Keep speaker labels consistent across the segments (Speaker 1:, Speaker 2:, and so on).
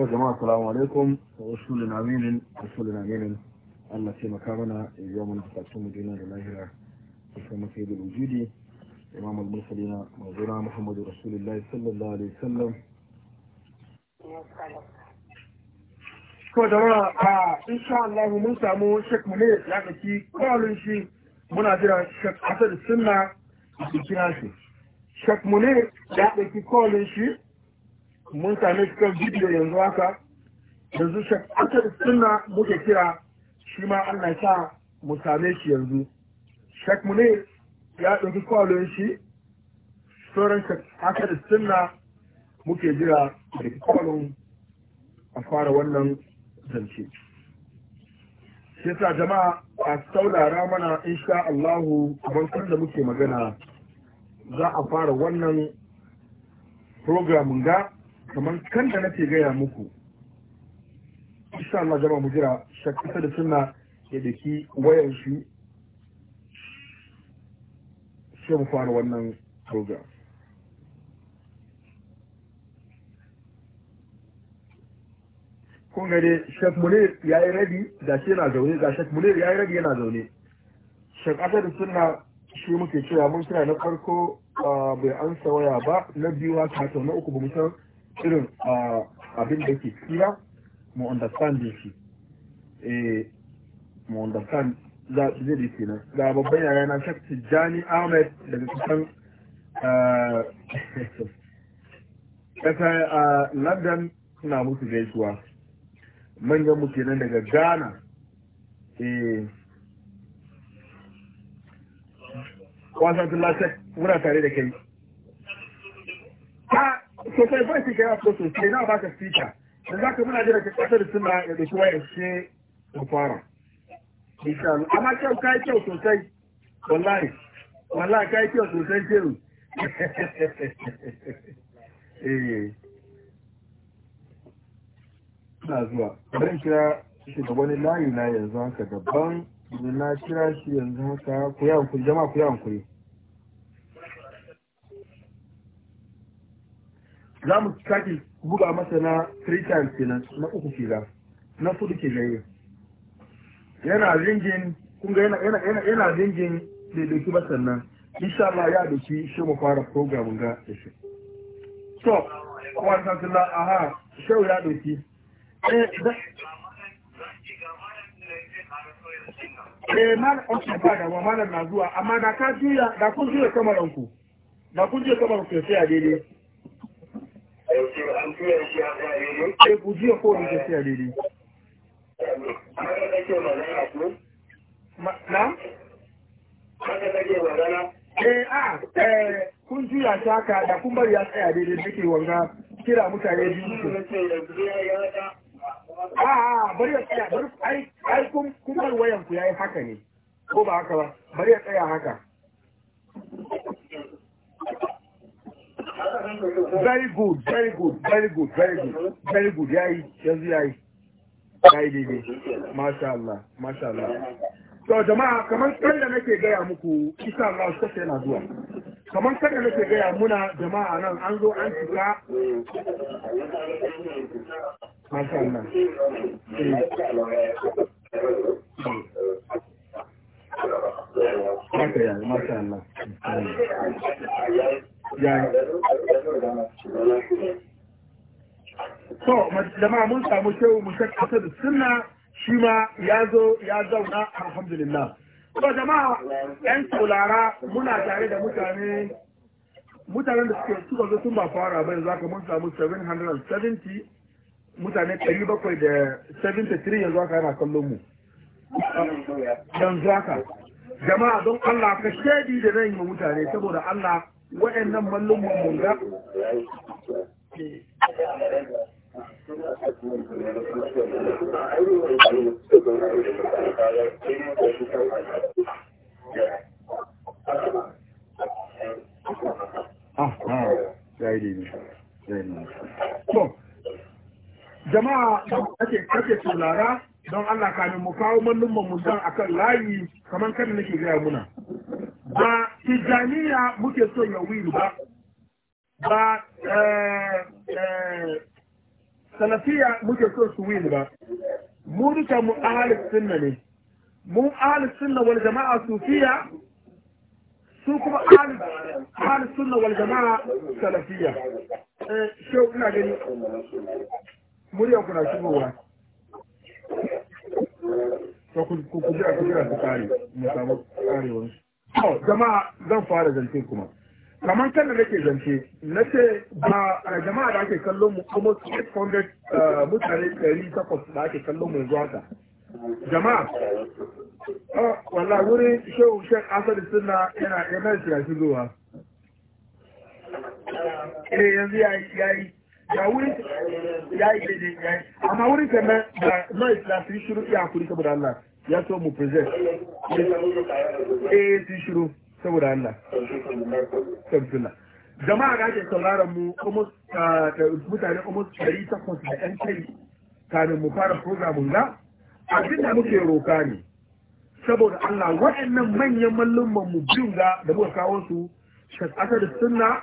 Speaker 1: to jama'a salamu alaikum wa usulun aminin usulun aminin Allah ce maka mana ya mana bukatun mu duniya da lahira da kuma sai da wujudi imam al musulina mazuna muhammadu rasulullah sallallahu alaihi wasallam ko da wa a insha Allah mun samu Sheikh Munir ya kaci kwalin shi muna jira shek Asad Sunna su shi Sheikh Munir ya kaci kwalin shi mun same shi kan yanzu haka yanzu shakkatar suna muke kira shi ma Allah sa mu same shi yanzu shak mu ya ɗauki kwalon shi sauran shakkatar suna muke jira da kwalon a fara wannan zance shi sa jama'a a saulara mana insha Allahu kamar da muke magana za a fara wannan programin ga kamar kan da nake gaya muku insha Allah jama mu jira shakka da sunna ya daki wayar shi sai mu fara wannan program kun dai shek munir ya yi rabi da shi yana zaune ga shek munir ya yi rabi yana zaune shek asar suna shi muke cewa mun kira na farko ah, bai ansa waya ba na biyu haka na uku ba mu san irin abin da ke tsira mu understand shi eh mu understand za zai da ke nan da babban yaya na shak tijjani ahmed daga kusan kasa a london suna musu gaisuwa manyan mu kenan daga ghana eh wasan tun muna tare da kai sosai ba shi kai so sosai na baka speaker dan zaka muna jira ka kasar suna ya dauki wayar ce mu fara insha amma kyau kai kyau sosai wallahi wallahi kai kyau sosai kyau eh, eh. na zuwa bari kira shi da wani layi na yanzu haka daban na kira shi yanzu haka ku yawon ku jama'a ku yawon ku za mu sake buga masa na times na uku kenan na fudu kenan yau yana ringin kun ga yana yana yana da doki ba ya doki shi mu fara program ga shi so aha shau ya doki eh
Speaker 2: na. eh mal okay
Speaker 1: ba wa na zuwa amma da ka ya da kun juya kamaranku da a daidai Eh, ku jiya ko ni gaskiya daidai. Na? Eh, kun juya ta da kun bari ya tsaya daidai da ke wanga kira mutane biyu su. A, bari ya tsaya, bari, ai, ai, kun wayanku ya yi haka ne, ko ba haka ba, bari ya tsaya haka. very good very good very good very good very good yayi yanzu yayi yayi daidai masha mashallah masha Allah to jama'a kamar kan nake gaya muku isa Allah sai yana zuwa kamar kan nake gaya muna jama'a nan an zo an cika shiga masha Allah Haka ya, masha Allah. so jama'a mun samu shehu mu shek da suna shi ma ya zo ya zauna alhamdulillah so jama'a yan saulara muna tare da mutane mutanen da suke suka zo sun ba fara ba yanzu haka mun samu 770 mutane 773 yanzu haka yana kallon mu yanzu haka jama'a don Allah ka shaidi da zan yi mutane saboda Allah waɗannan mallon mummunga jama'a ake kake don Allah ka mu kawo mallumman mu dan akan layi kamar kan nake gaya muna ba tijaniya muke so ya wiru ba ba eh, eh, salafiya muke so su wiru ba mu duka mu ahli sunna ne mu ahli sunna wal jama'a sufiya su kuma ahli sunna wal jama'a salafiya eh shau ina gani muryan kuna shigowa to ku ku jira ku jira su mu samu karewar to jama'a zan fara zance kuma kamar kan da nake zance na ce ba jama'a da ake kallon mu almost 800 eh, mutane 800 da ake kallon mu yanzu haka jama'a walla wuri shehu shek asali suna yana yana shi zuwa eh yanzu ya yi ga wurin ya yi daidai ya yi amma da noise na saboda Allah ya so mu present eh saboda Allah jama'a ga ke sauraron mu ah, mutane da ɗan kai kamin mu fara programin ga abin da muke roka ne saboda Allah waɗannan manyan mallumman mu biyun ga da muka kawo su shakasar sunna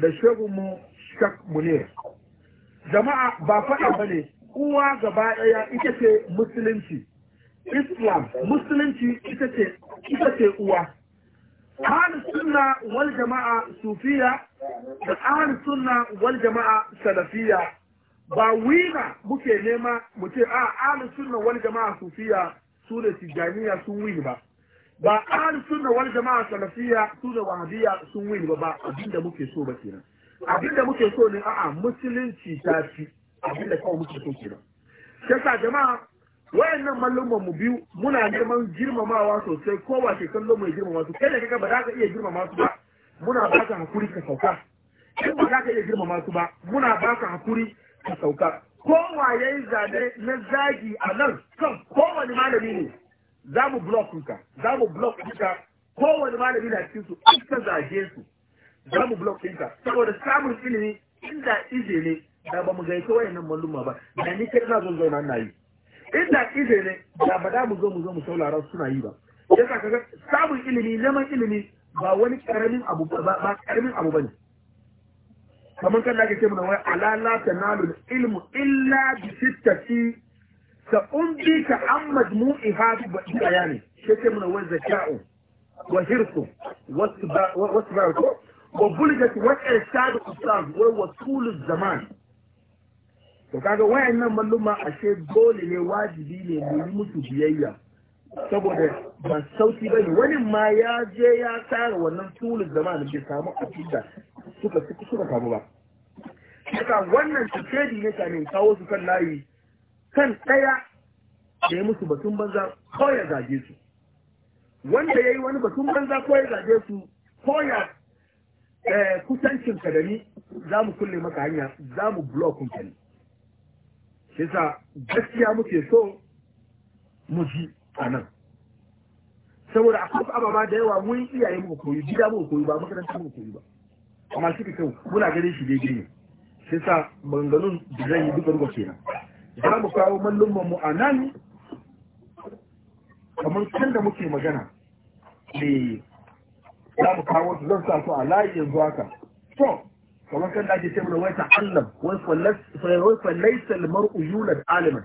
Speaker 1: da mu shak munir jama'a ba faɗa ba ne uwa gaba ɗaya ita ce musulunci islam musulunci ita ce uwa ahlus sunna wal jama'a sufiya da ahlus sunna wal jama'a salafiya ba wina muke nema mu ce a ahlus sunna wal jama'a sufiya su ne sun wini ba ba ahlus sunna wal jama'a salafiya su ne wahabiya sun wini ba ba abinda muke so ba kenan abinda muke so ne a'a musulunci ta fi abinda kawai muke so kenan shi jama'a nan mallumman mu biyu muna neman girmamawa sosai kowa ke kallo mai girmama su kai da kaga ba za ka iya girmama su ba muna ba ka hakuri ka sauka in ba za ka iya girmama su ba muna ba ka hakuri ka sauka Ko waye zabe na zagi a nan kan kowane malami ne za mu block ɗinka za mu blok ɗinka kowane malami na cikin su an zage su za mu blok ɗinka saboda samun ilimi inda ije ne da ba mu gaita nan malluma ba da ni kai ina zo zauna na yi inda ije ne da ba da mu zo mu zo mu saurara suna yi ba yasa kaga samun ilimi neman ilimi ba wani karamin abu ba karamin abu bane kamar kan da ke cewa wai ala la tanalu ilmu illa bi sittati ka umbi ka an majmu'i hafi bayani ke ce mana wai zaka'u wa hirsu wasu ba وبلغت وإرشاد wa ووصول zaman to kaga wayannan malluma ashe dole ne wajibi ne mu yi musu biyayya saboda ba sauki ba ne wani ma ya je ya tsara wannan tulun zaman da samu a cikin suka suka samu ba haka wannan tafiyar ne kamin kawo su kan layi kan ɗaya da ya musu batun banza ko ya zage su wanda ya yi wani batun banza ko ya zage su ko ya Eh, ka da ni za mu kulle maka hanya za mu blokun ka ne shi sa gaskiya muke so mu ji a nan saboda akwai ababa da yawa mun iyaye muka koyi gida muka koyi ba makaranta muka koyi ba amma shi kyau muna ganin shi daidai ne shi sa maganganun da zan yi duka duka kenan za mu kawo mallumman mu a nan kamar kan da muke magana ne eh, za mu kawo su zan sa su a layi yanzu haka to kamar kan da ake ce mana wai ta'allam wai laysa al-mar'u yulad aliman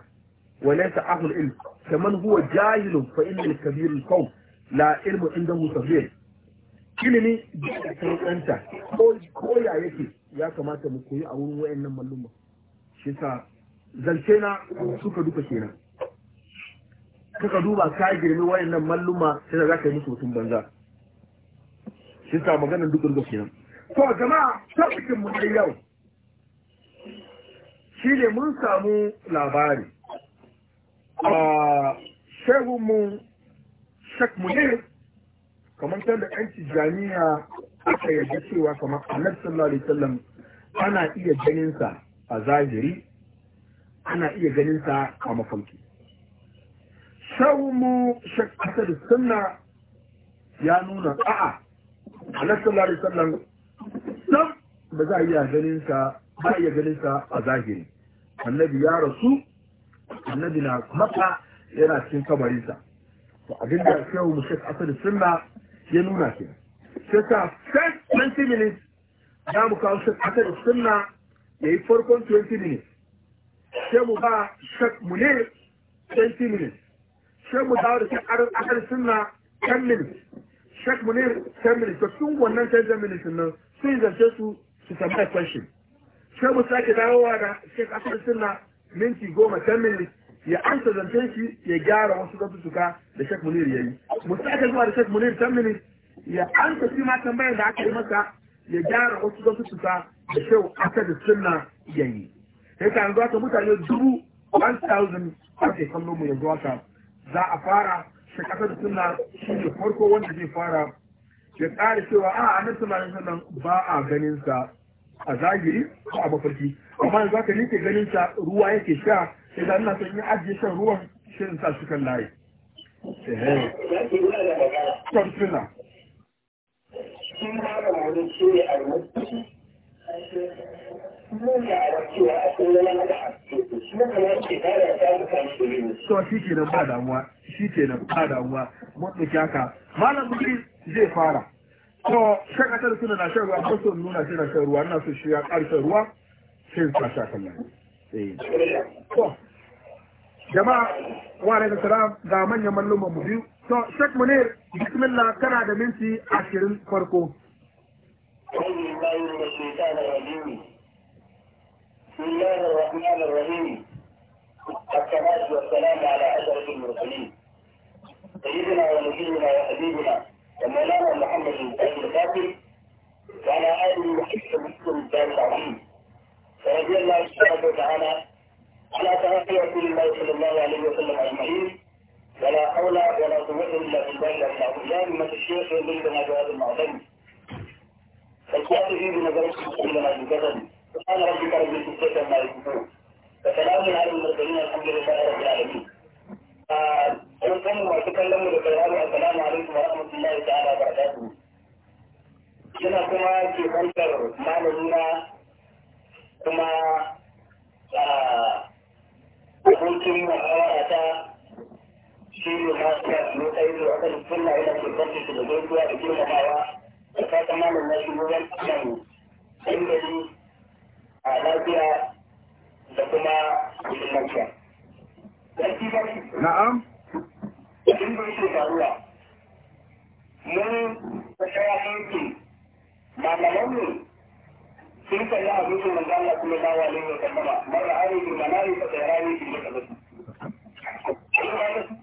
Speaker 1: wa laysa ahlul ilm kaman huwa jahilun fa inna al-kabir al qawm la ilmu inda musafir ilimi da tsanta ko ko ya yake ya kamata mu koyi a wurin wayannan malluma shi zance na suka duka kenan kaka duba ka girmi wayannan malluma sai za ka yi musu mutum banza shi sa maganar duk urdu kenan to jama'a tabbatin mu dai yau shi ne mun samu labari a shehu mu shek mu ne kamar can da yanci jami'a aka yarda cewa kamar annabi sallallahu alaihi wasallam ana iya ganin sa a zahiri ana iya ganin sa a mafarki shehu mu shek asadu sunna ya nuna a'a Allah sallallahu alaihi wasallam nan ba za a iya ganin sa ba iya ganin a zahiri annabi ya rasu annabi na maka yana cikin kabarin sa to abin da shehu mushek asad sunna ya nuna shi. sai sa first 20 minutes za mu kawo shek asad sunna ya yi farkon 20 minutes sai mu ba shek mu ne 20 minutes sai mu dawo da shek asad sunna 10 minutes shek mu ne ten minutes to cikin wannan ten minutes nan sun zance su su tambaya question sai mu sake dawowa da shek asar suna minti goma ten minutes ya amsa zancen shi ya gyara wasu zantuttuka da shek munir ya yi mu sake zuwa da shek munir ten minutes ya amsa shi ma tambayar da aka yi masa ya gyara wasu zantuttuka da shau asar suna ya yi sai ka yanzu haka mutane dubu 1000 ke kallon mu yanzu haka za a fara shi kasar suna shi ne farko wanda zai fara ya ƙara cewa a ah, na sallallahu alaihi sannan ba a ganin sa a zahiri ko a mafarki amma yanzu aka yi ke ganin sa ruwa yake sha sai da ina yin ajiye shan ruwan shi sa shi kan layi. wani ce a to shi ke nan ba damuwa shi ke nan ba damuwa mun haka malam bukiri zai fara to shakatar suna na shan ruwa ko so nuna shi na shan ruwa ina so shi ya karshe ruwa sai sa sha kallon eh to jama'a wa alaikum salam ga manyan malluman mu biyu to shek munir bismillah kana da minti 20 farko أعوذ بالله من الشيطان الرجيم بسم الله الرحمن الرحيم الصلاة والسلام على أشرف المرسلين سيدنا ونبينا وحبيبنا ومولانا محمد بن القاسم وعلى آله وصحبه وسلم العظيم ورضي الله سبحانه وتعالى على صحابة رسول الله صلى الله عليه وسلم أجمعين ولا حول ولا قوة إلا بالله العظيم يا أمة الشيخ وبلغنا جواب المعظم فالكافر بنظرته الى ما ينتظر سبحان ربك رب العزه عما يصفون فسلام على المرسلين الحمد لله رب العالمين أنتم وتكلموا لقيام السلام عليكم ورحمة الله تعالى وبركاته. هنا كما في خنصر معلمنا كما hukuncin mu'amala ta shi ne masu yasa lokacin da wasan suna yana ke kwanci su da gaisuwa da girmamawa da fata malam na shugaban kan a lafiya da kuma musulmanciya. Yanki ba shi. Na'am. Abin da yake Mun tsaya yanki malaman sun kalli abin da manzo Allah kuma ba wa ne ya kallama. Mara ari bi manari fa tsayarani bi da kaza.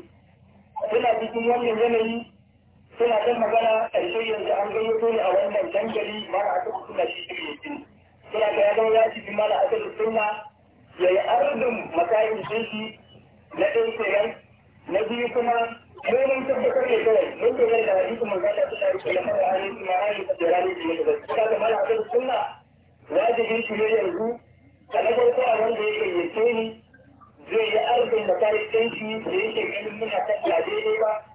Speaker 1: suna cikin wannan yanayi suna kan magana ƙarshe yanzu an gayyato ni a wannan dangali mara aka suna shi cikin suna ga ya zama ya ci bi mara aka suna ya yi arzikin makayin shi na ɗan kenan na biyu kuma mun tabbatar da kawai mun dogara da hadisi mun zata ta shi da mara hali kuma hali da rani da ta da suna da mara aka suna wajibin shi ne yanzu a na farko a wanda ya gayyace ni zai yi arzikin da kare kanshi da yake ganin muna kan ba daidai ba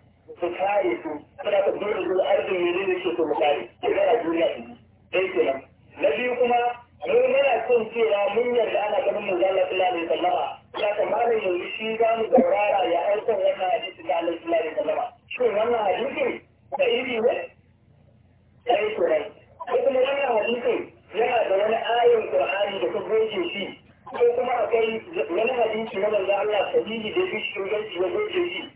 Speaker 1: su kare su suna ta dole zuwa arzikin ne da ke so mu kare ke gara duniya ne dai ke nan na biyu kuma mu muna son cewa mun yarda ana ganin mu zalla sallallahu alaihi wasallama ya kamata yanzu shi za mu gaurara ya aikon wannan hadisi da Allah sallallahu alaihi wasallama shin wannan hadisi da iri ne sai ko ne kuma wannan hadisi yana da wani ayin Qur'ani da kuma yake shi ko kuma akwai wani hadisi na manzo Allah sahihi da shi shugabanci ya goje shi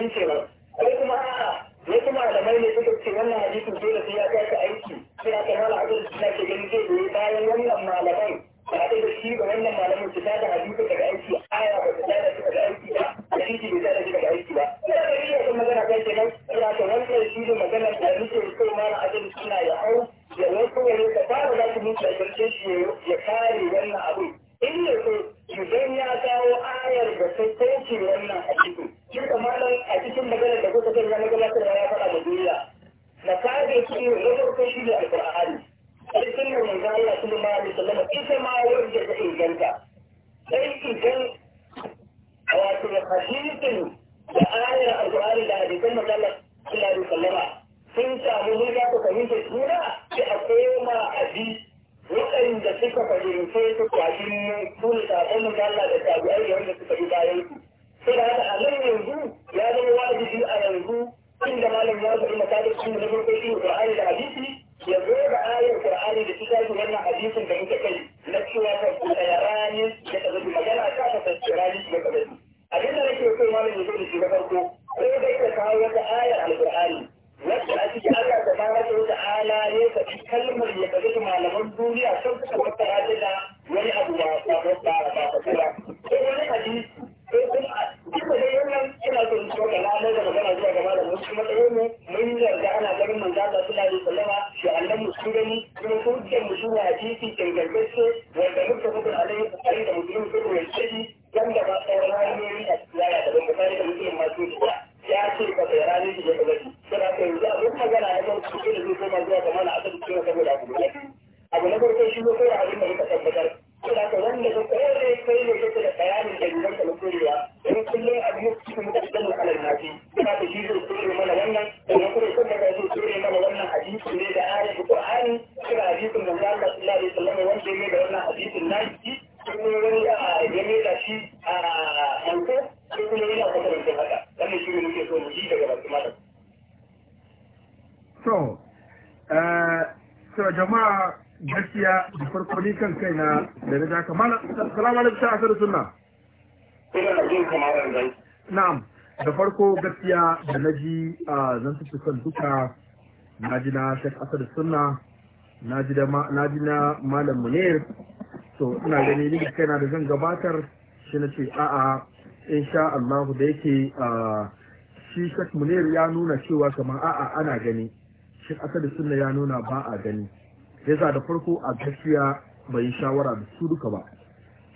Speaker 1: in ce ba sai kuma a'a wasu malamai ne suka ce wannan hadisin dole sai ya kai aiki sai aka mala abin da suna ke ganin zai goyi bayan wannan malamai ba da da shi ba wannan malamin su tada hadisi daga aiki aya ba su da shi daga aiki ba hadisi bai da shi daga aiki ba sai aka yi yakin magana kai kenan ya ta wannan shi ne magana da nake so mala abin suna ya hau ya wasu ne ka fara za su mutu da karshe shi ya kare wannan abin inda idan ya kawo ayar da ta kauce wannan a cikin shi kamar a cikin maganar da kuka kan yana gabatarwa ya faɗa da duniya na kare shi ne na farko shi ne alƙur'ani sai sun yi manzo Allah su ma da sallama ita ma wanda ta inganta sai idan wato hadisin da ayar alƙur'ani da hadisan manzo Allah sallallahu alaihi wasallama sun samu ne ko ku fahimta juna sai a koma a bi waɗanda suka fahimce su kwaji sun sabon mu Allah da tabi'ai da wanda suka yi bayan su. Sai da haka a nan yanzu ya zama wajibi a yanzu inda malam ya faɗi masalikin da na farko shi Qur'ani da hadisi ya zo da ayar Qur'ani da shi tashi wannan hadisin da muka kai na cewa ka tsaya rani ya ka zabi magana ta ka rani da ka zabi. Abin da nake so malam ya zo da shi na farko sai dai ka kawo wata ayar al wanda a cikin Allah da ba da ta'ala ya faɗi kalmar ya faɗi da malaman duniya sun suka wata ta da wani abu ba ba ba ba ba ba ba ko wani hadisi ko kuma duk da wannan ina so in tsoka na mai da magana zuwa ga malamin su matsayin mu mun yarda ana ganin da Allah sallallahu alaihi wasallama shi Allah mu su gani kuma ko da mu su hadisi ingantacce wanda muka mutu alaihi sai da mutum ko ya ce wanda ba sauran hanyoyi a cikin da ban da mutum ma su da ya ce ka bai rani shi ya ka gaji sai ka yanzu abin magana ya zama su ne zai koma zuwa kamar a kan cewa saboda abu ne abu na farko shi ne ko ya abin da muka tabbatar sai ka wanda ka kore kai ne kake da bayanin da gidan ka na korewa in kullum abin da suke muka idan na alal nafi sai ka shi zai kore mana wannan sannan kore sun da zai kore mana wannan hadisi ne da ayatu qur'ani kira hadisin manzo Allah sallallahu alaihi wasallam wanda ne da wannan hadisin nashi kuma wani ya mika shi a yanko ko kuma yana kwatancin haka wannan shi ne muke so mu ji daga masu malam. So, so jama'a gaskiya da farko ni kan kai na da na daka malam salamu alaikum ta asar sunna. Ina jin kamar zai. Na'am. Da farko gaskiya da na ji zan tafi son duka na ji na shek asar sunna na ji na malam munir so ina gani ni na da zan gabatar shi na ce a'a sha Allah da yake shi Sheikh Munir ya nuna cewa kamar a ana gani shi asali sunna ya nuna ba a gani yasa da farko a gaskiya bai shawara da su duka ba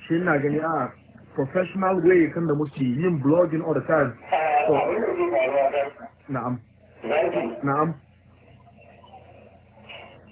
Speaker 1: shi ina gani a professional way kan da muke yin blogging all the time so na'am na'am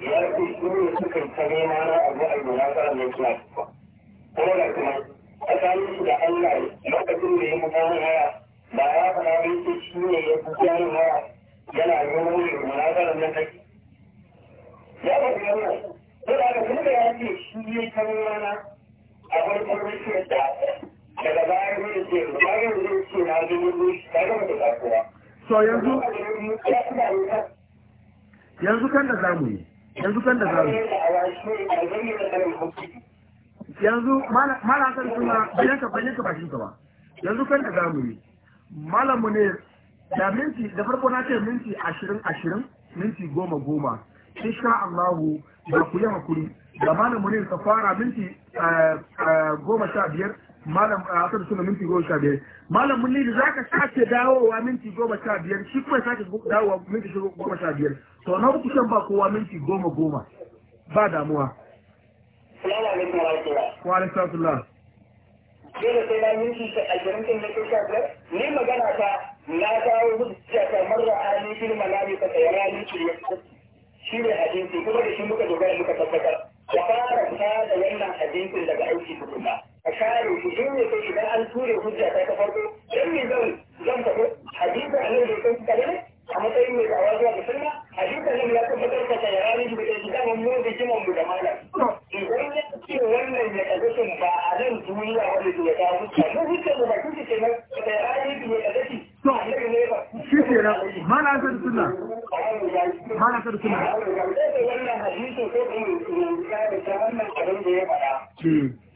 Speaker 2: ya ce shi ne suka ta nema na abu a yi munasarar nan suna
Speaker 1: kuma kuma da kuma tsakanin shi da Allah lokacin da ya mutu mun haya ba ya fara bai ce shi ne ya fi jani haya yana yi wani munasarar nan kake ya faɗi wannan ko da aka tunda ya ce shi ya ta nema na abin kwarfi da daga bayan ne ce bayan zai ce na zai yi ne ba ga mutu kasuwa. So yanzu yanzu kan da zamu yi yanzu kan da yanzu malam kan suna biyan ka ba yanzu kan da zamu yi malam ne da minti da farko na ce minti ashirin ashirin minti goma goma insha Allahu ba ku yi hakuri da malam ne ka fara minti eh, eh, goma sha biyar malam a asar suna minti goma sha biyar malam mun nili zaka sake dawowa minti goma sha biyar shi kuma sake dawowa minti goma sha biyar to na uku shan ba kowa minti goma goma ba damuwa salamu alaikum wa rahmatullah wa alaikum sai da sai na minti ashirin kan na sha biyar ni magana ta na kawo hujja ta marra ali fil manami ta tsayara ni shi ne a hadisi kuma da shi muka dogara muka tabbatar da fara ta da wannan hadisin daga aiki tukuna a kare shi shi ne sai idan an ture hujja ta ta farko dan zan zan faɗo hadisin annabi da sun kare a matsayin mai dawa zuwa ga sunna hadisin annabi ya tabbatar ka ta yara shi da shi da mun da kiman da malam idan ya ce wannan ya kadasin ba a nan ba ta yara mana suna hadisin ko kuma da ya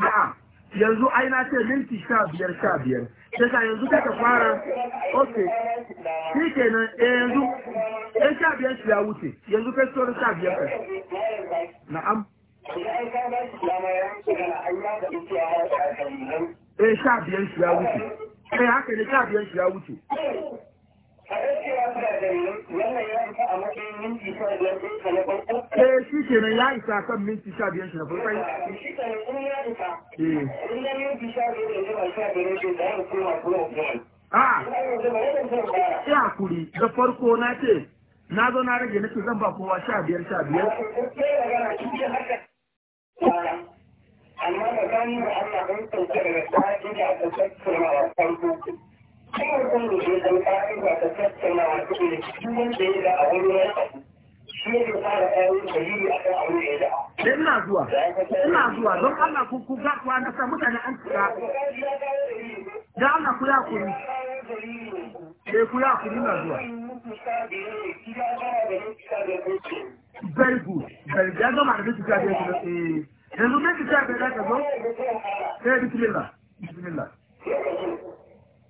Speaker 1: a'a yanzu ai na ce minti sha biyar sha biyar sai ka yanzu kaka fara ok shi ke nan eh yanzu eh sha biyar shi ya wuce yanzu kai sauran sha biyar kai na'am eh sha biyar shi ya wuce eh haka ne sha biyar shi ya wuce Eh shi kenan ya isa kan minti sha biyan shi na farko. Shi in ya isa. Eh. In minti sha biyar da sha biyar da ya kuma kuma A. Ya kuri da farko na ce na zo na rage nake zan ba kowa sha biyar sha biyar. Amma da gani Allah daga farko. cikin kan da zai zama ƙarin ba ta tattauna a cikin da cikin wanda ya da a wani wani abu shi ne fara ƙarin dalili a kan abu ya da ina zuwa ina zuwa don Allah ku ku ga kuwa na san mutane an tsira da Allah ku ya kuri eh ku ya kuri na zuwa very good very good ya gama da duk ya eh yanzu me kika da ka zo eh bismillah bismillah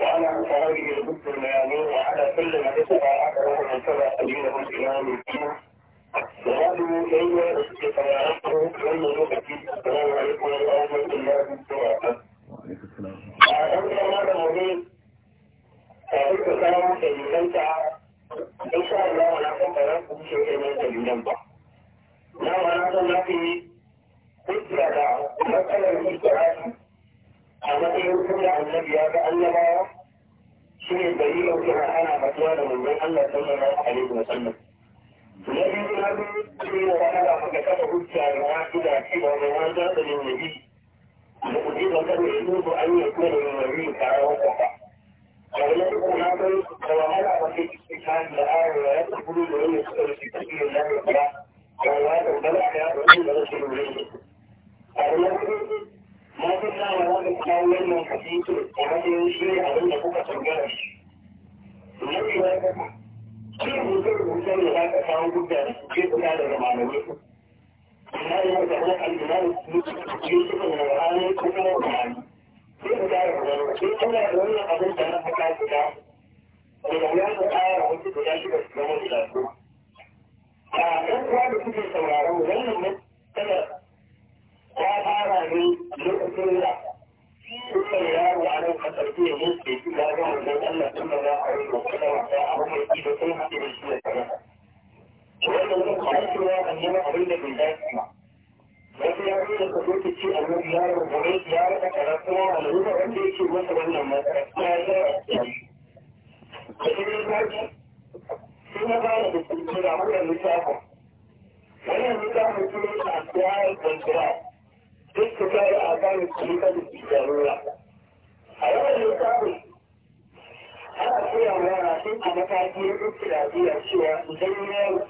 Speaker 1: وعلى أنصاره البد الميامين وعلى كل من اتبع أثره من تبع سبيله الإمام الدين وقالوا إن استقراره لم يؤتي السلام عليكم الأول إلا بالسواقة. وعليكم السلام. هذا الموضوع أعرف كلام كلمة إن شاء الله أنا أقرأ شيء من كلمة. لا أنا أقول لك مثل مسألة الاستعانة a matsayin kuma annabi ya ga Annaba shi ne dalilin kuma ana fatuwa da manzon Allah sallallahu alaihi wa sallam na biyu na biyu ne wahala muka kafa hujja da wa'ida cewa da wanda da nabi da ku ji da kan shi ko an yi kuma da nabi karawa kafa wannan kuma na san da wahala ba ke cikin da ayar ya ta gudu da wani suka rufe cikin da ya fara da da ya fara da rashin rufe a wannan na fi samu za mu kawo wannan hadisi a matsayin shi ne abin da kuka tambaya shi. Na fi ya kasa, shi rubuce rubuce ne za ka kawo duk da ke fita daga malamai. Amma yau da wani aljihari ne ke yi rani ko kuma kamani. Sai ku tara da wani, sai kuna da wannan abin da na faɗa guda. Daga ya ku ƙara wasu guda shiga su zama guda su. A ɗan kuwa da kuke sauraron wannan matsala ta fara ne lokacin da shi kan yaro a nan kasar ke ne ke shi ya ga wannan Allah tun da za a yi da kuma wata abu mai ido sun haɗe da shi da kare. Wannan zan kawo cewa kan yi abin da bai dace ba. Wasu ya yi da kaso ta ce annabi yaro gobe ya raka karatuwa a lalura wanda yake masa wannan matsala ya yi da shi. Da shi ne zaki, sai na bada da kuma da wannan littafin. Wannan littafin sun yi a tsayar da اتكال a الطريقة الضرورة أولا يقابل ana koya wa yara sun a matakin ikirabiya cewa idan yaro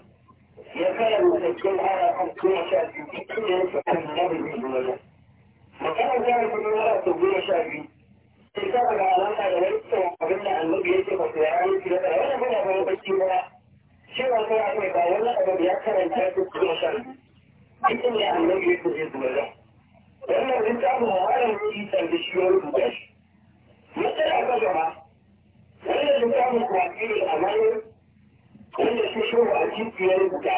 Speaker 1: ya karanta cikin ara kan kuma sha biyu cikin ya rufe kan nabi ne da wajen. Makarar yaro kuma yara ta goma sha biyu. Sai ta alaƙa da wani tsawon abin da annabi ya ce ba su yara ne da tsara wani gona bayan ba. Cewa sai a ba wani abu ya karanta ya ce goma sha biyu. Cikin ya annabi ya zai zuwa wannan ba malami san da shi ya rubuta shi matsala ta gaba wannan littafin kwafi ne a bayan wanda shi shi wa cikin yan guda.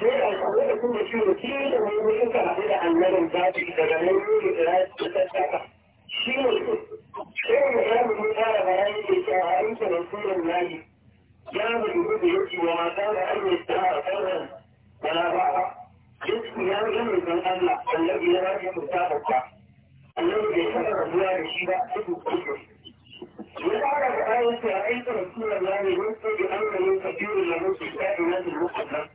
Speaker 1: sai a kuma da kuma shi ne shi da wani suka haɗu da annabin zafi daga nan ne da ya ci tattaka shi ne sai da ya rubu fara bayani da shi a yanke da sunan layi ya rubu da yake wa mata da ayyuka a sauran wala ba. gaskiyar ilimin Allah Allah ya rashi kyauta babba Allah bai taɓa rabuwa da shi ba duk kusur ya fara da ayin sa aika rasulun ya ne mun sai da annabi kafirin da mun sai da nasu mukaddam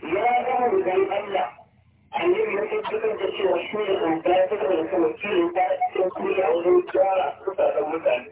Speaker 1: ya gama da Allah annabi ya tabbatar da cewa shi ne da ya taɓa da wakilin ta cikin kuriya wajen gyara kusa da mutane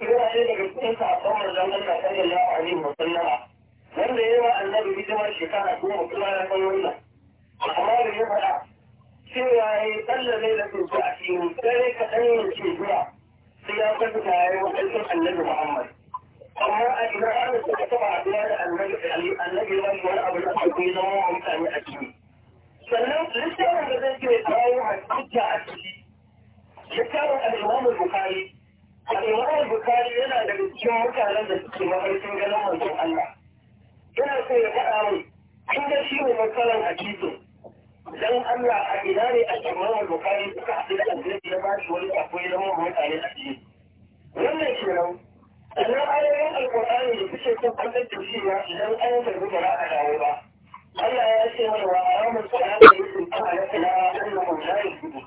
Speaker 1: yana ɗaya daga cikin sabon manzon Allah sallallahu alaihi wanda ya wa annabi hidimar shekara goma kuma ya san wannan amma da ya faɗa zai da a cikin dare kaɗan yin ce zuwa sai ya kwanta ya yi annabi Muhammad amma a ina suka da annabi abu na ya zama mutane a ciki sannan littafin da zai a ciki littafin Al'imar Bukari yana daga cikin mutanen da suke mafarkin ganin mutum Allah. Yana so ya faɗa mai, in da shi ne matsalan a titin. Don Allah a ina ne ake mawar Bukari suka haɗu da Annabi ya bashi wani abu ya zama mutane a cikin. Wannan ke nan. Sannan ayoyin Alƙur'ani da suke son kwantar da shi ya idan an zargi ba za a dawo ba. Allah ya ce mana wa a ramar sana'a da yake ta halatta na annabawa ya yi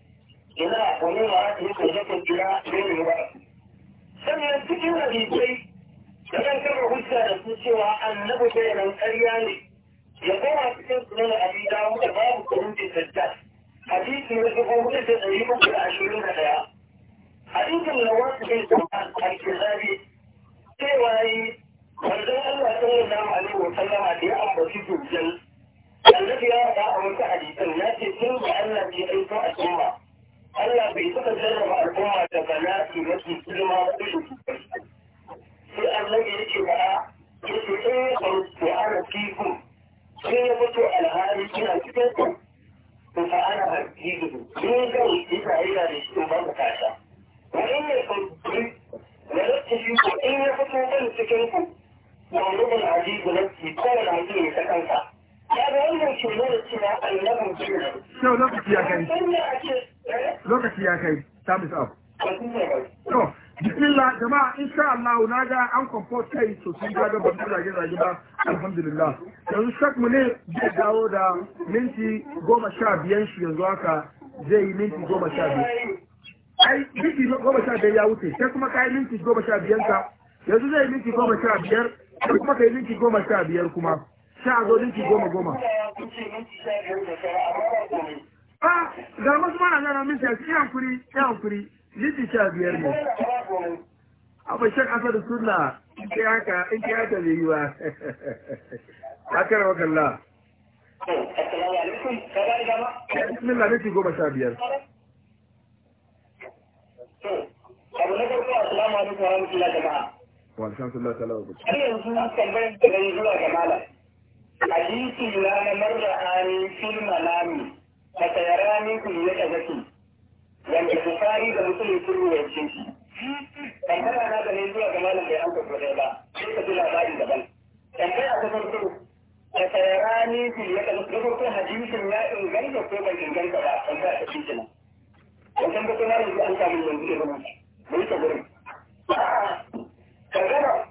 Speaker 1: ina wani wa ne ko zakan jira ne ba sannan cikin hadisai da kan kama hujja da su cewa annabi bai nan ƙarya ne ya koma cikin sunan abi dawo da babu da sajjad hadisi na dubu hudu da ɗari uku da ashirin da ɗaya hadisin na wasu bin a al-kizabi cewa yi manzon Allah sallallahu alaihi wa sallama da ya ambaci dujjal annabi ya faɗa a wasu hadisan ya ce tun da Allah ke aiko a cikin Allah bai taɓa jarraba al'umma da bala'i mafi girma ko shi sai annabi yake faɗa yake in ya faru to ana fiku in ya fito alhali kina cikin ku to fa ana hakiku in ga wuce ta yana da shi ba ka kasa wa in ya faru wa lafi shi ko in ya fito ban cikin ku wa rubun azizu lafi kowane mutum ya ta kansa Yau lokaci ya kai. Lokaci ya kai. Time is up. To, bismillah jama'a insha Allah na ga an comfort kai sosai ga ban zage zage ba alhamdulillah. Yanzu shak mu ne zai dawo da minti goma sha biyan shi yanzu haka zai yi minti goma sha biyu. Ai, minti goma sha biyar ya wuce, sai kuma ka minti goma sha biyan ka, yanzu zai yi minti goma sha biyar, sai kuma ka minti goma sha biyar kuma. sha zo dinki goma goma a ah, ga masu mana nan min sai ki hankuri ki hankuri dinki sha biyar ne a bashin asar sunna in ki haka in ki haka bai yi ba akara wa kalla bismillah dinki goma sha biyar abu na farko assalamu alaikum wa rahmatullahi wa barakatuh wa alaikum wa rahmatullahi wa barakatuh har yanzu tambayar da zuwa ga malam hadisi na na marra ani fil manami a tsayarani kun ya kazaki wanda bukari da musulun sun ruwaice shi tambaya na da ne zuwa ga malam bai an kwakwale ba sai ka ji labari daban tambaya ta farko a tsayarani kun ya kazaki na farko hadisin ya inganta ko bai inganta ba tambaya ta cikin nan wajen ba na yanzu an samu yanzu da zama mai ta gurin ka gama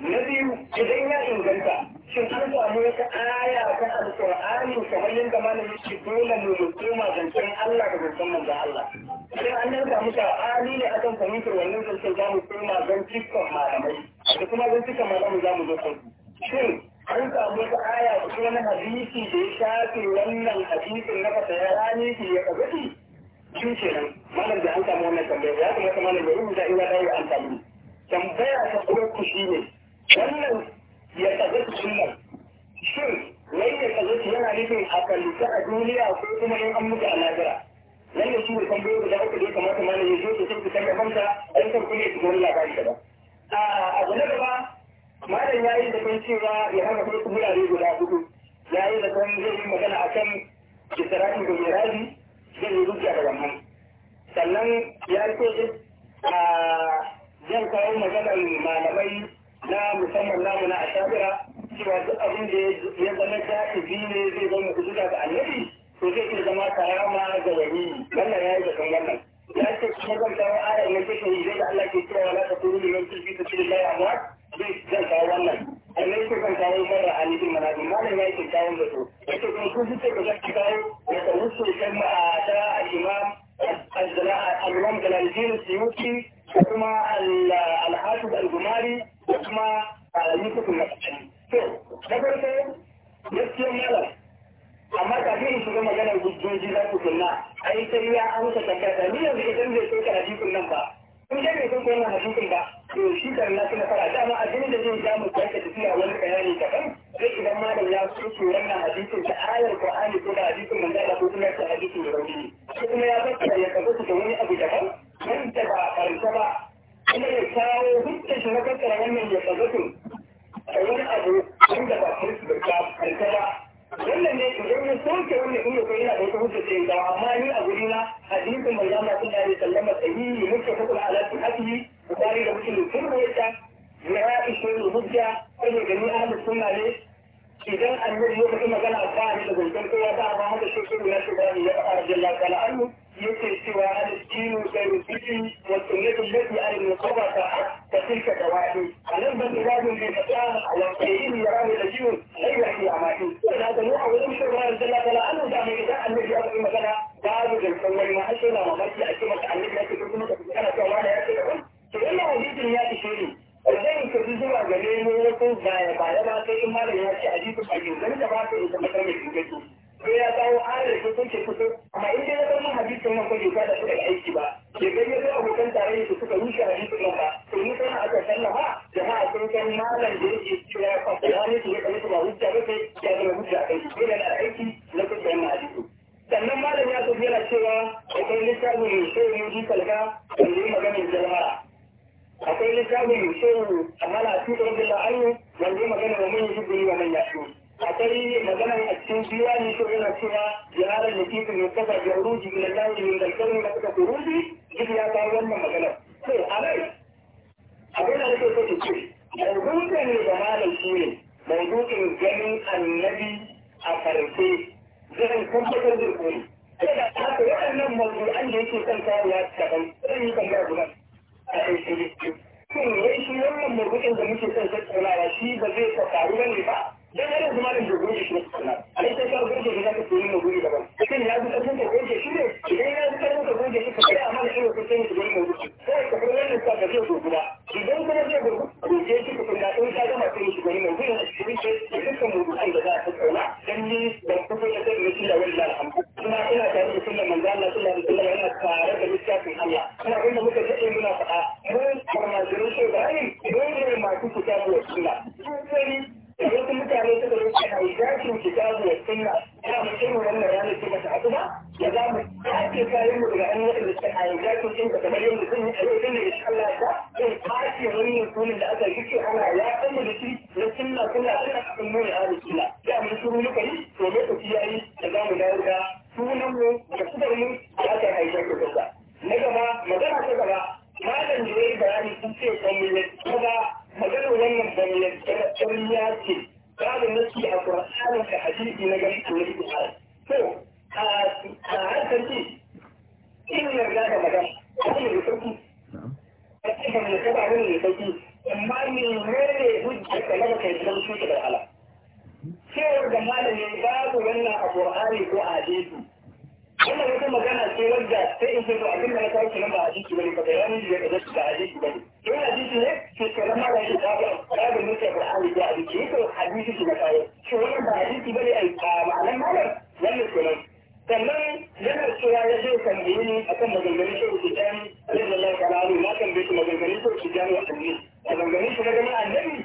Speaker 1: na biyu idan ya inganta shin an samu wata aya ta alƙur'ani kamar yadda mana yake dole mu koma zancen Allah da zancen manzon Allah idan an nan samu saɓani ne akan fahimtar wannan zancen za mu koma zancikan malamai da kuma zancikan malamai za mu zo sauki shin an samu wata aya ko wani hadisi da ya shafe wannan hadisin na fata ya rani ya kagaɗi shi kenan malam da an samu wannan tambaya ya kamata malam ya rubuta in ya dawo an samu tambaya ta farko shi ne wannan ya tsagaci nan shin wai ya tsagaci yana nufin a kalita a duniya ko kuma in an mutu a lahira nan da shi ne tambayoyi za ku da ya kamata malam ya zo ta tafi kan gaban a yi kan kuma ya shiga wani labari daban abu na gaba malam ya yi zaton cewa ya haka kuma wurare guda hudu ya yi zaton zai yi magana a kan kisirani da miraji zai yi rukiya da wannan sannan ya ce zan kawo maganar malamai na musamman namu na ashafira cewa duk abin da ya zama ja'ibi ne zai zama hujja ga annabi to zai iya zama karama ga wani wannan ya yi da kan wannan ya ce kuma zan kawo ayar na kake yi zai da Allah ke cewa la ta kuru liman tulfi ta cikin laye ma zai zan kawo wannan annabi ko zan kawo mara alifin manabi malam ya yi kawo da su ya ce kuma kun fice ka zan kawo ya tsawo sosai a ta a a al'imam al-imam galalzin suyuti da kuma alhafiz al-gumari da kuma eh, yusuf al-masani to na farko gaskiyar malam amma kafin in shiga maganar hujjoji za ku kunna ai sai ya amsa tabbata ni yanzu idan zai kai hadisin nan ba in dai bai kai wannan hadisin ba to shi kan na kuma fara da zai samu kanka tafiya wani bayani daban sai idan malam ya soke wannan hadisin da ayar Qur'ani ko da hadisin manzo Allah ko kuma hadisin da kuma ya fassara da wani abu daban nan ba a ƙarshe ba kuma ya kawo hujjar shi na tattara wannan ya tsazatu A wani abu wanda ba ƙarshe ƙarshe ba wannan ne idan ya soke wannan in yau yana da wata hujjar sai ga amma ni a guri na hadisin mai zama sun dare sallama sahihi muke hukun alaƙin haƙi bukari da mutum sun ruwaita ya ishe ni hujja kai gani ahlus suna ne idan annabi ya faɗi magana a ba ni da gurgurta ya ba ma haka shi shi ne ya shi ba ni ya faɗa radiyallahu ta'ala anhu مثل سوى أن الدين غير الدين والسنة التي أن المقرة فتلك دواعي ألم بل إراد بفتاة والقيئين يراه الأجيون غير في أماكن فلا تنوح ويمشي الله جل وعلا أنه دعم إذا أن الذي أرضي مثلا بعد ذلك وما حسنا ومرجع كما تعلم لك كما كان كوانا يأتي فإن حديث يأتي شيء وزي كذلك وغليل وكذلك بعد ما تقول ما ليأتي حديث حديث لم تبعث إذا مثلا يجب sai ya kawo ayar da sun ke kusa amma in dai ya san hadisin nan ko doka su daga aiki ba ke kai ya zama hoton tare da suka rushe hadisin nan ba to ni sai aka sanna ha jama'a sun san malam da yake cewa kwakwalwani su ya kalli su ba hujja ba sai ya zama hujja a kai yana da na aiki na kusa yana hadisi sannan malam ya tafi yana cewa akwai littafin mai shehu yuji kalga wanda ya maganin jama'a akwai littafin mai shehu amma na tuka rabin la'ayu wanda ya maganin wa mun yi wa man yasu akwai maganan a cikin diwani ko yana cewa jiharar da kifin ya kasa ga ruji ila lahi min dalkalin da suka kuruji duk ya kawo wannan magana to a rai abin da nake so ce mawduka ne da malam shi ne mawdukin ganin annabi a farce zai tabbatar da kuri da haka waɗannan mawdu'an da yake kan kawo ya daban zai yi kan guda a kai shi shin wai shi wannan mawdukin da muke son tattaunawa shi ba zai faru ne ba dan har yanzu malam bai goge shi sannan ai sai ka goge shi zaka koyi mu goge daban kin ya bi karfin ka goge shi ne idan ya bi karfin ka goge shi ka kai amma shi ko sai mu goge mu sai ka fara wannan ka ga zo guda idan kuma zai gurgu goge shi ka kunna in ka gama sai shi goge mu goge a cikin shi da dukkan mu an da za a tsauna dan ni da kuma da ne shi da wallahi alhamdu kuma ina tare da sunnan manzo Allah sallallahu alaihi wasallam yana tare da littafin Allah kuma inda muka je muna faɗa mun farmajirin shi da mun ne masu kitabu wa sunna sun idan kuma mutane suka yi suka yi zafin kitabu da sunna ya mu cin wannan ranar ce mata abu ya za mu tace kayan mu daga hannun da suka yi zafin cin da kamar yadda sun yi a yau dinne insha Allah ta zai tace wannan sunan da aka yi ce ana ya san da shi na sunna suna sunna cikin mu ne a sunna ya mu shuru muka yi to lokaci yi, da za mu dawo da sunan mu da kudar mu da aka yi zafin kitabu na gaba magana ta gaba malam da ya yi bayani sun ce gwamnati kuma maganar wannan gwamnati ƙarya ce babu nasi a ƙur'ani da hadisi na gari ko yi to a hankali in yarda da magana wani da sauki a cikin da kaba wani da sauki amma menene hujja ka na baka yi shuka da ala mhm. cewar da malamin babu wannan a ƙur'ani ko a hadisi wannan wata magana ce wanda sai in ce to abin da na kawo kenan ba a jiki bane kaga ya miji ya kaza ba a jiki bane in a jiki ne to kenan ma da shi ta ba da mutum ba a jiki a jiki to hadisi shi na kawo to wannan ba a jiki bane a ma'anar malam wannan kenan sannan yana cewa ya zo tambaye ni akan maganganun shehu tijani radiyallahu ta'ala anhu na tambaye shi maganganun shehu tijani wa annabi maganganun shi na ganin annabi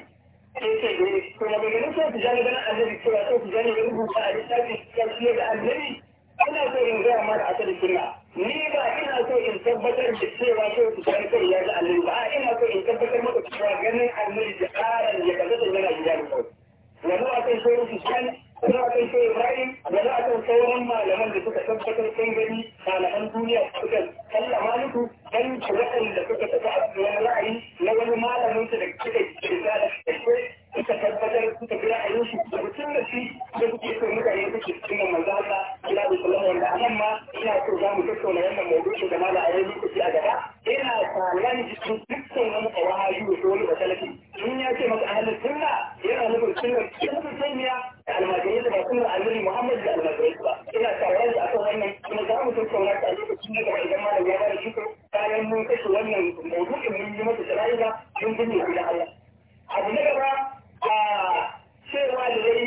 Speaker 1: sai ce eh, maganganun shehu tijani ganin annabi cewa shehu tijani ya rubuta a littafin shi da annabi ina so in gaya mara a kan suna ni ba ina so in tabbatar da cewa ko su sai kai ya ga Allah ba ina so in tabbatar maka cewa ganin Allah da karan ya ga da yana gida ne wani akan sauran Islam wani akan sauran Ibrahim wani so in malaman da suka tabbatar sun gani malaman duniya suka kalla maliku dan ki waɗanda suka tafi a wani ra'ayi na wani malamin su da kika kirga da kake suka tabbatar suka bi ra'ayin su da mutum da shi da kuke so mutane suke cikin manzo Allah ila da sallama wanda nan ma ina so za mu tattauna yadda wannan maudu'in da mala a yanzu kuke a gaba ina tsalan jikin dukkan wani kawahaji da wani basalafi in ya ce maka ahlus sunna yana nufin sunnar cikin sunniya da almajirai da ba sunnar annabi Muhammad da almajirai ba ina a akan wannan kuma za mu tattauna ta a lokacin da idan malam ya bada shi bayan mun kashe wannan maudu'in mun yi masa mun Allah abu na gaba a cewa da yayi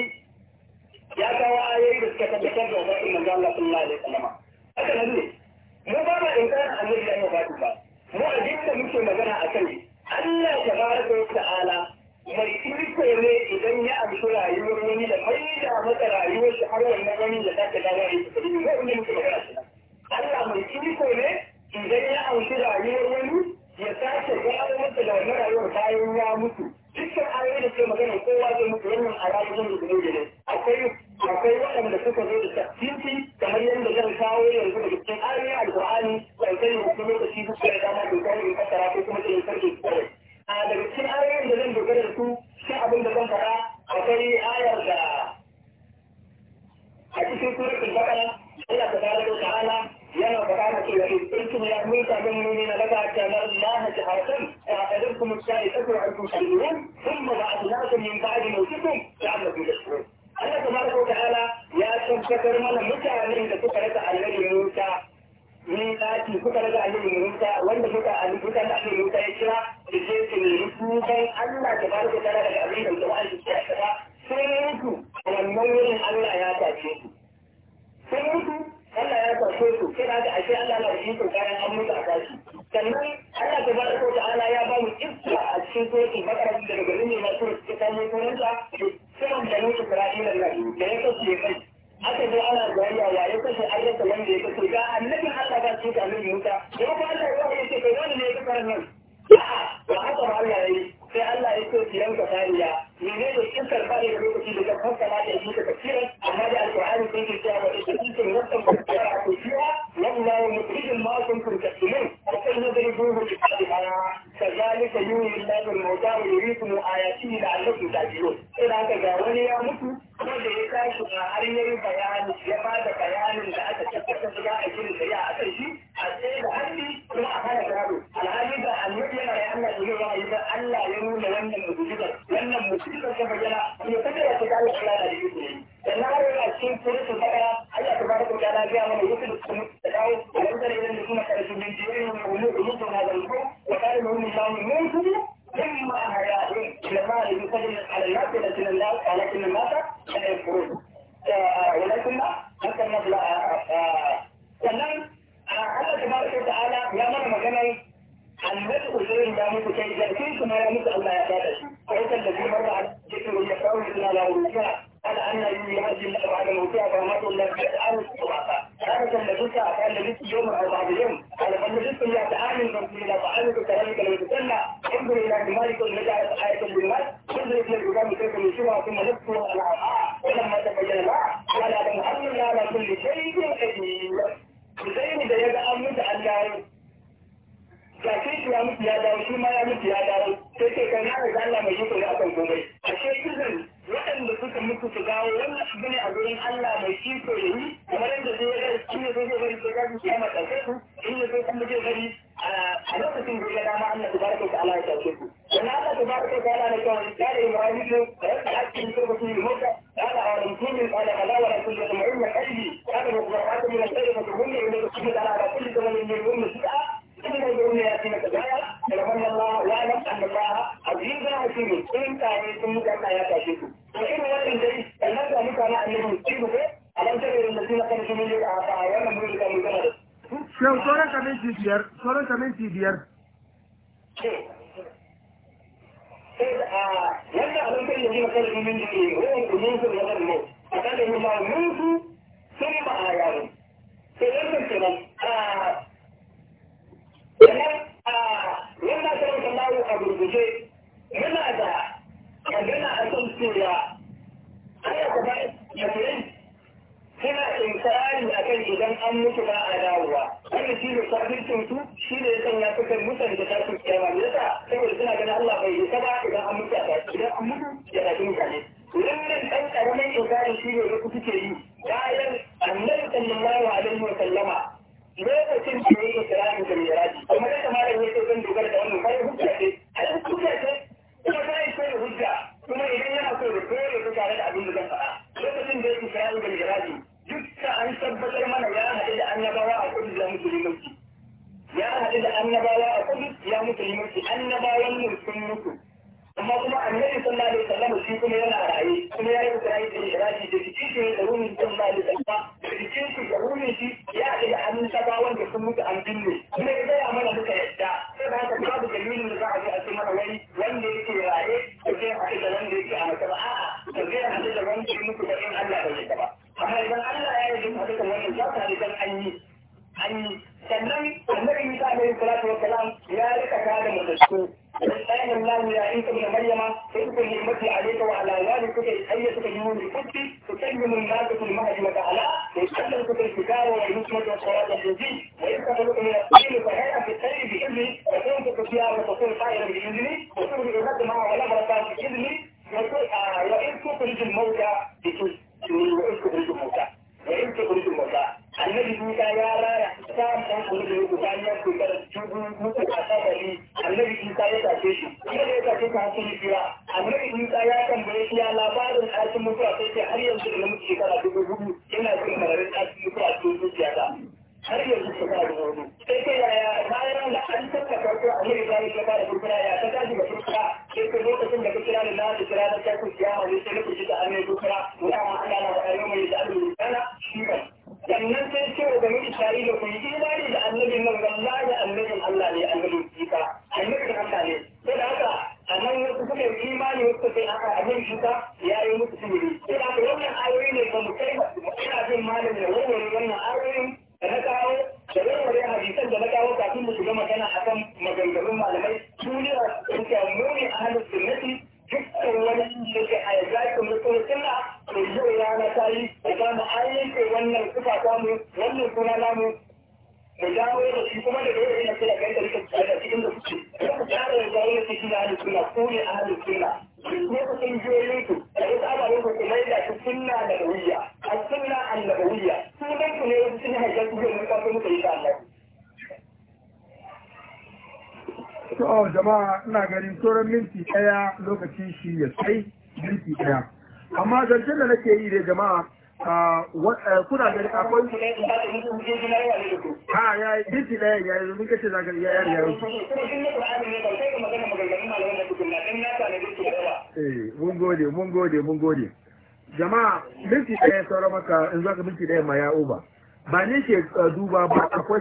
Speaker 1: ya kawo ayoyi da suka tabbatar da wasu manzo Allah sallallahu alaihi wasallam haka nan ne mu ba ma in kana annabi da ba ba mu ajin muke magana a kai Allah ta wa ta'ala mai kirko ne idan ya amshi rayuwar wani da mai da mata rayuwar shi har wannan wani da ta ta ne ta ne muke magana Allah mai kirko ne idan ya amshi rayuwar wani ya sake ga masa da wannan rayuwar bayan ya mutu dukkan ayoyi da ke magana kowa zai mutu wannan a rayuwar da zai gare akwai akwai waɗanda suka zo da tafsiri kamar yadda zan kawo yanzu da cikin ayoyin alƙur'ani ban sani wasu lokaci suka da dama dokar in fassara ko kuma sai in sarki a daga cikin ayoyin da zan dogara da su shi abin da zan fara akwai ayar da a cikin suratul baqara Allah ta wa ta'ala لأنه قال كذا إذ قلتم يا موسى المؤمنين لك كما الله جهرة أعتذركم الشاهد أكبر عنكم شيئا ثم بعثناكم من بعد موتكم لعلكم تشكرون Allah tabaraka wa ta'ala ya tabbatar mana mutanen da suka rasa annabi Musa ni daki kuka rasa annabi Musa wanda kuka annabi annabi Musa ya kira da je su nemi tuban Allah tabaraka wa ta'ala daga abin da jama'a su ke kaza sai mutu wannan wurin Allah ya tace su sai mutu Allah ya kwaso su sai da ashe Allah na da iko bayan an mutu a tashi sannan Allah ta bada ko ta'ala ya ba mu iska a cikin sokin makarantar daga garin ne na sura suka samu sunanta suran da nutu Isra'ila na da ya kasu ya kai aka zo ana zariya ya ya kashe an rasa wanda ya kashe ga annabin Allah ba su ga min Musa ya kuma Allah ya wani ce kai wani ne ya kashe nan a'a ba haka ba Allah ya yi sai Allah ya ce ki yanka kariya mene ne iskar ba da lokaci da ka fassara da shi ka tafsira amma da alƙur'ani sai ke cewa ba ita ce wannan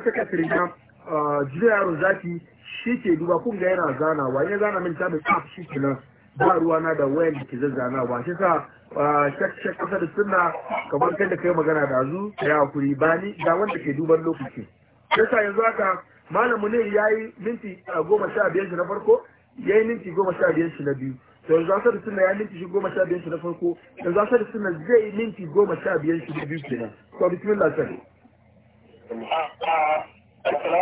Speaker 1: suka na uh, jiya yaron zafi shi ke duba kun ga yana zanawa ya zana min ta mai kaf shi ke nan ba ruwa na da wayan da ke ba shi sa uh, shakshak kasa da suna kamar kai da kai magana da zu ya hakuri ba ni ga wanda ke duban lokaci shi sa yanzu haka malamu ne ya yi minti uh, goma sha biyar shi na farko ya yi minti goma sha biyar shi na biyu to yanzu asar suna ya minti shi goma sha biyar shi na farko yanzu asar suna zai minti goma sha biyar shi na biyu kenan to bismillah sai Assalamu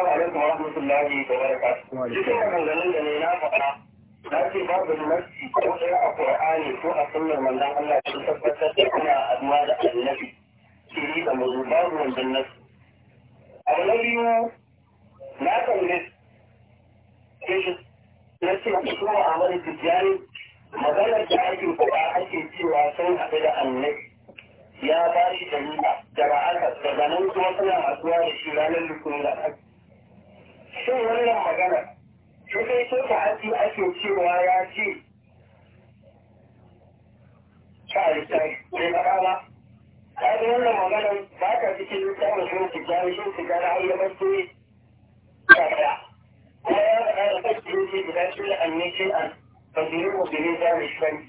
Speaker 1: alaikum wa rahmatullahi wa barakatuhu. Duka maganganun da ne na faɗa na ce babu nasi ko ɗaya a Qur'ani ko a sunnar manzon Allah sun tabbatar da ana aduwa da annabi. Kiri da mazu babu wancan nasi. Abu na biyu na kalle na ce a cikin mu'amalar tijjani maganar da ake faɗa ake cewa sun haɗu da annabi. ya bari da nuna daga aka daga nan kuma suna haɗuwa da shi ranar lukuna shin wannan magana shi sai ko ta aji ake cewa ya ce ka littafi bai faɗa ba kaga wannan magana ba ka cikin littafin shi tijjani shi tijjani har ya bar tuni ka faɗa kuma ya faɗa da kai tuni guda shi ne annishin an fasirin musulmi jami'in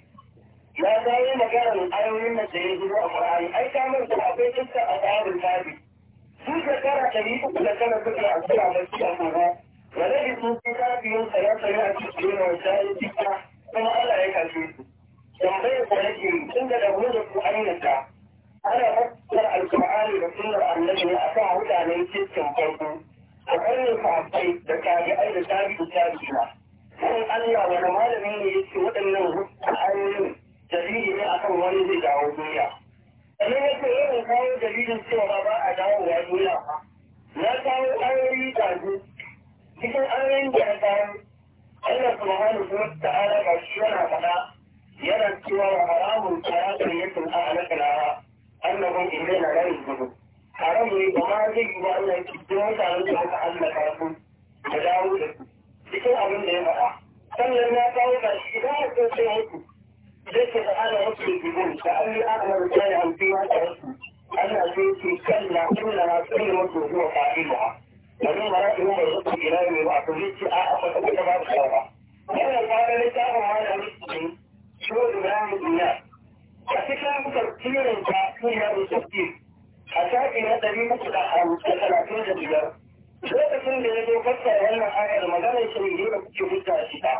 Speaker 1: na ga yi maganar ayoyin da ya zuwa a Qur'ani ai ka manta akwai dukkan ashabul kafi su shekara ɗari uku da kana suka a kula masu a gobe wale da su sun kafi yin saye-saye a cikin yana wata yi cika kuma Allah ya kashe su tambayar da yake tun da dabu da ku an yadda ana fassar alƙur'ani da sunnar annabi ne akan mutanen cikin farko a ƙarnin sahabbai da tabi'ai da tabi'u tabi'ina sai Allah wani malamin ne yake waɗannan ayoyin dalili ne akan wani zai dawo duniya sannan ya ce kawo dalilin cewa ba a dawowa duniya ba na kawo ayoyi ɗazu cikin ayoyin da na kawo Allah subhanahu wa ta'ala ga shi yana faɗa yana cewa wa haramun kaya ƙaryatin a alaƙalawa annabin ilai na rayin gudu haram ne ba ma zai yi ba Allah ya cikin mutanen da aka allaka su da dawo da su cikin abin da ya faɗa sannan na kawo ga shi za a tsince mutu ليس هذا مسلم بدون كأني أعلم كان عن في هذا أن في كلا كلها كل مسلم هو فاعلها ومن مرات هو يصل إلى وأعتذرت أعطى كل ما بخيرها لأن قال لي تعالوا هذا مسلم شو إمام الناس فكان تفكير فيها بالتفكير حتى إلى دليل أو ثلاثين دقيقة lokacin da ya zo fassara wannan ayar magana shi ne da kuke hujja shi ta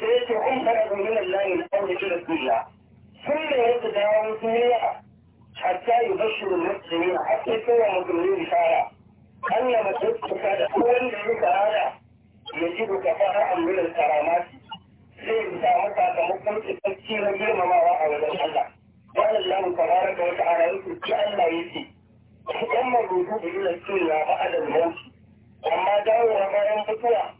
Speaker 1: sai yake in fara da Allah ne an da kira kula sun da ya dawo musulmiya hatta yi bashiru musulmi a ake kowa musulmi bishara Allah ba duk kuka da kowanne ya karara ya ji duka fara ambulan karamati zai samu sakamakon cikakki na girmamawa a wajen Allah. Wannan lamu kamar da wata ara yake ki Allah yake. Yan mabudu da ila cewa ba a da amma dawowa bayan mutuwa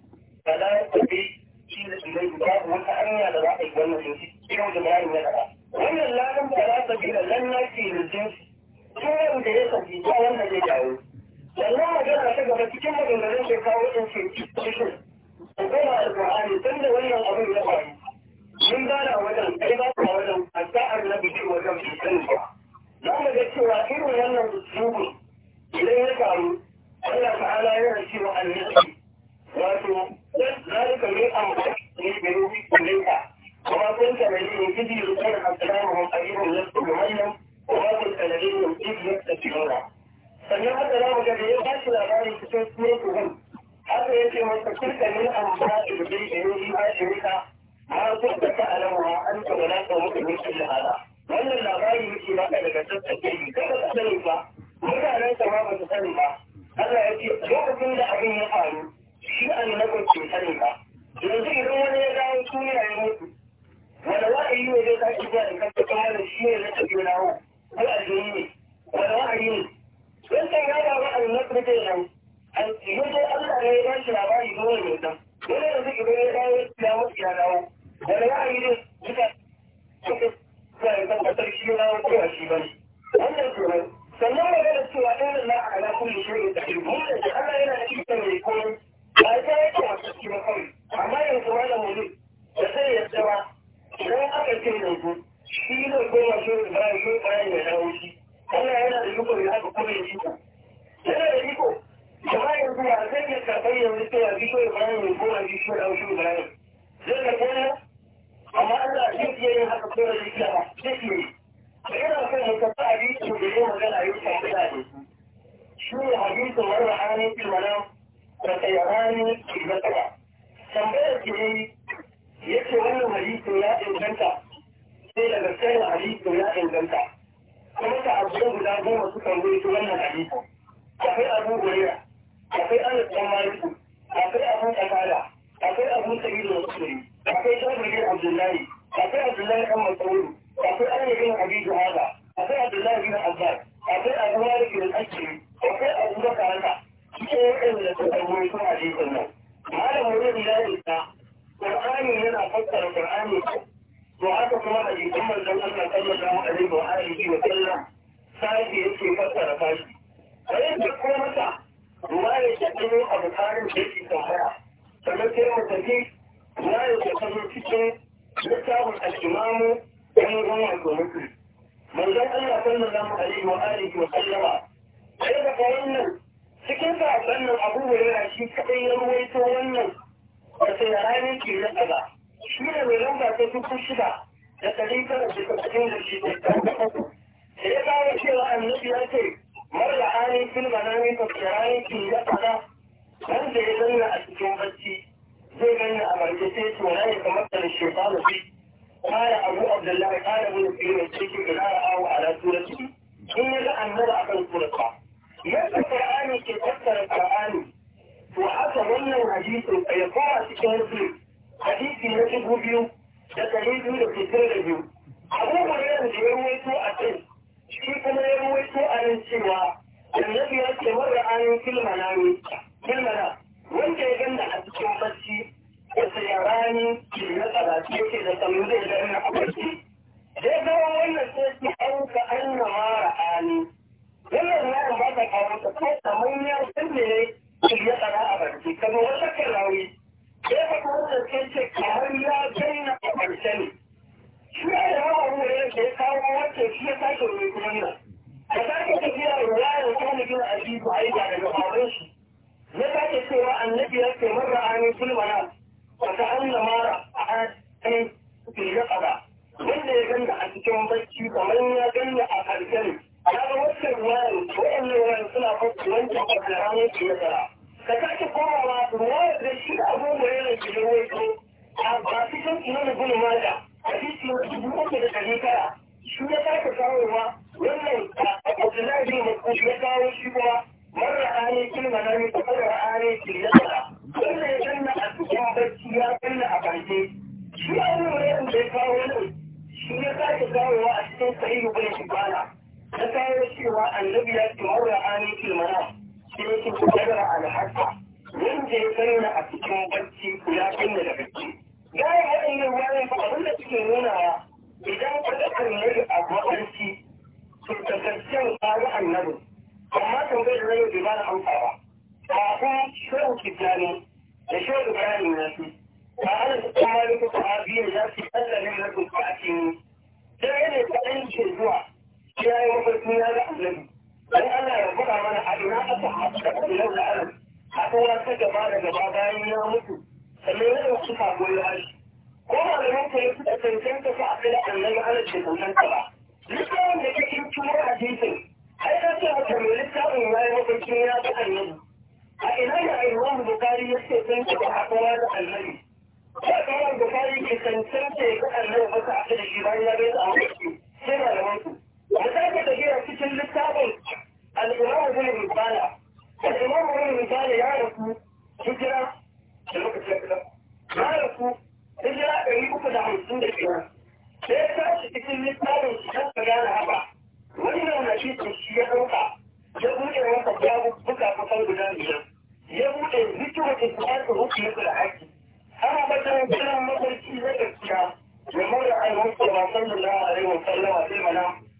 Speaker 1: ba za ku bi shi da shi zai wata hanya da za a yi wannan sun da bayan ya ta za ta gina nan na ke jinsi da ya sauki ba wanda zai dawo sannan magana ta gaba cikin maganganun da kawo in ce cikin ko kuma alƙur'ani tun da wannan abin ya faru mun gana wajen kai ba ka wajen hatta annabi zai wajen bai sani ba za mu ga cewa irin wannan zubu idan ya faru Allah ta'ala yana cewa annabi wato ذلك من أمرك من بنوب إليك وما كنت لديهم إذ sannan haka za mu ya ba shi labarin cikin sunan haka ya ce masa kirka min amma ilbi ilmi ha an wannan labari yake ba daga sassaƙe ne kada ka sani ba mutanen ba su sani ba Allah ya ce lokacin da abin ya faru shi annabin ke sani ba yanzu idan wani ya dawo duniya ya mutu wani wa'ayi ne zai tashi zuwa da kanta kuma da shi ne na tafi dawo ko a jini ne wani wa'ayi ne don sai ya na annabi zai nan yanzu Allah ne ya bashi labari zuwa ne dan wani yanzu idan ya dawo ya mutu ya dawo wani wa'ayi ne duka suka zuwa da kanta sarki ya dawo ko a shi ba wannan kenan sannan magana cewa ɗaya na ala kulli shirin da ilmu da Allah yana da ikon mai komai ba ita yake masu amma yanzu wani wani da zai ba ce shi zai shi shi ya dawo shi Allah yana da iko haka kuma ya yana da iko amma yanzu ya zai ya karɓar yanzu ta ya iko ya bayan zai amma haka kuma ya ba
Speaker 2: a ina son
Speaker 1: mu tafi a yi da yi magana a ne hadisin wani ra'ayin ilmanan فسيراني في tambayar ki ya ce wannan hadisin ya inganta sai daga sanin ya inganta kuma ta guda goma suka rubuta wannan hadisin akwai abu gurera akwai anas dan maliku akwai abu kakala akwai abu akwai jabir bin akwai akwai akwai akwai abu akwai abu cikin waɗanda suka ruwaito yana fassara qur'ani to haka kuma yake fassara kashi bayan da kuma mata ruwaya a bukarin da yake tambaya sannan sai mu tafi ruwaya ta cikin littafin da cikin sahabban nan abubuwa yana shi kadai ya ruwaito wannan wato ya rani ke na kaza shi ne mai lamba ta dubu shida da ɗari tara da saba'in da shi da ɗan uku da ya kawo cewa annabi ya ce mara hali fil manami fa kirani ke na kaza wanda ya zanna a cikin bacci zai ganna a barke sai to na ya kamar da shekaru fi قال أبو عبد الله قال ابن سيرين a إلى رآه على ya ga يجعل a kan سورة yadda Qur'ani ke tattara Qur'ani to haka wannan hadisi ya fara cikin wasu hadisi na dubu biyu da ɗari biyu da sittin da biyu abu hurairar da ya ruwaito a kai, shi kuma ya ruwaito a nan cewa annabi ya ce marar anin filmana ne filmana wanda ya ganda a cikin bacci wata yarani ke na tsarafi yake da tsamu zai gani a bacci zai gawa wannan sai su auka an na mara wannan ya da ba ka kawo ta kai kamar ya san me ya tsara a barci kamar wata kalawi ya ka kawo ta kai ce kamar ya gaina a barci ne shi ya da ba abu da ke kawo wacce shi ya sake mai kuma nan ka sake tafiya ruwa da kuma gina a ji ba a daga baban shi ya sake cewa annabi ya ce marar amin sulmana wata an lamara a hannun ke ya tsara wanda ya ganda a cikin barci kamar ya ganda a karshen kaga wancan ruwayan wa'annan ruwayan suna fata wancan fata ranar ci nasara ka sake komawa ruwayar da shi abu hurairar na dubu uku da ɗari tara shi ya kawowa wannan abdullahi ya kawo shi kuma ya a cikin bacci ya a shi abu ya shi ya sake a cikin ta kayar cewa annabi ya ce maura ani kilmana shi ne ke kudura alhaka wanda ya sanya a cikin barci ku ya bayyana da barci gaya waɗannan yaran ba abin da suke nunawa idan ka ga annabi a barci to takaccen ƙari annabi amma tambayar rayuwa bai ba da amsawa kafin shehu kitani da shehu ibrahim na su ba ana cikin malikin sahabi ne za su yi tsallalin rabin ko a cikin sai ne ta ke zuwa ya yi ya Allah ya mana a ina da da a kowa ta gaba da gaba bayan ya mutu ko cancanta su a kai ba littafin da cikin hadisin ai ce mai littafin ya yi ya annabi a ina da ayyuan bukari ya ce cancanta a kowa da annabi ke ya ga a kai da ya bai da amince sai su an sake tafiya cikin littafin al'imamu Wani misala al'imamu bin misala ya rasu hijira da lokacin da ya rasu hijira ɗari uku da hamsin da biyar sai ya tashi cikin littafin su kan ka gane haka Wani na hadisin shi ya ɗauka ya buɗe wata masa buga kusan guda biyar ya buɗe hikimar islamin hukumar da haƙƙi ana batun jiran mafarki na gaskiya da mura yi mustafa sallallahu alaihi wa sallam a sai mana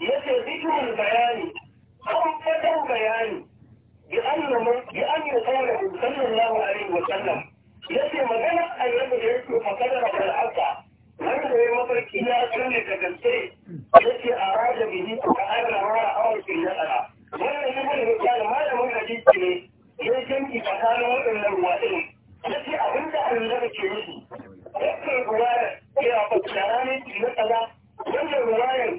Speaker 1: yace zikirin bayani abubuwan bayani bi annu bi annu qala sallallahu alaihi wa sallam yace magana annabi da yake fakara da al'aqa wanda ya mafarki ya tsalle da gaske a arada bihi a arama aw na nasara wannan ibn hibban malamin hadisi ne ya jinki tsakanin waɗannan ruwaɗin yace abinda annabi ke nufi yake ruwayar ya fakkara ne na kaza wannan ruwayar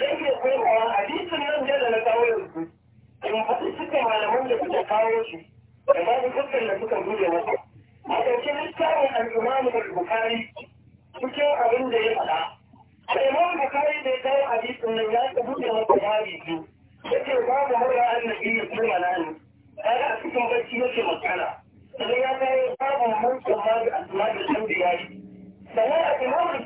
Speaker 1: sai ke komawa hadisin nan da na kawo yanzu in faɗi suka malaman da suka kawo shi da ba dukkan da suka guje masa a ɗauki littafin al'imamu bukari cikin abin da ya faɗa al'imamu bukari da ya kawo hadisin nan ya ta buɗe masa yari biyu ya ce babu mura annabi ya kuma nani kaga a cikin ya yake magana sannan ya kawo babu mun tsamma da asma da sanbiya sannan al'imamu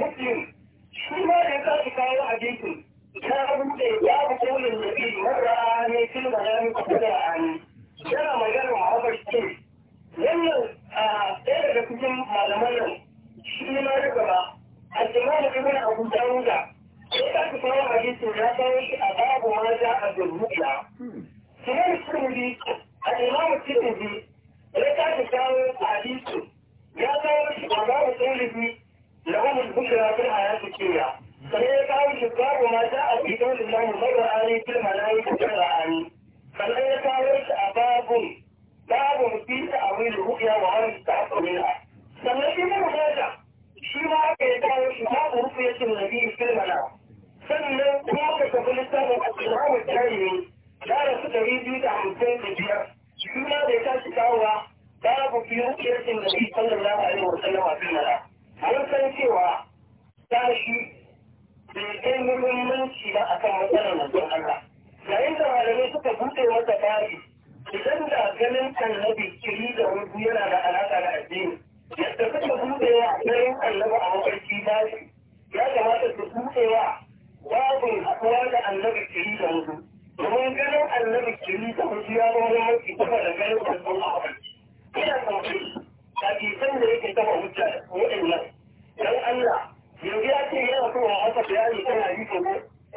Speaker 1: muslim shi ma da ya sa kawo hadisin ya rubuta ya bu kaulin da bi marra ne da bayan kuma ani yana magana muhammad ce wannan a ɗaya daga cikin malaman nan shi ma da gaba al-imam ibn abu dawud ya sa ki kawo hadisin ya kawo shi a babu ma ja a bi a turmi al cikin bi. ya sa ki kawo hadisin ya kawo shi a babu turmi لهم البشرى في الحياة الدنيا فلذلك قال الكفار وما جاء في دون الله غير في الملائكة غير آني فلذلك قال باب في تأويل الرؤيا وعن استعصوا sannan shi kuma haja shi ma aka yi kawo shi ma ku rufe yake da nabi filmana sannan kuma ka tafi littafin al'amur tarihi ya rasu ɗari biyu da hamsin da biyar shi ma bai tashi kawowa babu da mun san cewa tashi bai kai muhimmanci ba akan matsalar manzon Allah yayin da malamai suka buɗe masa bari idan da ganin annabi kiri da hudu yana da alaƙa da addini yadda suka buɗe wa ganin annabi a mafarki bari ya kamata su buɗe wa babin haɗuwa da annabi kiri da hudu domin ganin annabi kiri da hudu ya zama mafi kuma da ganin annabi a mafarki. Ina kamfani hadisan da yake kafa hujja waɗannan dan Allah yanzu ya ce yana so a aka bayani kan hadisi ko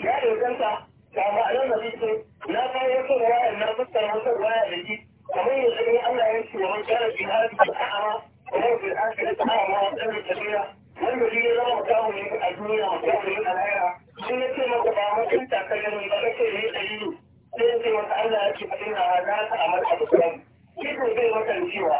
Speaker 1: ya danganta ga ma'anar hadisi na kawo kan waya na fassara kan waya da shi kamar yanzu ne Allah ya ce wa man kana fi hadisi a'ama wa man fi akhirati a'ama wa qad tabira wanda shi ne zama kawo ne a duniya kawo ne a lahira shi ne ce maka ba mutum takalmi ba kace ne dalili sai ce maka Allah ya ce fa inna hadaka amal al-islam shi ne zai makancewa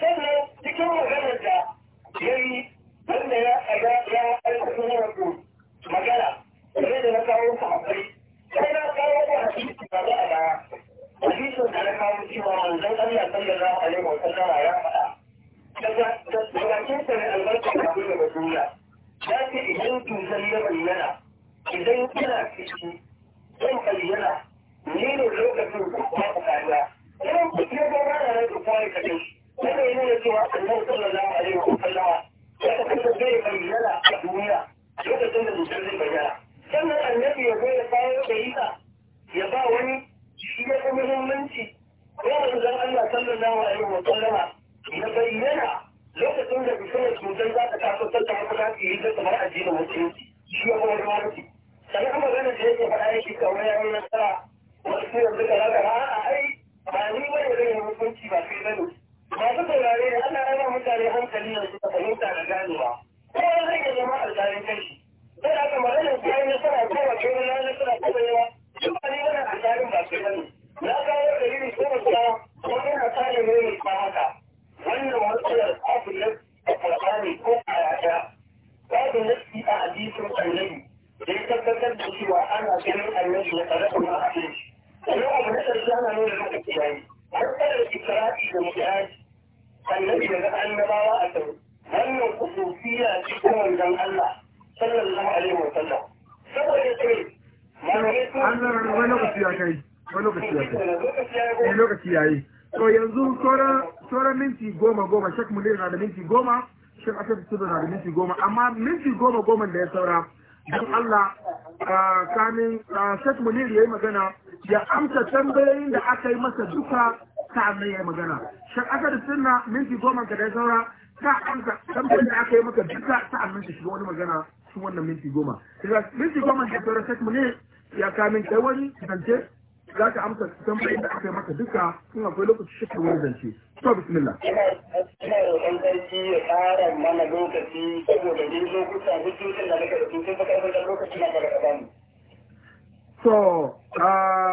Speaker 1: sannan cikin maganar da ya yi wanda ya aga ya aikata wato magana game da na kawo sahabbai sai na kawo da hadisi ba za a baya hadisin da na kawo cewa manzon Allah sallallahu alaihi wa sallama ya faɗa daga bakin sa ne albarka da abin da duniya ya ce idan tuzan ya bayyana idan kina ciki zan bayyana ni ne lokacin ku ba ku kariya idan ku gaba da rai ku kare kaɗai wanda ya cewa annabi sallallahu alaihi wa zai bayyana a duniya lokacin da mutum zai bayyana sannan annabi ya zo ya kawo ya ba wani shi ya fi muhimmanci ko manzon Allah wa bayyana lokacin da bishiyar cutar za ta taso tattar haka za ta yi a shi ya kuma da yake faɗa yake kawai ya yi nasara wasu yanzu ka ai ba ni yi ba sai masu saurare da Allah ya mutane hankali da suka fahimta da ganewa wani zai iya zama alƙalin kashi sai da aka maganar kayan nasara ko ba kai na nasara ko ba yawa duk ba ne wannan alƙalin ba su bane na kawo dalili ko ba su ko yana kare mai mai ba haka wannan matsalar abu na alƙalin ko a yaya babu nasi a hadisin annabi da ya tabbatar da cewa ana ganin annabi ya tsare kuma a kai sannan abu na ƙarshe ana nuna maka kiyaye har tsare ikirafi da mutane annabi daga annabawa a tau wannan kusufiya cikin wanzan Allah sallallahu alaihi wa sallam saboda sai Allah wani lokaci ya kai wani lokaci ya kai wani eh, lokaci ya yi to yanzu sauran minti goma goma shek mulir na da minti goma shek asad tudu na da minti goma amma minti goma goma da ya saura don Allah kamin shek mulir ya yi magana ya amsa tambayoyin da aka yi masa duka sa'an nan ya magana shan aka da sunna minti goma ka dai saura sa'an ka tambayar da aka yi maka duka sa'an nan shi wani magana su wannan minti goma minti goma da saura sai kuma ne ya kamin kai wani zance za ka amsa tambayar da aka yi maka duka kuma akwai lokaci shi ka wani zance to bismillah ina ya mana lokaci saboda da lokaci so uh, ah,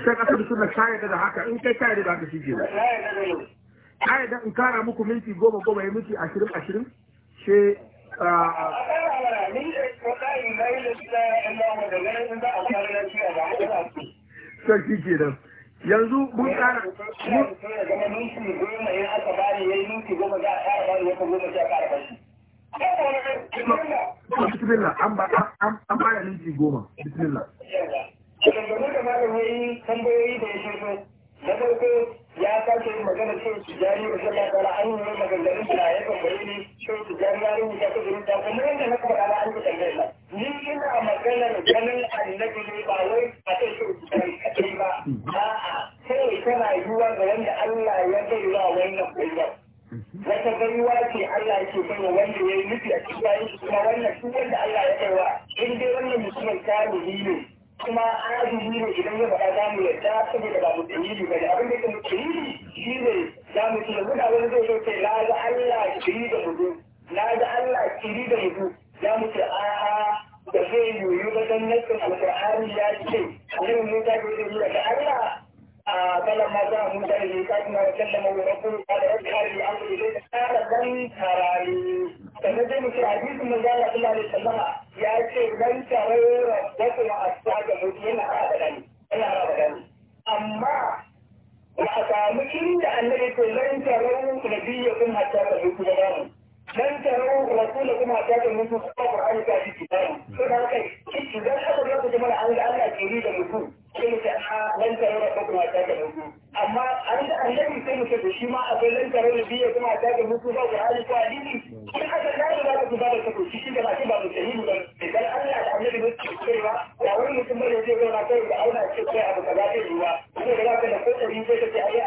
Speaker 1: sai ka sadu suna shayar da haka in kai kayar da haka shi ke kayar da in kara muku minti goma goma ya minti ashirin ashirin she shi ke nan yanzu mun kara Bismillah, an ba da minti goma. Bismillah. dangane da malamai tambayoyi da ya shirko na farko ya sake yin magana cewa tijari da sallah ta an yi maganganun da ya tambaye ni cewa tijari ya yi rubuta ta gurin da kuma yadda na kuma ana an yi tambayar na ni ina maganar ganin annabi ne ba wai a kai shi tijari kaɗai ba a'a kawai tana yiwuwa ga yadda Allah ya bai wa wannan kullum wata baiwa ce Allah yake baiwa wanda ya yi nufi a cikin bayan kuma wannan shi wanda Allah ya baiwa in dai wannan mutumin kamili ne kuma an ajiyi ne idan ya faɗa za mu yarda saboda ba mu dalili ba ne abin da kuma dalili shi ne za mu ce mun wani zai zo ce na ga Allah kiri da mu na ga Allah kiri da mu za mu ce a'a da zai yiwu ba dan nassin alƙur'ani ya ce annabi Musa bai yi daga Allah فلما جاء موسى لميقاتنا وكلمه ربه قال ارجع للامر اليك قال لن تراني فنجم في حديث من قال صلى الله عليه وسلم يا شيخ لن تروا ربكم اصحاب المدين ابدا انا ابدا اما ba a samu inda annabi ko lan tarau nabiyyakum hatta tabuku da mu dan taro rasul kuma a da mutum ko Qur'ani ta shi kitabu sai da kai shi dan haka da kuma an ga Allah ke yi da mutum sai mu ce a ah, dan taro rasul kuma a da mutum amma an da annabi sai mu ce shi ma akwai dan taro da biye kuma a da mutum a Qur'ani ko hadisi in haka da ba ku ba da ku shi da ba ba mu sai mu an Allah da annabi ne ke cewa ya wani mutum ne zai ga kai da auna ce sai abu kaza zai yi ba sai da ka da kokari sai ka ce ai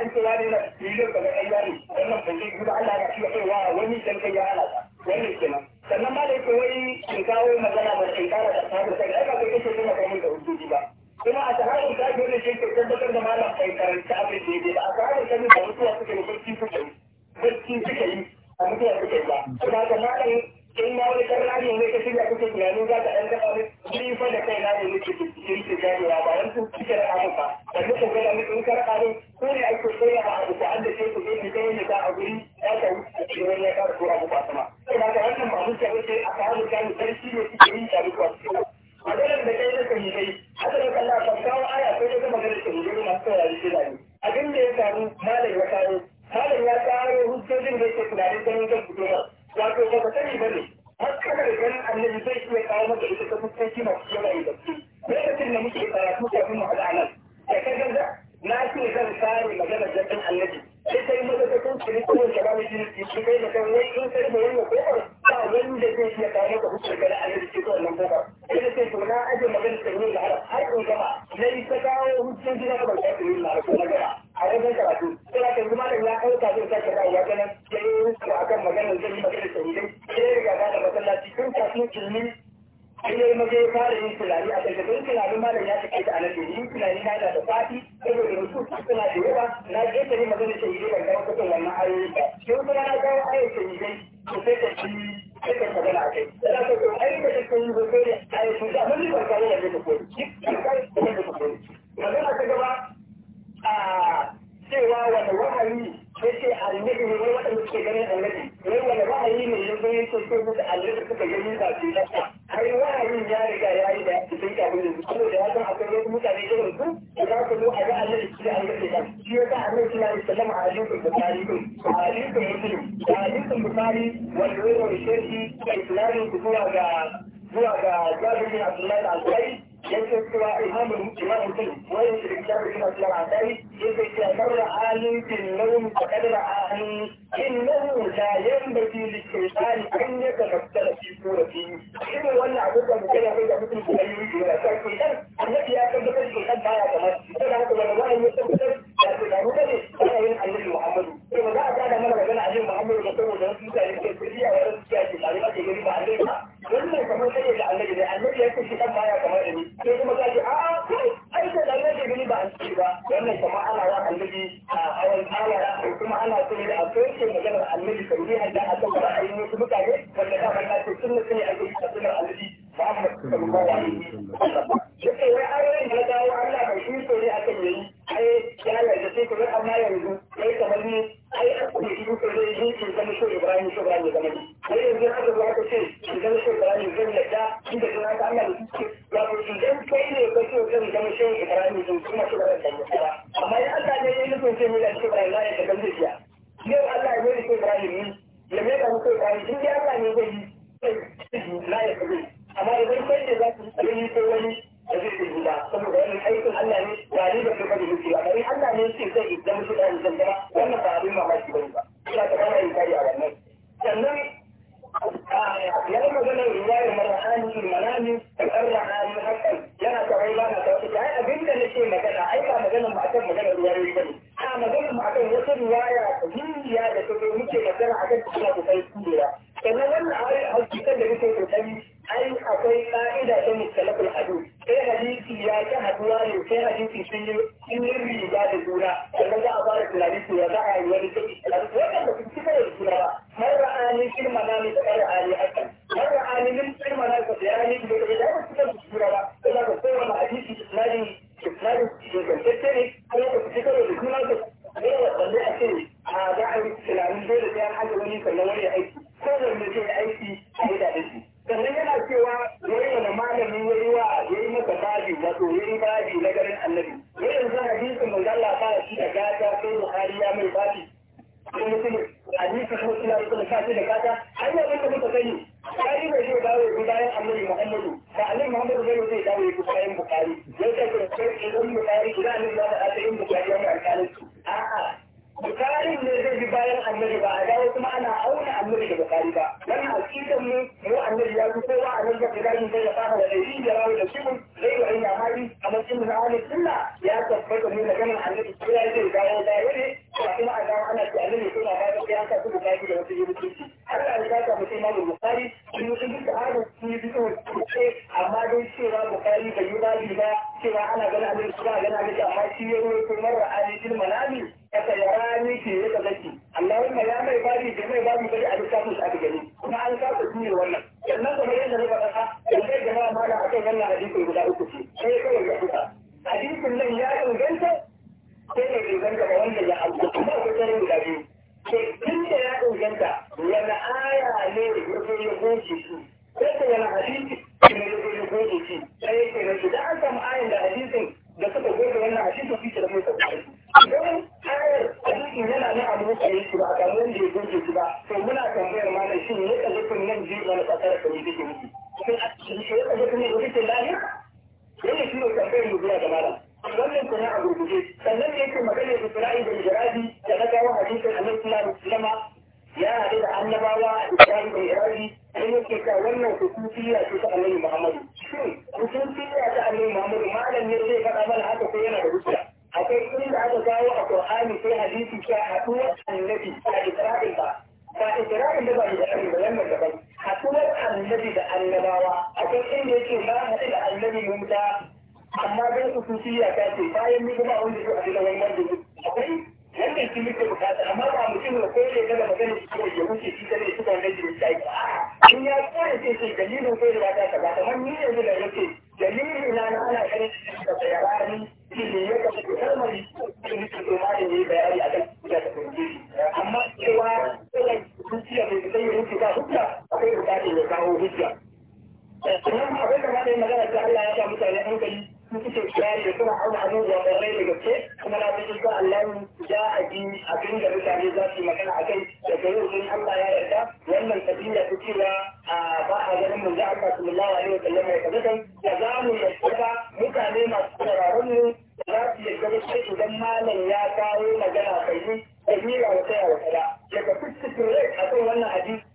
Speaker 1: hadisin annabi sallallahu ya haɗu da annabawa a Ibrahim da Iraki sai yake ka wannan hukumiya ce ta annabi Muhammadu shin hukumiya ta annabi Muhammadu malam ne zai faɗa mana haka ko yana da hujja akwai da aka kawo a Qur'ani sai hadisi ta haɗuwar annabi a Isra'il ba ba Isra'il da ba ni Isra'il ba wannan daban haɗuwar annabi da annabawa akwai inda yake ba haɗu da annabi Musa amma dai hukumiya ta ce bayan ni kuma wanda ya haɗu da wannan da akwai wannan shi muke bukata amma ba mutum da koyi ya gana magana shi kawai ya wuce shi ta ne suka wannan jirin shi aiki in ya koyi sai ce dalilin koyi da ta ba kamar ni yanzu da yake dalilin na na ana ganin shi da bayani shi ne ya kafa da kalmari shi ne ko ma ne bayani a kan da ta kunji amma cewa sai hujja mai sai hujja ba hujja akwai bukatar ya kawo hujja kuma abin da magana ta Allah ya sa mutane hankali suke bayani suna auna abubuwa mai rai da gaske kuma na cikin sa Allah ya aji abin da mutane za su magana a kai daga yau in Allah ya yarda wannan tafiya ta cewa ba a ganin mun za Allah sallallahu alaihi wa sallam ya kaza kai da za mu yarda mutane masu sauraron mu za su yarda da shi idan malam ya kawo magana kai ne da mira wata ya wata da ka a kan wannan hadisi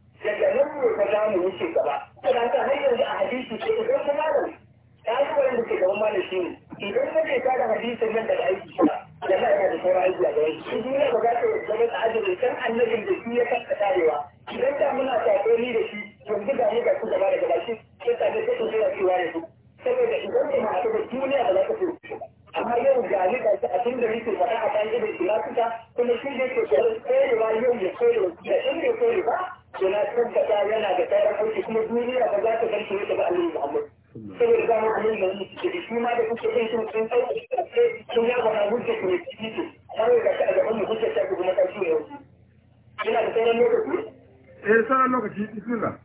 Speaker 1: daga nan ne ka za mu wuce gaba saboda haka har yanzu a hadisi ce idan ka malam ta yi wani da ke gaban malam shi ne idan ka ke ka da hadisin nan daga aiki ba da na yana da sauran aiki a gaban shi duniya ba za ta zama da ajiyar kan annabin da shi ya kasa tarewa idan da muna tafiya ni da shi yanzu ga mu ga su gaba daga gaba shi sai ta ne sai ta zuwa cewa da su saboda idan ka haɗu da duniya ba za ta fi amma yau ga ni ga a da nake faɗa a kan irin filasuka kuma shi ne ke koyarwa yau ya koyarwa da in bai koyarwa yana tabbata yana da tarihi kuma duniya ba za ta san shi ba Allah Muhammad saboda za mu annabi da shi shi ma da kuke kai sun sun sai sun ya ba hujja ku ne ciki har da ka ga wannan hujja ta kuma ta shi yau yana da sauran lokaci eh sauran lokaci bismillah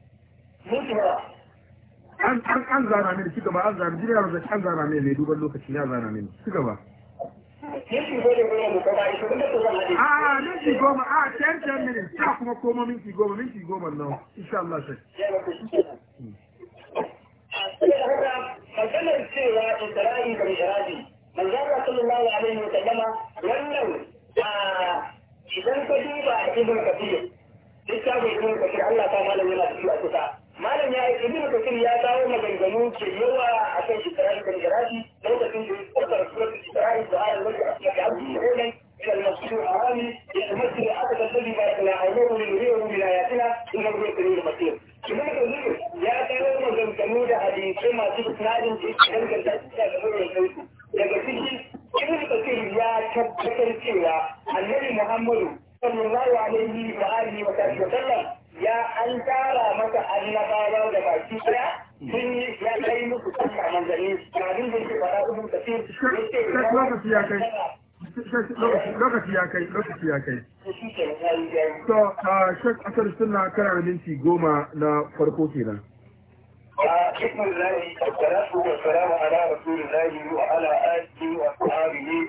Speaker 1: mutuwa an an an zana mini ci gaba an zana jira an zana mini ne duban lokaci ya zana mini ci ba.
Speaker 2: Minti goma mu kaba shi kun da ku zama A minti goma a ten ten minutes ta
Speaker 1: kuma koma min minti goma minti goma nan insha Allah sai. Maganar cewa Isra'i da Mishraji, manzara sallallahu alaihi wa sallama wannan idan ka duba a cikin kafir, duk ta bai cikin kafir Allah ta malam yana da a kusa. malam ya aiki bin kafin ya kawo maganganu ke yawa a kan shekarar da ya lokacin da ya kwatar su wata shekarar da ya rafi a cikin abin da ya rafi da masu shirin harami ya zama su da aka tattalin ba da na aure wurin da ya rubuta ya tuna in ga gwiwa kare da mutum. kimar da zuwa ya kawo maganganu da hadisai masu sinadin da ya canza da ya zama sauki daga ciki kimar da ya tabbatar cewa annabi muhammadu sallallahu alaihi wa alihi wa sallam ya an tara masa annabawa da baki daya sun yi ya kai musu tsaka manzanni kafin da lokaci ya kai lokaci ya kai lokaci ya kai uh, shek asar suna kana da minti goma na farko kenan بسم الله والصلاة والسلام على رسول الله وعلى آله وأصحابه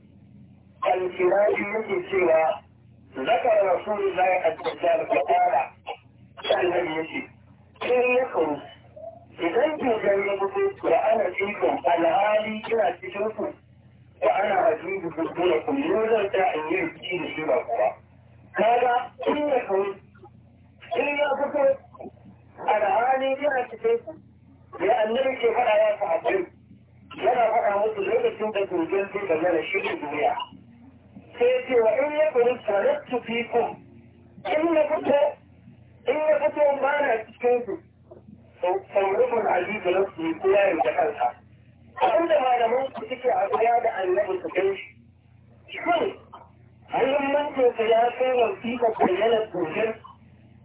Speaker 1: alkirari yake cewa zakar rasulu zai addabta da fara annabi yake sai ya kawo idan ke gani mutu da ana cikin alhali kira cikin ku da ana hajjibu gudunan ku ne zan ta in yi rikici da shi ba kuwa kaga in ya kawo in ya fito alhali kira cikin ku da annabi ke faɗa ya fi hajjibu yana faɗa musu lokacin da turjen zai gaza da shirin duniya sai ya ce wa in ya bari tsarattu fi kun in na fito in na fito ba na cikin su saurufin da na yi ko ya yanke kansa abin da malaman ku suke a tsaya da annabi su kai shin muhimmancin sa ya kai wasiƙa bayyana dokin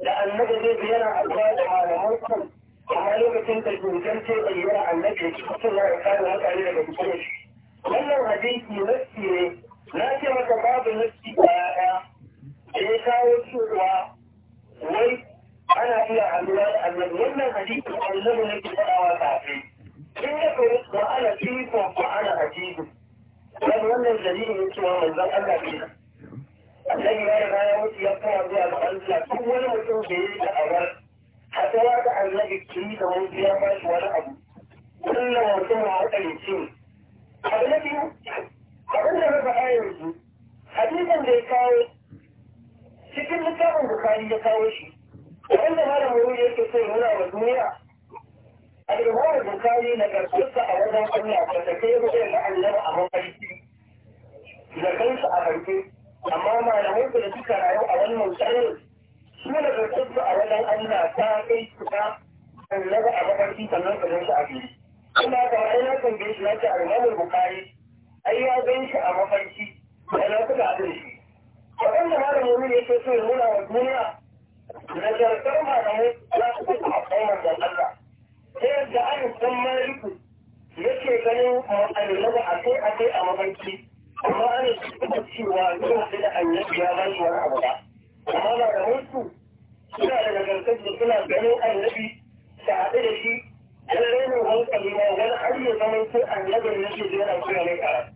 Speaker 1: da annabi zai bayyana a tsaya da malaman ku amma lokacin da dokin sai bayyana annabi ya ci mutum ya kare mutane daga cikin wannan hadisi nasi ne na ce maka babu nasi kwaya ɗaya sai kawo cewa wai ana iya haluwa da annabi wannan hadisi annabi ne ke faɗawa kafin in da kawai wa ana ikon wa ana hadisi dan wannan dalilin ne cewa manzon Allah ne annabi ya riga ya wuce ya koma zuwa ga Allah duk wani mutum da yi da awar haɗuwa da annabi ki da wani ya ba shi wani abu kullum mutum ya haɗa ne abu na biyu abin da na faɗa yanzu hadisin da ya kawo cikin littafin bukari ya kawo shi abin da malam wuri yake so ya nuna wa duniya al'ummar bukari na karfinsa a wajen allah ba ta kai ruwa na allama a mafarki da kansa a karfi amma malamai da suka rayu a wannan tsarin su da karfinsa a wajen allah ta kai su ta annabi a mafarki sannan ka ganshi a fili. Kuma ga wani na tambaye shi na ce al'ummar bukari ai ya gan shi a mafarki na kuka haɗu da shi abin da malamin ne yake so ya nuna wa duniya nazartar malamai za su kuka a kai manzon Allah ta yadda an san maliku yake ganin annabi a kai a kai a mafarki amma an yi cewa yau da annabi ya ba shi wani abu ba amma malamai su suna da nagartar suna ganin annabi ta haɗu da shi lallai ne hankali ma wani har ya zama sai annabin nake zai na koya mai karatu.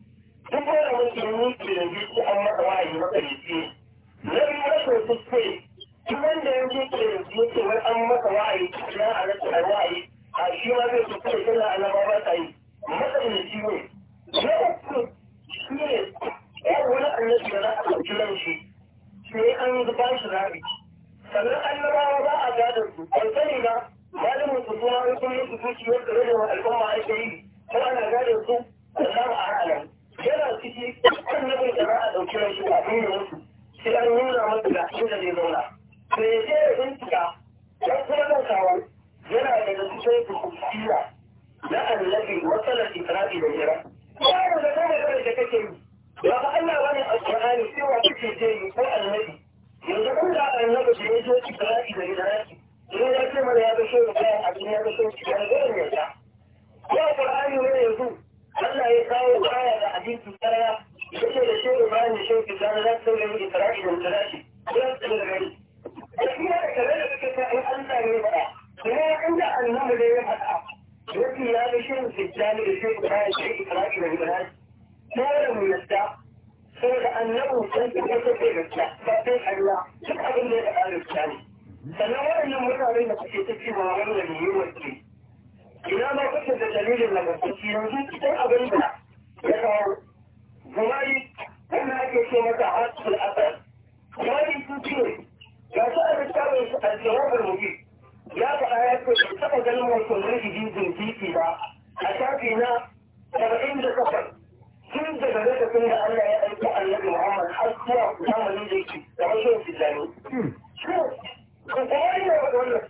Speaker 1: duk malamin da ya nuke da biyu an masa wahayi makarici na biyu rashin kuskure duk wanda ya nuke biyu ce wani an masa wahayi na a rashin wahayi a shi ma zai kuskure tana annaba ba ta yi makarici ne na uku shi ne ya wani annabi da za a ɗauki nan shi sai an zuba shi rabi sannan annabawa ba a gadon su ban sani ba malamin su kuma an kuma su zuciyar da rage wa al'umma ake yi ko ana gadon su da samu a yana ciki dukkan nabin da za a ɗauki rashi a ɗin sai an nuna masa da inda zai zauna sai ya je ya bincika don kuma zan kawo yana daga cikin bukukiya na annabi matsalar isra'i da jira yaro da kuma da da kake yi ba fa Allah bane alqur'ani cewa kake je yi ko annabi yanzu kun da annabi da ya zo isra'i da jira ne ya ce mana ya ga shi a cikin ya ga shi da ya ga ya ta ya qur'ani ne yanzu Allah ya kawo baya da abin tsara ce da shi Ibrahim da shi Tijjani za ta yi Isra'i da Tirashi ya su da gari gaskiya da kaza da suke ta in an same ba kuma inda annabi da ya faɗa yake ya ga shi Tijjani da shi Ibrahim da shi Isra'i da Tirashi sai da mu yadda sai da annabi sai da kake da gaskiya ba sai Allah duk abin da ya faɗa gaskiya ne sannan waɗannan mutane da suke ta ci ba wannan yiwuwar ce ina ma kuka da dalilin na gaske yanzu cikin abin da ya kawo zumari wanda ake ce masa hasul asar zumari su ce ga su a littafin su aljawabin mutu ya faɗa ya ce bai taɓa ganin wasu rihidi jinkiki ba a shafi na saba'in da takwas tun daga lokacin da Allah ya aiko annabi Muhammad har zuwa zamanin da yake da wasu Islami. Shin, ko kuma ne wannan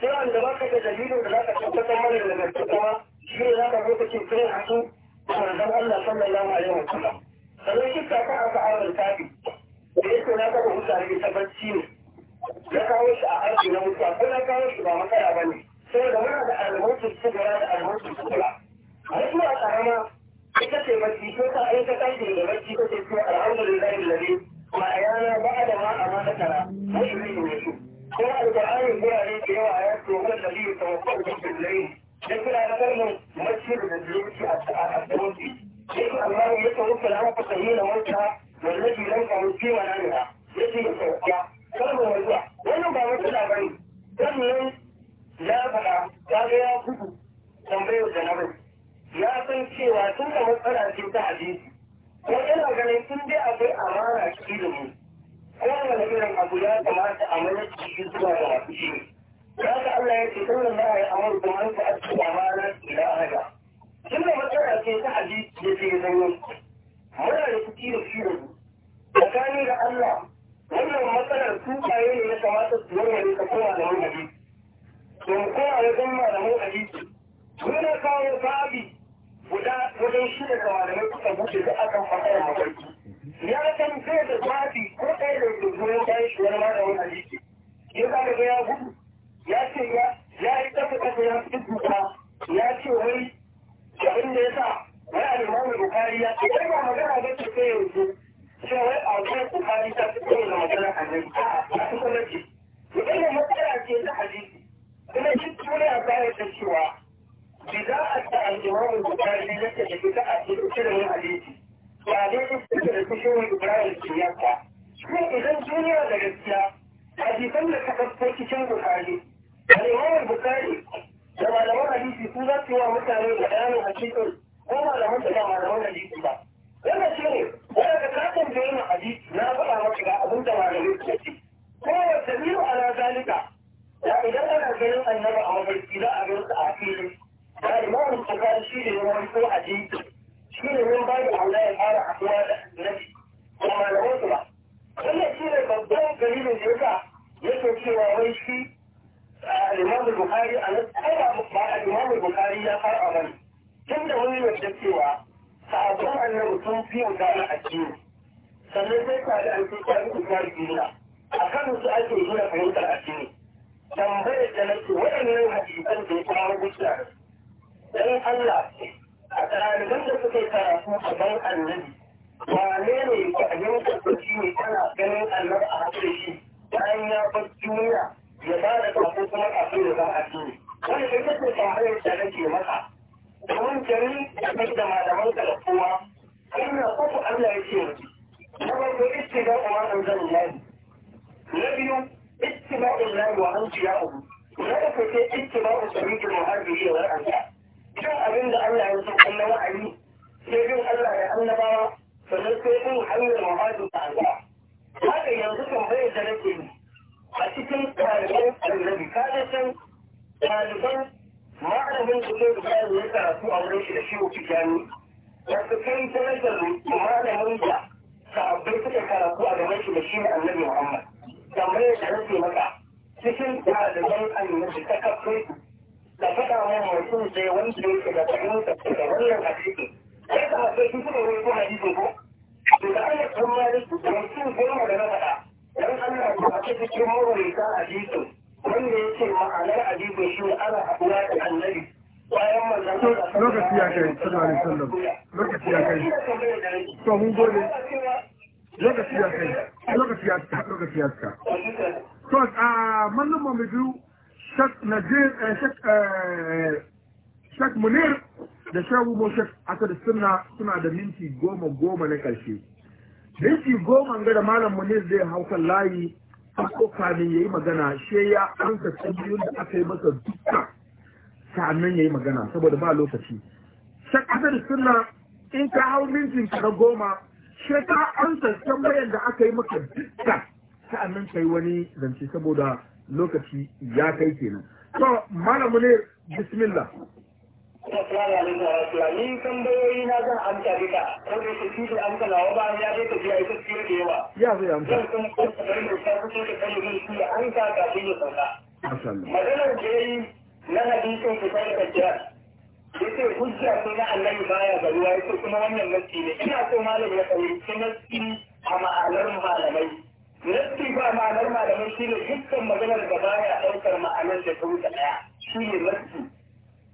Speaker 1: sai wanda baka da dalilin da zaka tabbatar mana da gaske kuma shi ne zaka zo ka ce kai hasu da manzon Allah sallallahu alaihi wa sallam sannan shi ka ka aka awar tabi da yake na ka huta ne ta bacci ne Ya kawo shi a aiki na mutuwa ko na kawo shi ba makara ba ne saboda muna da almautin sugura da almautin sugura a wasu a karama ita ce bacci ko ta aika tashi da bacci ko ce ko alhamdulillahi lalai ma yana ba da ma a ma da tara sai ne ne su ko alƙur'anin gurare da yawa ya ce wannan nabi ta wakar da billahi ya kira na kalmar masjid da zuci a tsoki ya ce Allah ya tawakkal an ku sahina wata wallahi lan ka wuce wa nan ya ce ya sauka kalmar wata wannan ba wata labari sannan ya faɗa ya ga ya gudu tambayar da na bai ya san cewa tun da matsala ce ta hadisi ko ina ganin tun dai akwai amana mu? kowane irin abu ya kamata a mana shi zuwa ga masu shi ya ga Allah ya ce kullum ba ya amur da an ta aski amana ila haga Kin da matsala ce ta hadisi da ke zanyo muna da kuɗi da shi da tsakani da Allah wannan matsalar tukaye ne ya kamata su warware ka kowa da wani hadisi don kowa ya zama da wani hadisi muna kawo babi guda wajen shida da malamai suka buɗe da akan matsalar mafarki ya san zai da zafi ko ɗaya da goyon bayan shi wani malamin hadisi ya ka ga ya gudu ya ce ya ya yi ɗaga ƙasa ya fi duka ya ce wai abin da ya sa wai alimamin bukari ya ce kai ba magana ba ce sai yanzu cewa wai a wajen bukari ta fi kowane magana a nan a fi kuma ce idan matsala ce ta hadisi kuma shi tuni a bayar da cewa bi za a ta alimamin bukari ya ce da bi a ce da hadisi ba daidai suke da kushe wani ibrahim kiyarta shi idan duniya da gaskiya hadisan da ka ɗauko cikin bukari al'imamar bukari da malaman hadisi su za su yi wa mutane da bayanin hakikin ko malaman da ba malaman hadisi ba wannan shi ne wanda ka tambaye ni hadisi na faɗa maka ga abin da malamai suke ci ko wata biyu ala zalika da idan ana ganin annaba a mafarki za a gansa a fili da imamar bukari shi ne wani ko hadisi shi ne wani babu aula malam ne zai hau kan layi farko kamin yi magana she ya ansa tambayoyin da aka yi masa duka sannan yi magana saboda ba lokaci shak suna in ka hau mintin ka na goma she ka ansa tambayar da aka yi maka duka sannan yi wani zance saboda lokaci ya kai kenan to malam ne, bismillah Assalamu alaikum wa rahmatullahi ni tambayoyi na zan amsa duka ko da shi shi an kana wa ba ya dai tafiya ita ce da yawa ya zan kuma ko da mun ta ko an ka ka shi sauka maganar da yayi na hadisin ku sai ka jira yace hujja ce na annabi baya ga ruwa yace kuma wannan nasi ne ina so malam ya fahimci nasi a ma'anar malamai nasi ba ma'anar malamai shine dukkan maganar da baya ɗaukar ma'anar da ta wuce daya shine nasi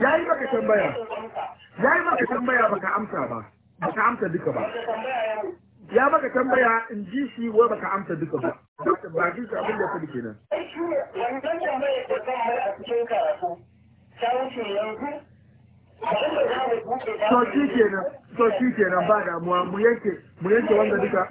Speaker 1: ya yi maka tambaya ya yi maka tambaya baka amsa ba baka amsa duka ba ya maka tambaya in ji shi wa baka amsa duka ba ba ji shi abin da ya faɗi kenan a cikin karatu ta wuce yanzu to shi kenan to shi kenan ba damuwa mu yanke mu yanke wanda duka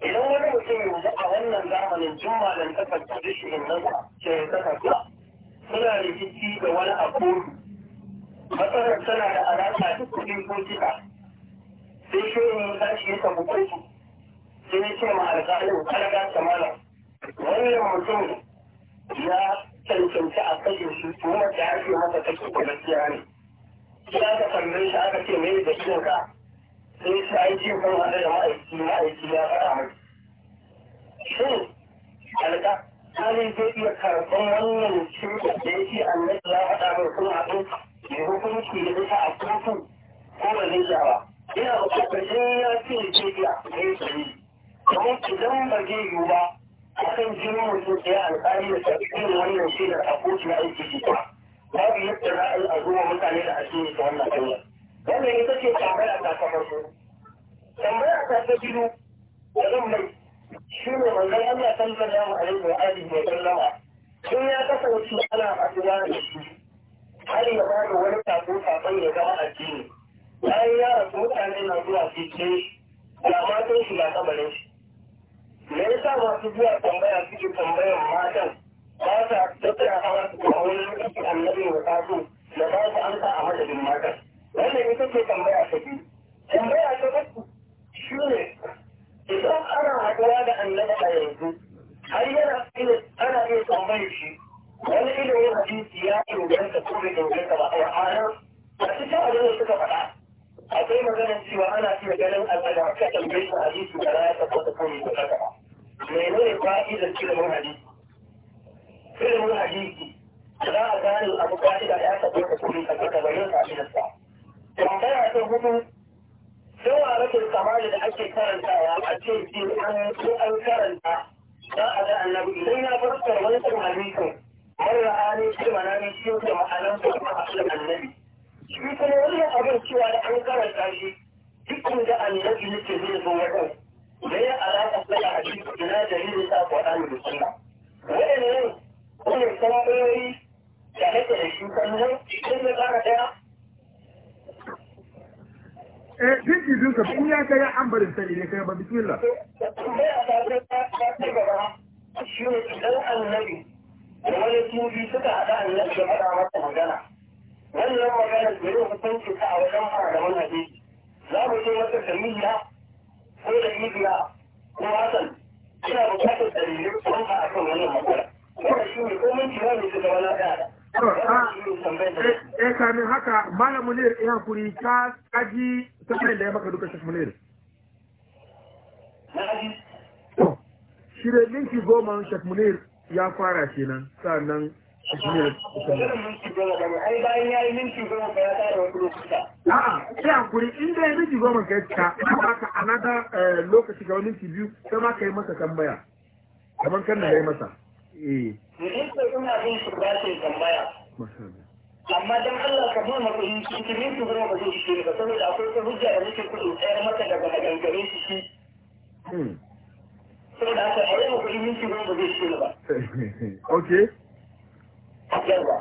Speaker 1: idan wani mutum yanzu a wannan zamanin juma da ta fassara shi in nan ce ta suna rikici da wani a matsalar tana da alaƙa da kuɗi ko kika sai shi ne za shi ya tabu kotu sai ya ce ma alƙalin kada ga wannan mutum ya cancanci a kashe shi kuma da ake masa kashe gaskiya ne ya ka kalle shi aka ce mai da ka sai shi ai da ma'aiki ma'aiki ya faɗa shin zai iya karɓar wannan cutar da ya ce annabi ya faɗa mai hukunci da a kotu ko ba zai ba ina ya yiwu ba akan jinin mutum ɗaya alƙali da wannan shaidar a kotu na aiki ba babu yadda za a yi a zuwa mutane da asiri ta wannan hanyar wannan ita ce tambaya ta ta farko tambaya ta ta biyu da zan mai shi ne manzon Allah sallallahu alaihi wa alihi wa sallama tun ya kasance ana addu'a da shi har ya ba da wani sako sakon ya zama addini bayan ya rasu mutane na zuwa fice Ya matan shi ga kabarin shi me sa masu zuwa tambaya suke tambayar matan ba sa tattara hawa su kuma wani annabi ya taso da ba su amsa a madadin matan wannan ita ce tambaya ta biyu tambaya ta uku shi ne idan ana haɗuwa da annabi a yanzu har yana iya ana iya tambayar shi wani ilimin hadisi ya inganta ko bai inganta ba a ranar a cikin abin da suka faɗa akwai maganar cewa ana iya ganin al'ada ka tambaye shi hadisi da ya tabbata ko bai tabbata ba menene fa'idar ilimin hadisi ilimin hadisi za a gane abu ka'ida ya tabbata ko bai tabbata ba yin fa'idarsa tambaya ta hudu yawa rake samari da ake karantawa a ce ce an ko an karanta za a ga annabi idan ya farkar wancan hadisin marar hali shi mana ne shi da ma'anar ko kuma haɗin annabi shi kuma wannan abin cewa da an karanta shi dukkan da annabi yake zai zo wajen da ya alaƙa a hadisi ina dalilin sa Qur'ani da Sunna waɗannan kuma tambayoyi da nake da shi sannan idan na ƙara ɗaya eh din izin ka in ya kai an barin sai ne kai ba bismillah shi ne idan annabi da wani tubi suka haɗa magana wannan magana da yau hukunci ta a wajen malaman hadisi za mu ce masa da ko da ko hasan ina bukatar dalilin kuma a kan wannan magana kuma shi ne komai mun ne su zama ɗaya Eh, eh kamin haka malam munir ya kuri ka kaji tambayar da ya maka duka munir linki goma munir ya sannan munir ai bayan ya yi linki goma ya lokuta a'a kuri linki goma ka anada eh, lokaci ga linki biyu sai ma yi masa tambaya kamar kan na ya masa eh minista ina jin su ba tambaya amma dan Allah ka ba mu kuɗi cikin ne su ba zai shi ba saboda akwai ta hujja da nake tsayar mata daga maganganun su shi hmm. saboda haka a yau kuɗi minti goma ba zai shi ba okay yawa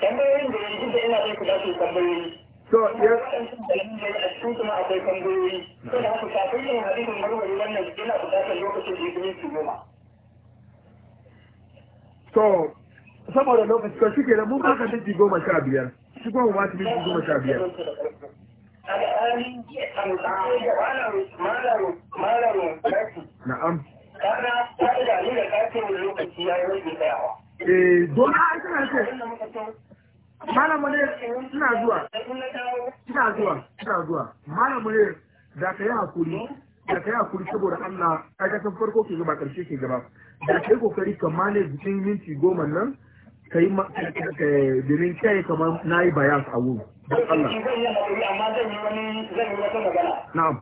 Speaker 1: tambayoyin da yanzu da ina zai ku dace tambayoyi so ya a cikin kuma akwai tambayoyi saboda haka kafin yin hadisin marwari wannan yana buƙatar lokacin da ya goma to saboda to shi ke da mun baka minti goma sha biyar shi kuma ba ta minti goma sha biyar na'am kana ta da ni da kafin lokaci ya yi wani tsayawa eh don a kana ce malam zuwa ina zuwa ina zuwa malam da ka yi hakuri da kai hakuri saboda Allah kaga san farko ke gaba karshe ke gaba da kai kokari ka manage cikin minti goma nan kai domin kai kamar nayi bayas a wuri don Allah amma zan yi wani zan yi wata magana na'am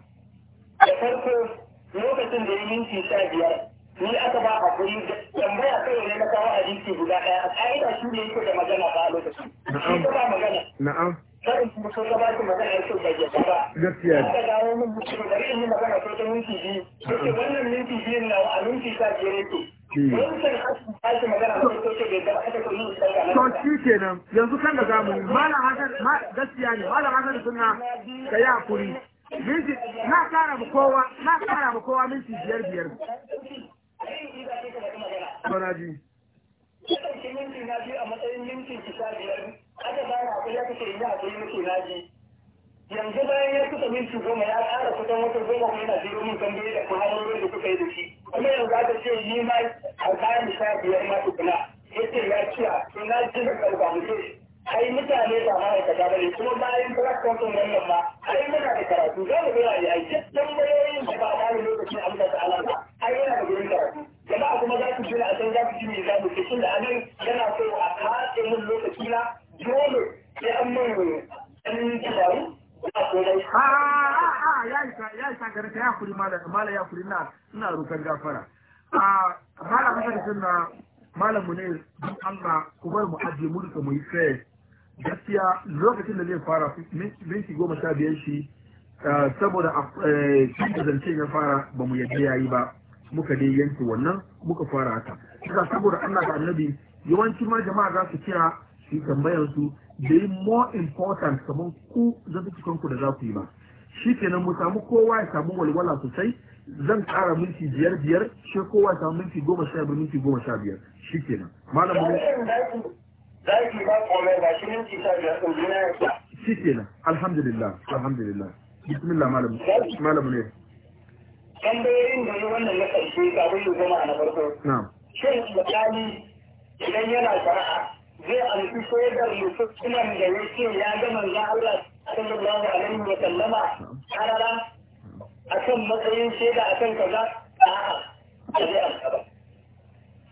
Speaker 1: da farko lokacin da ya minti sha biyar ni aka ba a kuri tambaya kai ne na kawo hadisi guda daya a ka'ida shi ne yake da magana ba a lokacin na'am na'am karin mutum su magana ya kyau bai ba. Gaskiya. Aka dawo min mutum bari in yi magana ko ta minti biyu. Yake wannan minti biyun na a minti sa biyar yake. Wancan asu ba shi magana ko ta bai gaba aka kuma yi sarka. To shi kenan yanzu kan da zamu yi malam Hassan gaskiya ne malam Hassan suna ka yi hakuri. Minti na kara ma kowa na kara ma kowa minti biyar biyar. Bana ji. Kusan minti na biyu a matsayin minti kisa biyar. aka gane akwai ya kace ina haƙuri mutu na ji yanzu bayan ya kusa minti goma ya ƙara kusan wata goma kuma yana jiro min tambaye da kuma hanyoyin da kuka yi da shi kuma yanzu aka ce ni ma a kayan sha biyar ma kula. yace ya ciya to na ji da karba mutum ai mutane ba aikata ba ne kuma bayan praktikin wannan ma ai muna da karatu za mu gina ne ai cikin bayoyin da ba a bani lokacin abin da alama. ba ai yana da gurin karatu jama'a kuma za su jira a can za su ji me za mu ce tun da anan yana so a kaɗe min lokacina dole sai an mai an dabaru ya isa garka ya kuri malam ya kuri na ina rukar gafara a mala masa da suna malamu ne don Allah ku bar mu ajiye mu duka mu yi fair gaskiya lokacin da zai fara minti goma sha biyar shi eh, saboda eh, shi da zance ya fara ba mu yadda ya yi ba muka dai yanki, wannan muka fara haka. Saboda Allah da annabi yawanci ma jama'a za su kira shi tambayar su da yi more important kamar ku zan zantukan ku da za ku yi ba shi kenan mu samu kowa ya samu walwala sosai zan ƙara minti biyar biyar shi kowa ya samu minti goma sha biyar minti goma sha biyar shi kenan malam mu zaki ba komai ba shi minti sha biyar ɗin juna ya shi kenan alhamdulillah alhamdulillah bismillah malam malam ne tambayoyin da yi wannan na karshe ga ya goma a na farko na shin misali idan yana fara'a zai amfi shaidar mutumin da ya ce ya ga manzo Allah sallallahu alaihi wa sallama karara akan matsayin shaida akan kaza a'a ba zai amsa ba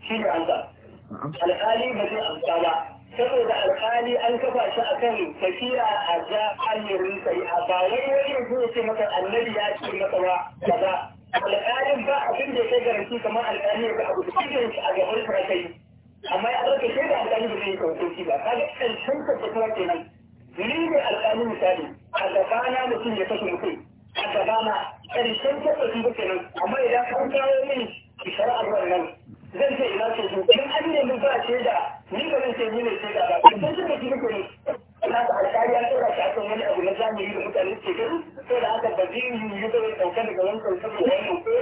Speaker 1: shi ne amsa alƙali ba zai amsa ba saboda alƙali an kafa shi akan tafiya a ga hanyoyin sai a ba wai wani zai ce maka annabi ya ce maka ba kaza alƙalin ba abin da ya kai garanti kamar alƙalin ya ga abu da shi a gaban kai amma ya ɗauke sai da alƙalin da zai yi kautoci ba ka ga ƙarshen tabbatuwa kenan ni ne alƙalin misali a gabana mutum ya kashe mutum a gabana ƙarshen tabbatuwa kenan amma idan an kawo mini shari'ar wannan zan ce ina ce su in an ne mun ba ce da ni ba zan ce ni ne ce da ba kun san da kike ne ina da alƙali ya tsora shi kan wani abu na zamani da mutane ke gani sai da aka ba zai yi yi da daukar daga wani kautar da wani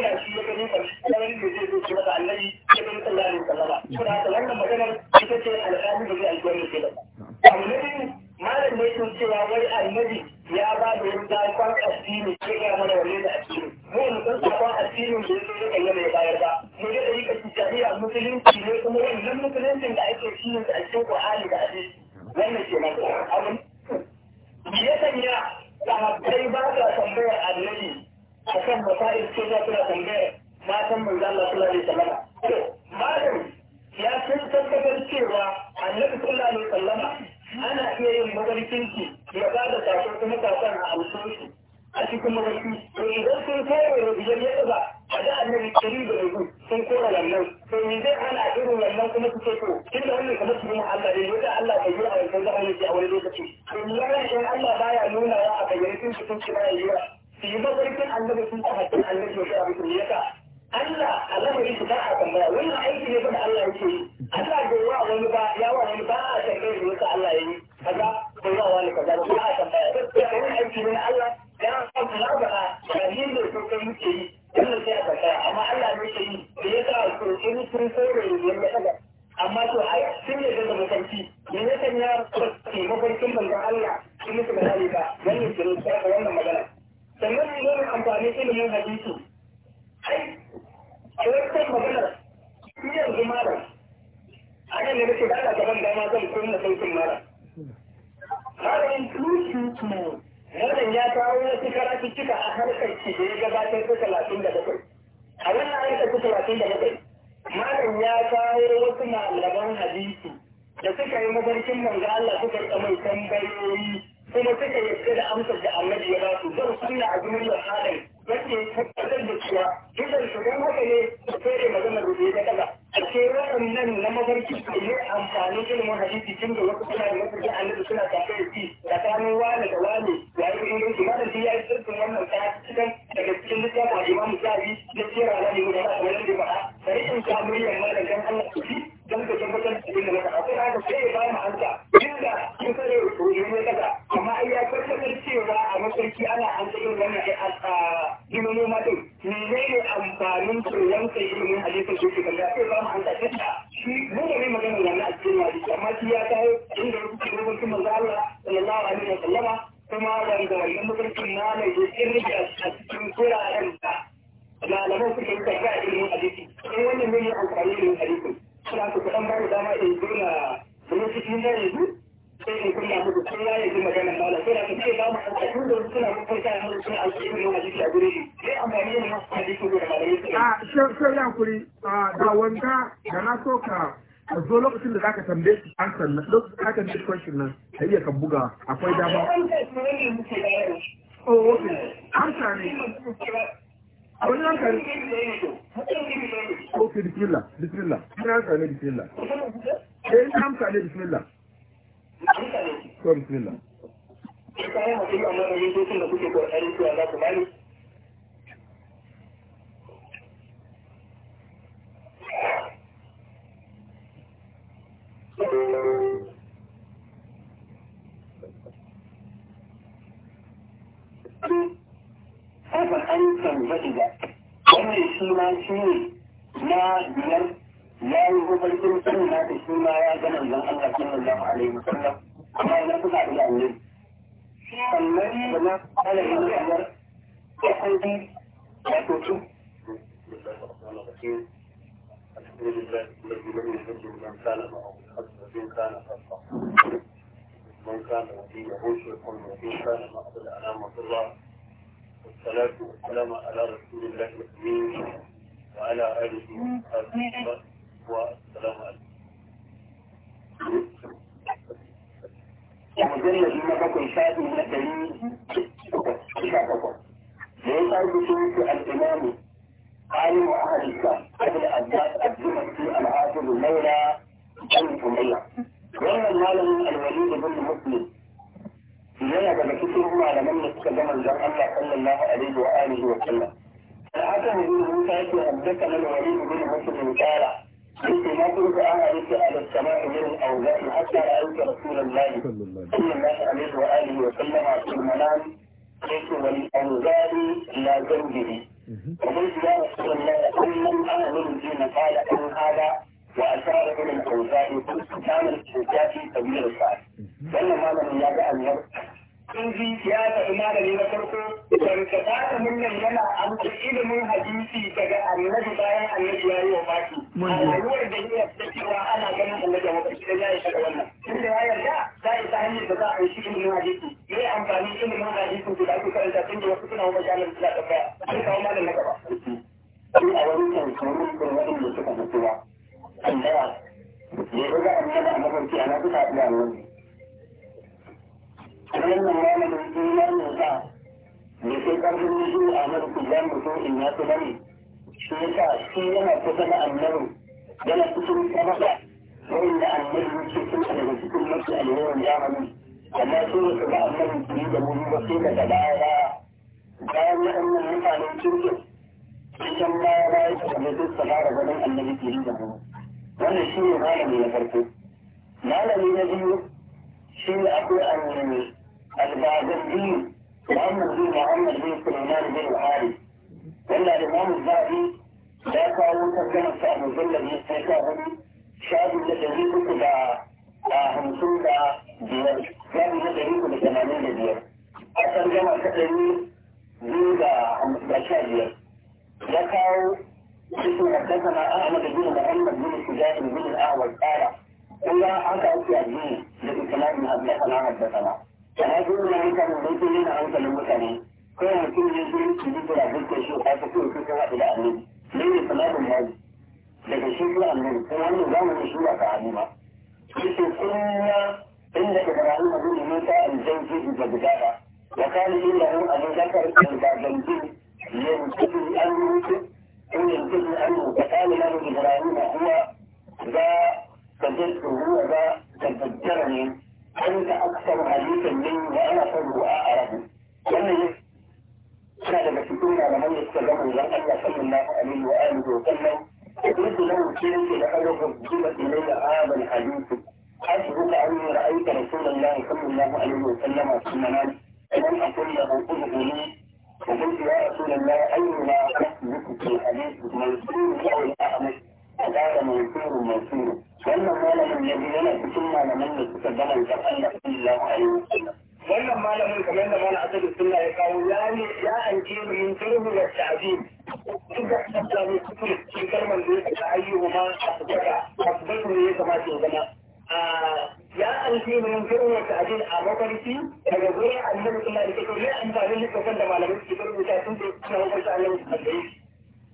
Speaker 1: na biyu shi ne akwai annani albazardi muhammad bin muhammad bin sulaiman bin hari wanda da mamu zabi ya kawo tarjama sa mujallar sai ka hudu shafi da dari uku da hamsin da biyar shafi da dari uku da tamanin da biyar a tarjama ta dari biyu da sha biyar ya kawo cikin haddasa na ahmad bin muhammad bin إلا أنت أتيني لكن كلام أبي سلام أبي سلام فهذه من أنت مبيت لنا أنت المتني كل يمكن يجي يجي إلى بيت الشيخ حتى يكون في سواء إلى أمين ليه سلام المال لكن شيخ لا أمين كمان نظام المشروع تعليمه كيف كنا إن إبراهيم بن موسى الزوجي بجدارة وكان إنه أبو بكر الزوجي ينتهي أن ينتهي أن ينتهي أن وكان له إبراهيم هو ذا فجدت هو ذا تذكرني أنت أكثر حديثا مني وأنا صلب وأعرف لأن كان بسيطون على من يستجمع الله صلى الله عليه وآله وسلم قلت له كيف لأنه قدمت إلي هذا الحديث حسبك أني رأيت رسول الله صلى الله عليه وسلم في المنام فلم أقل له قل لي فقلت يا رسول الله أيما أحدث في الحديث منصور أو الأعمش فقال منصور منصور wannan malamin ya yana cikin malaman da suka gama da Allah sallallahu alaihi wasallam wannan malamin kamar da mana asali sunna ya kawo ya ne ya anke min turhu da ta'zim duka islami kuma cikin kalmar da yake ayyuhu ma a asbaka ne ya kamata ya zama ya anke min turhu da ta'zim a mafarki daga gurin annabi sallallahu alaihi wasallam ya amfani da kafan da malamin suke rubuta sun ce suna hukunta annabi sallallahu alaihi wasallam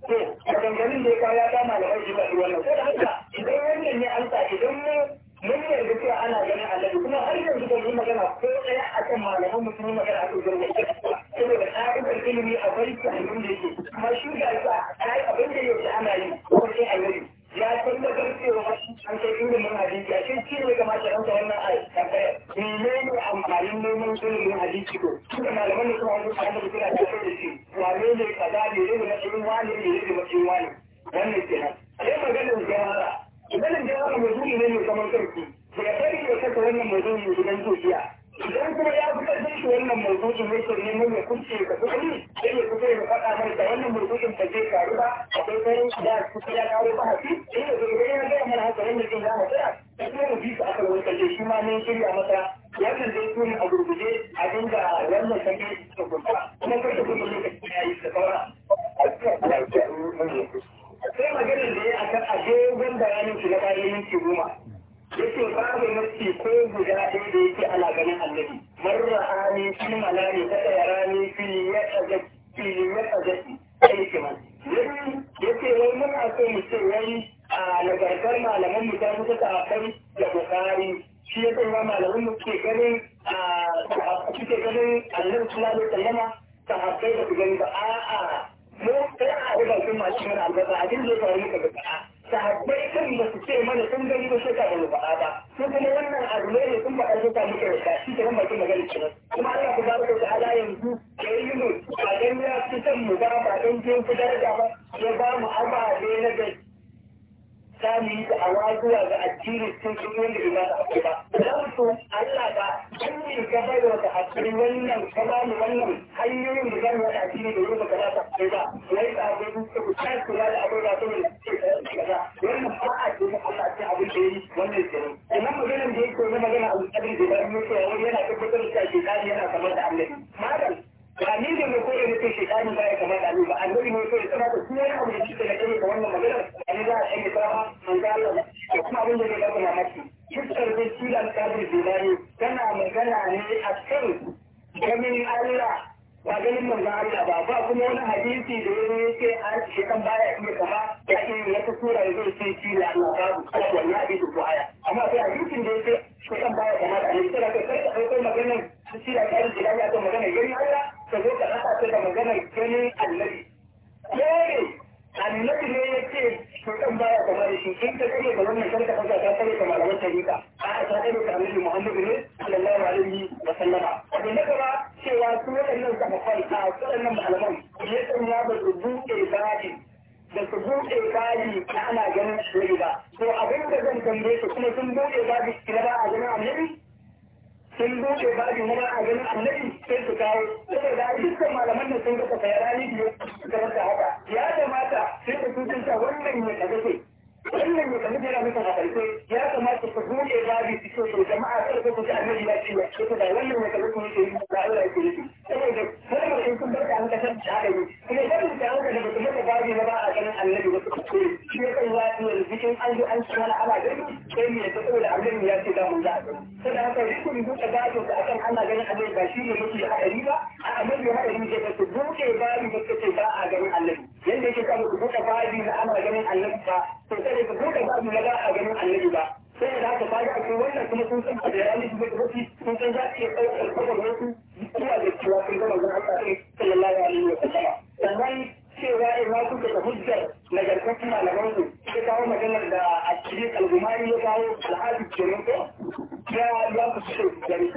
Speaker 1: to a kankanin da ya kawo ya kama da wani faɗi wannan ko da haka idan wannan ya amsa idan mu mun yarda cewa ana ganin annabi kuma har yanzu ban yi magana ko ɗaya akan malaman mu magana a kan ganin saboda ɗa'ukan ilimi akwai ta da yake kuma shi ga sa abin da yake ana yi ko sai ya tabbatar cewa an kai inda mun hadisi a cikin cikin daga mace ranka wannan a amfanin neman ilimin hadisi ko tunda malaman ne kuma wani sanar da da shi wane ne kaza ne ne wani ne ne matsayin wani wannan kenan sai maganar jama'a maganar jama'a mai zuwa ne mai zaman kanki daga kai ne kanka wannan mai zuwa ne gidan zuciya idan kuma ya fi ƙarfin shi wannan motocin yake neman ya kunce ka kuɗi sai ya fito ya faɗa mai da wannan motocin ba zai karu ba akwai sauran shi da kuɗi ya kawo ba hafi sai ya zo idan ya gaya mana haka wannan jin za mu tsaya ta kuma mu bi su aka wani kalle shi ma mun shirya masa wannan zai tuni a gurguje a dinga wannan kalle da kuma kuma kai da kuma lokaci ya yi da saura. Sai maganin da ya akan aje wanda ya shi na bayan minti goma. yake babu mafi ko guda ɗaya da yake ana ganin annabi marra ani fi malani ta ɗaya rani fi ya tsagaki fi ya tsagaki ɗaya kiman yake wai muna so mu ce wai a nagartar malaman mu ta kusa sahabbai da bukari shi ya sanya malaman mu ke ganin a suke ganin annabi sallallahu alaihi wasallama sahabbai da ku gani ba a'a mu ɗaya a masu mana albasa abin da ya faru muka ga faɗa sahabbai kan ba ce mana sun gani ba sai ka ba ba su kuma wannan abu ne ka muka magana ce kuma Allah ku baraka da ala yanzu ya yi mu mu ba dan jin daraja ba ya ba mu ababe na gaske za mu yi da'awa zuwa ga addini sun fi wanda ina ba. Za mu so Allah ba hanyar gaba da wata hakuri wannan kama mu wannan hanyoyin da za mu wata addini da yau gaba ta kai ba. Wai ba abin da suka ta su ba da abin da suka ce da yau gaba. Wannan ba a ce Allah ce abin da ya yi wannan ke nan. Sannan maganar da ya ce na magana a wani abin da ya yi mutuwa wani yana tabbatar da shi yana kamar da Allah. Malam annabi ne ko irin sai shaytani ba ya kamata a ba annabi ne ko ya tsara da kuma abu da yake da kai wannan magana annabi za a yi tsara an ga Allah da kuma abin da ya ga na maki da shi da kabir dinari tana magana ne a kan Allah ba ganin manzon Allah ba ba kuma wani hadisi da ya yake an ce dan baya iya kama ya ke wata sura ya zai ce shi ne Allah babu kuma wannan hadisi ko aya amma sai hadisin da yake shi dan baya kama da Allah sai ka kai ka kai maganar shi da kai da ya ta magana gari Allah sai ka hada ta magana gani annabi yayi annabi ne ya ce shaitan baya kama da shi in ka kare da wannan karka fasa ta kare ka. malaman tarika a ta kare da annabi muhammadu ne sallallahu alaihi wa sallama abu na gaba cewa su waɗannan sahabbai a waɗannan malaman ya sanya ba su buɗe babi da su buɗe babi na ana ganin shiri ba to abin da zan tambaye su kuma sun buɗe babi na ba a ganin annabi sun buɗe babin na a ganin annabi sai su kawo saboda a dukkan malaman da sun kasa rani biyu suka da haka ya kamata sai da su wannan ne a gaske wannan ne kamar yana a ya kamata ka buɗe babi su ce to jama'a karfe ku ji annabi na ce ya ce da wannan ne kamar ku yake yi da Allah yake yi saboda kalmar in kun barka an kasar da haka ne kuma idan da haka da ba ku babi na ba a ganin annabi ba ku ce shi ya kai wani ce yanzu in an ji an kwana ana gani sai ne ya saboda annabi ya ce da mun za a saboda haka shi kun buɗe babi ku akan ana ganin annabi ba shi ne mafi haɗari ba a annabi ya haɗari ne ka buɗe babi ba ce ba a ganin annabi yanda yake samu ku buɗe babi na ganin annabi ba to ne ba ko da kuma maza a ganin annabi ba sai da haka bayan akwai wannan kuma sun san da yayin da rufi sun san za su iya ɗaukar kwakwalwarsu zuwa da cewa sun gama zan haka sallallahu alaihi wa sallam sannan cewa in ma kuke da hujjar nagartattun malaman ku ya kawo maganar da a cikin algumari ya kawo alhaji ya ya ku fito da ni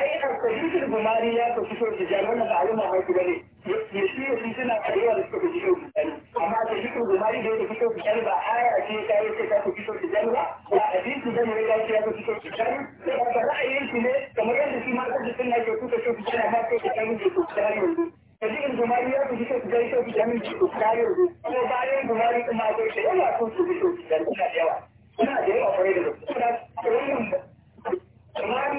Speaker 1: ai a cikin algumari ya ku fito da jami'an ne ya shi ya fi suna da suka fito da amma da da ya fito da jami'an ba a yi a ce yi ku fito da jami'an ba a ya ce ya ku fito da jami'an ra'ayin ne kamar yadda shi ma kan jikin na ke fito da jami'an da jami'an da ku Nazirin Gumari ya fi zai so ki aminci ku kayo kuma bayan Gumari kuma akwai shi yana kun su fito da kuna da yawa. Kuna da yawa kwarai da gaske. Kuna da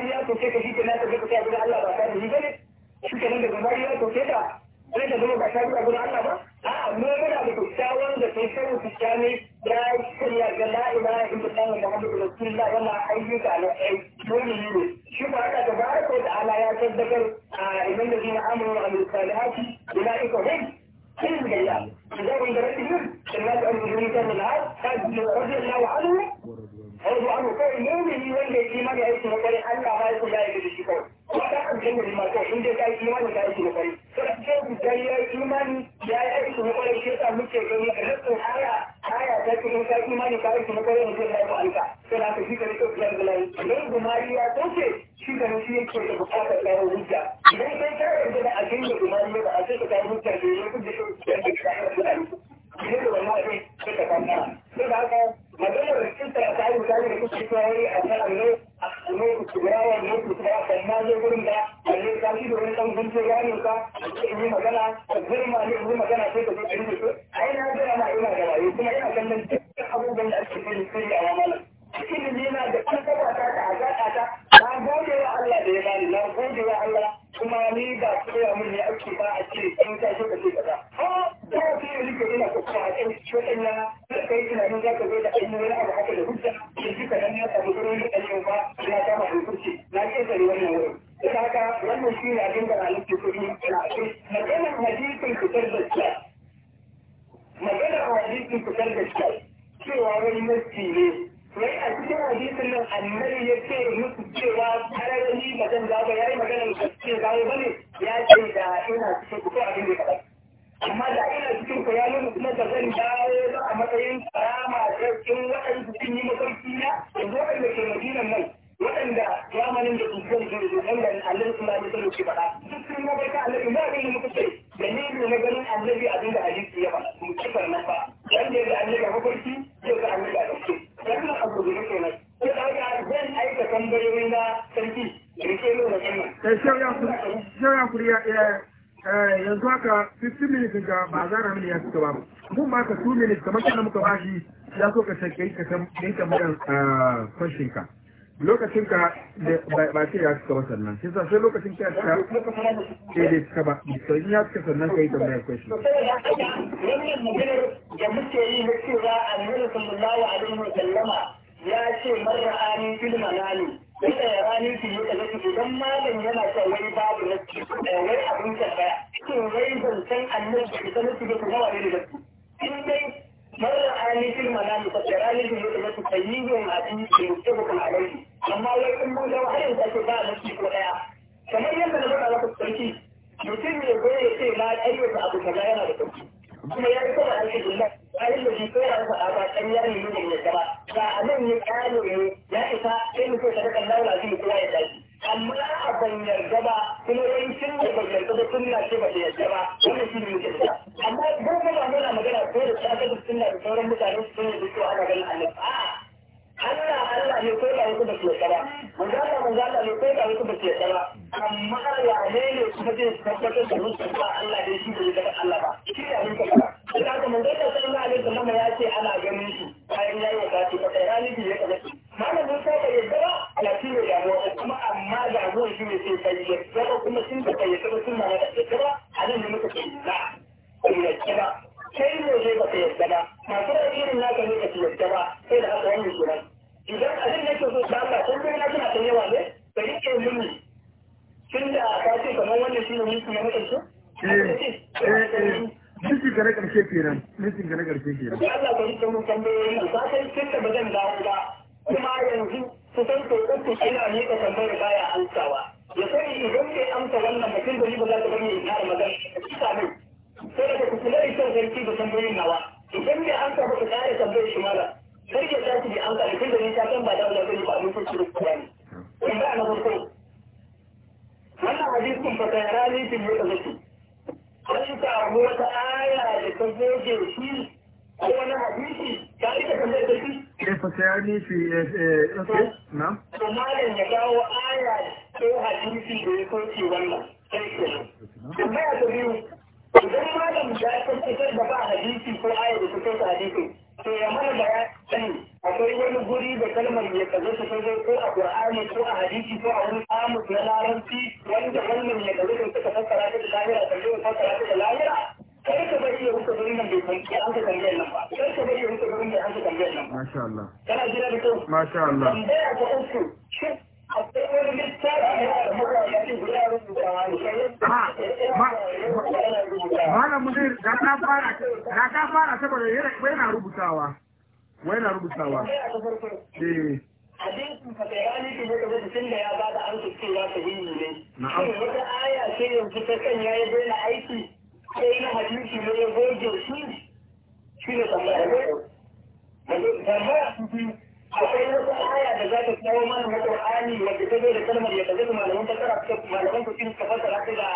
Speaker 1: da ya soke ka shi ke na tafi Allah ba ka da shi gane. da ya soke ka sai da zama ba ta zuwa gurin Allah ba a'a mu muna da kyakkyawan da sai sai su kyame da shirya ga la ilaha illallah muhammadu rasulullah wannan ayyuka na ai dole ne shi ba Allah tabaraka wa ta'ala ya tabbatar a idan da zina amuru wa amil salihati ulaika hum hum gayya idan kun da rabbihim jannatu al-mujrimin kana la tajid radiyallahu anhu ai ba mu kai ne ne wanda ya yi mana aiki na kare Allah ba ya kula da shi kawai ko ta an canza ma to in dai kai imani kai ki kai sai ku ya imani ya yi aiki na kwarai sai ta muke gani a rasul haya haya ta ce ta yi imani kai ki na kwarai ne sai ku alka sai da ka shi ka rike biyar da lai idan gumari ya toke shi da shi yake da bukatar kawo hujja idan kai ka yarda da abin da gumari ya ba a sai ka kawo hujja da yake da shi da yadda wannan abin suka kanta sai da haka maganar rikinta ta yi misali da kuke cewa wani a kan allo a kuma kubirawa ne kubirawa amma zai gurin da allo ta shi da wani ɗan gunce gano ka a yi magana a girma ne yi magana sai ka zo a yi da su a yi na gana ma ina gana kuma ina kallon duk abubuwan da ake yi sai a yamma cikin nina da kan ta ta hazaƙa ta na gode wa Allah da ya bani na wa Allah kuma ni ba koya a ce in ta shi kace kaza ha da ke shi kai zo da wani abu haka da hujja ba na wannan wurin ta wannan abin da na ce maganar hadisin fitar da shi da shi cewa wani ne wai a cikin hadisin nan annabi ya ce musu cewa kararri magan zaɓa ya yi maganar gaske zaɓa bane ya ce da ina cikin kuka abin da kaɗai amma da ina cikin ku ya nuna kuma da zan dawo a matsayin karama da cikin waɗanda sun yi mafarki na yanzu waɗanda ke madinan nan waɗanda zamanin da dukkan su da Allah Allah kuma ya da ke faɗa duk sun ga barka Allah ba ne da ce ne na ganin annabi abinda hadisi ya faɗa mu ci nan ba wanda ya ga annabi a mafarki ya ga annabi a gaske wannan abu da yake nan ko ga zan aika tambayoyi na sarki rike da wannan eh shari'a shari'a eh, yanzu haka 15 minutes ga ba za a ya suka ba mun ba ka 2 minutes kamar kana muka bashi ya so ka sai kai ka san eh, kai ka ka lokacin ka ba ce ya suka ba sannan shi sai lokacin ka suka ke da suka ba to in ya suka sannan kai tambaya kwashi to sai ya kaga wannan maganar da muke yi na cewa annabi sallallahu alaihi wa sallama ya ce mar'ani fil manami wanda ya rani ki yi kaza ki idan malam yana cewa wai babu na ci wai abin tambaya shin wai san annabi da sanin ki ga kuma wani da in dai مر علي في المنام فتراني في الوقت تسيبهم أبي متفق عليه أما لكن من جوهر الزكاة نفسي ولا kamar yadda na faɗa maka sarki mutum ya zo ce na ayyuka abu kaza yana da sarki kuma ya fi kuma aiki billah ayin da shi kai ya faɗa ba kan ya nemi da ya gaba ba a nan ya ƙalo ya isa sai mutum ya sadaka Allah kowa ya tashi amma ban yarda ba kuma yawancin da ban yarda ba sunna ce ba yarda ba wannan shi ne yake amma ko ba ba muna magana ko da ta ga sunna da sauran mutane su ne duk ana ganin annabi a'a Allah Allah ne ko da wasu ba su yarda ba mun Allah Allah ne ko da wasu ba su yarda ba amma ya ne ne kuma zai tabbatar da mutum ba Allah ya shi bai yarda Allah ba shi ne abin kafa da kuma manzo Allah sallallahu alaihi wasallam ya ce ana ganin shi bayan yayi wata ce ta rani ne ya kaga malamin sa bai yadda ba alaƙi ne damuwa kuma amma damuwa shi ne sai bai yadda ba kuma sun da bai yadda ba sun ma da yadda ba ne muka ce na bai yadda ba kai ne zai ba ka yadda ba masu rai irin naka ne ka ci ba sai da haka wani kenan idan abin da ke so ta haka sun gina suna kan yawa ne ka riƙe mini tun da ka ce kamar wannan shi ne mulki na mutunci Mintin gare ƙarshe kenan, mintin gare ƙarshe kenan. Allah ka yi ba sai tun da ba zan dawo ba, kuma yanzu su san sau uku ina ne ka tambayar baya amsawa ya sani idan bai amsa wannan mutum da ba za ta bari ya kara magana shi ne sai da ku kula da sarki da tambayoyin nawa idan bai amsa ba ka kare tambayar shi mala sarki ya tashi da amsa mutum da ne ta san ba da wani zai ba mutum shi da kuma ne in ba na ko? wannan hadisin ba ta yara ne ne da shi Wani ta wata aya da ta goge shi ai wani hadisi ka yi da kamar da shi eh fi eh, eh okay na to malam ya kawo aya ko hadisi da ya kauce wannan sai ke amma ya ta biyu idan malam ya tabbatar da ba hadisi ko aya da ta kauce hadisi to ya mana da ya tsani akwai wani guri da kalmar ya kaza ta kaza ko a Qur'ani ko a hadisi ko a wani amus na larabci wanda kalmar ya kaza ta fassara ta da lahira ta fassara ta da lahira kar ka bari ya wuce gurin da bai kai an ka tambayar nan ba Karka bari ya wuce gurin da an ka tambayar nan masha Allah kana jira da masha Allah tambaya ta uku da rubutawa da ka fara, da saboda yana rubutawa. Wai na rubutawa. Eh. hadisin ka bayani tun da ya ne. aya ce yanzu ta kan yayi daina aiki sai na hadisi ne ya goge shi shi ne tambaya ne akwai wasu aya da za ta kawo mana na Qur'ani wadda ta zo da kalmar ya kaza malaman ta kara suka malaman ku suka fassara ta da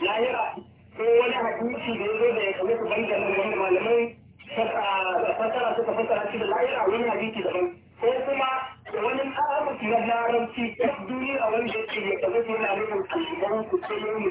Speaker 1: lahira ko wani hadisi da ya da ya kaza su banda wani malamai fassara suka fassara shi da lahira wani hadisi daban ko kuma wani ƙarfi na larabci duk duniya wanda ya ce ya kaza su yana nufin kalmar ku sai yau mu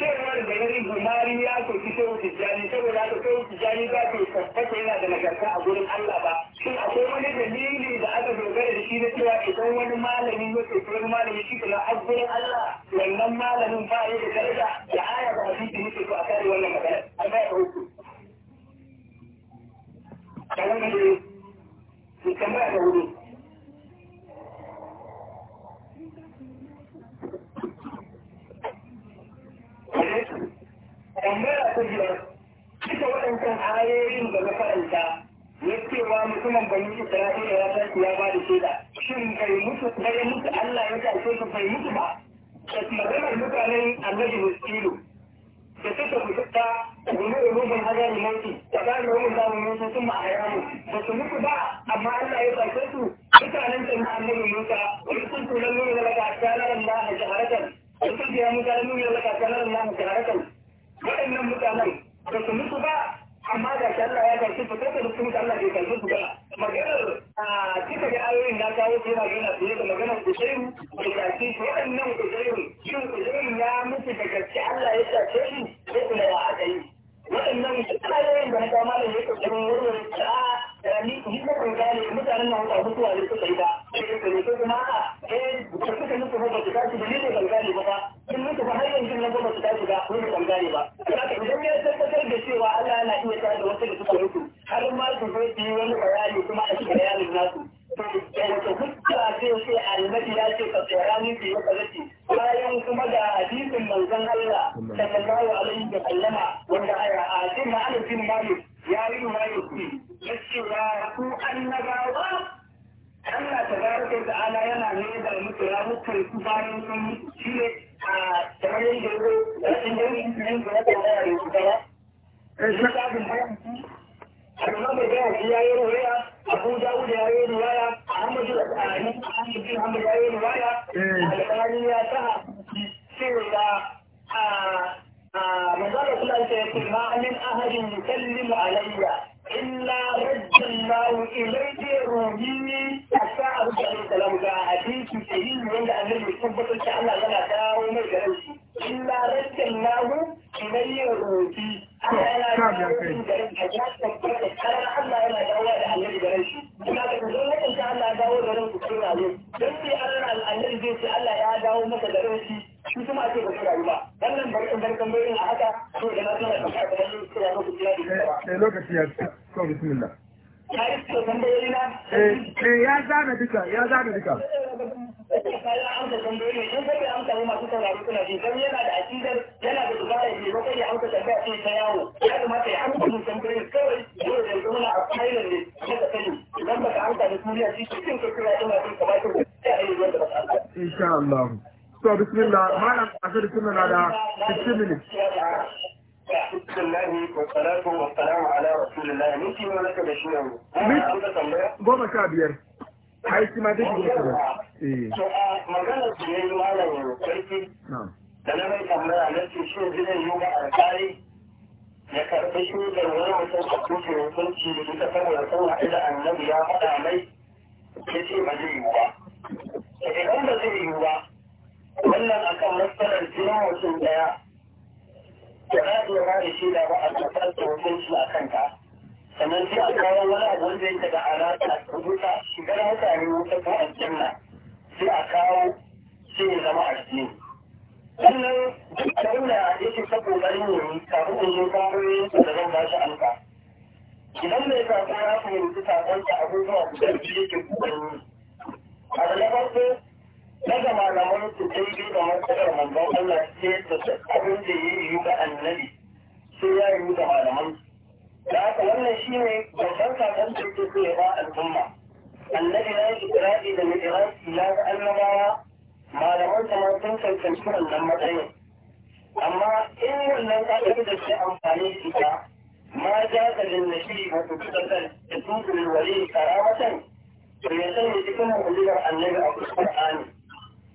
Speaker 1: cewar da yarin buhari ya soki shehu tijjani saboda haka shehu tijjani za ta tabbata yana da nagarta a gurin allah ba shin akwai wani dalili da aka dogara da shi na cewa idan wani malami ya soki wani malami shi kuma a gurin allah wannan malamin ba ya da daraja da aya da hadisi nake so a kare wannan magana an ba ya hukunci. Kamar da wuri. tambaya ta biyar duka waɗancan ayoyin da na karanta ya cewa mutumin bani isra'ila ya tashi ya ba da shaida shin bai mutu ba ya mutu allah ya tashe shi bai mutu ba da maganar mutanen annabi musilu da suka fita wani rubin hazari mauti da ba da rubin zamu mutu sun ma a yamu ba su mutu ba amma allah ya tashe su mutanen can annabi musa wani sun tunan nuna da laka a shanar allah a shaharatan wani sun ya mutanen nuna da laka a shanar allah a shaharatan waɗannan mutanen ba su mutu ba amma da shi Allah ya karfi su kai da su mutu Allah ke karfi su ba maganar a cika da ayoyin na kawo su yana gina su yadda maganar kusairu da shafi su waɗannan kusairu shin kusairu ya mutu da gaske Allah ya shafe shi ko kuma ya ta yi waɗannan ayoyin da na kama malam ya karfi wurin ta. hidda kankare mutanen nan wanda abu tuwa ne suka yi ba sai da ne ko kuma a eh da suka nufi ba su tashi da ne kankare ba ba sun nufi ba har yanzu nan ba su tashi ba ne kankare ba idan ya tabbatar da cewa Allah yana iya ta tada wata da suka mutu har ma su zo su yi wani bayani kuma a cikin bayanin nasu wato hujja ce sai annabi ya ce ka tsara ni ke maka zaci bayan kuma da hadisin manzon Allah sallallahu alaihi wa sallama wanda a hadin ma'anin bin Malik ya yi ma ya ce wa ku annabawa Allah ta gara da ala yana ne da mutu ya mutu su bayan sun shi ne a kamar yadda ya zo da sun yi da ya tsaya da su gaba. Shi ta bin bayan Amma shi ya yi ruwaya, Abu ya yi ruwaya, ya yi ruwaya, ya a manzon Rasulullah ya ce ma min ahadin yukallimu alayya illa rajjallahu ilayhi rubini asa abu da Allah salamu ga hadisi sahihi wanda annabi ya tabbatar cewa Allah yana dawo mai da rashi illa rajjallahu ilayhi rubi Allah dawo da rashi Allah yana dawo da annabi da rashi kuma da zo ne insha Allah ya dawo da rashi cikin rayuwa dan sai Allah annabi zai ce Allah ya dawo masa da rashi shi kuma ake ba su rayu ba wannan barkin barkin bayin a haka to da na sanar da da ni kira ko kira da eh, eh, lokaci ya ta to bismillah eh, eh, ya zaga duka, ya zaga duka. Kayan amsa tambayoyi ne, in kai amsa ne masu sauraro suna ji, don yana da akidar yana da dubara ne, ba kai ya amsa tambaya ce ta yawo. Ya kamata ya amsa mun tambayoyi kawai, yau da zama a kailan ne, maka sani. Idan baka amsa da duniya, cikin kakira ina jin kamar ta ya ainihin wanda So bismillah, malam asir suna na da 60 minutes. بسم goma sha biyar ai shi ma take da kuma eh a magana ce yayi malamin sarki da na mai tambaya na ce shi zai yi ba alƙali ya karɓi shugar wani mutum a tuke hukunci da duka saboda sun haɗu annabi ya faɗa mai ya ce ba zai yi ba idan ba zai yi ba wannan akan matsalar jinin mutum daya da radiyo ma da shi da ba a tattar da hukunci a kanta sannan sai a kawo wani abu wanda yake da alaƙa rubuta shigar mutane wata ko aljanna sai a kawo sai ya zama addini Wannan duk abin da ke ta ƙoƙarin ne kafin in zo tambayoyin da zan ba shi amsa idan mai sako ya fahimci sakonta abubuwa guda biyu yake ƙoƙarin yi abu na farko daga malaman su dai da matsalar manzon Allah sai da abin da ya yi ga annabi sai ya yi da malaman da haka wannan shi ne babban sakon da ke so ya ba al'umma annabi ya yi ikirari da mi'irasi ya ga annabawa malaman sa ma sun cancanci wannan matsayin amma in wannan ƙa'idar da ke amfani da ka ma ja ka ku wa tukutar da tukulin wali karamatan to ya sanya cikin mu'ujizar annabi a kusur'ani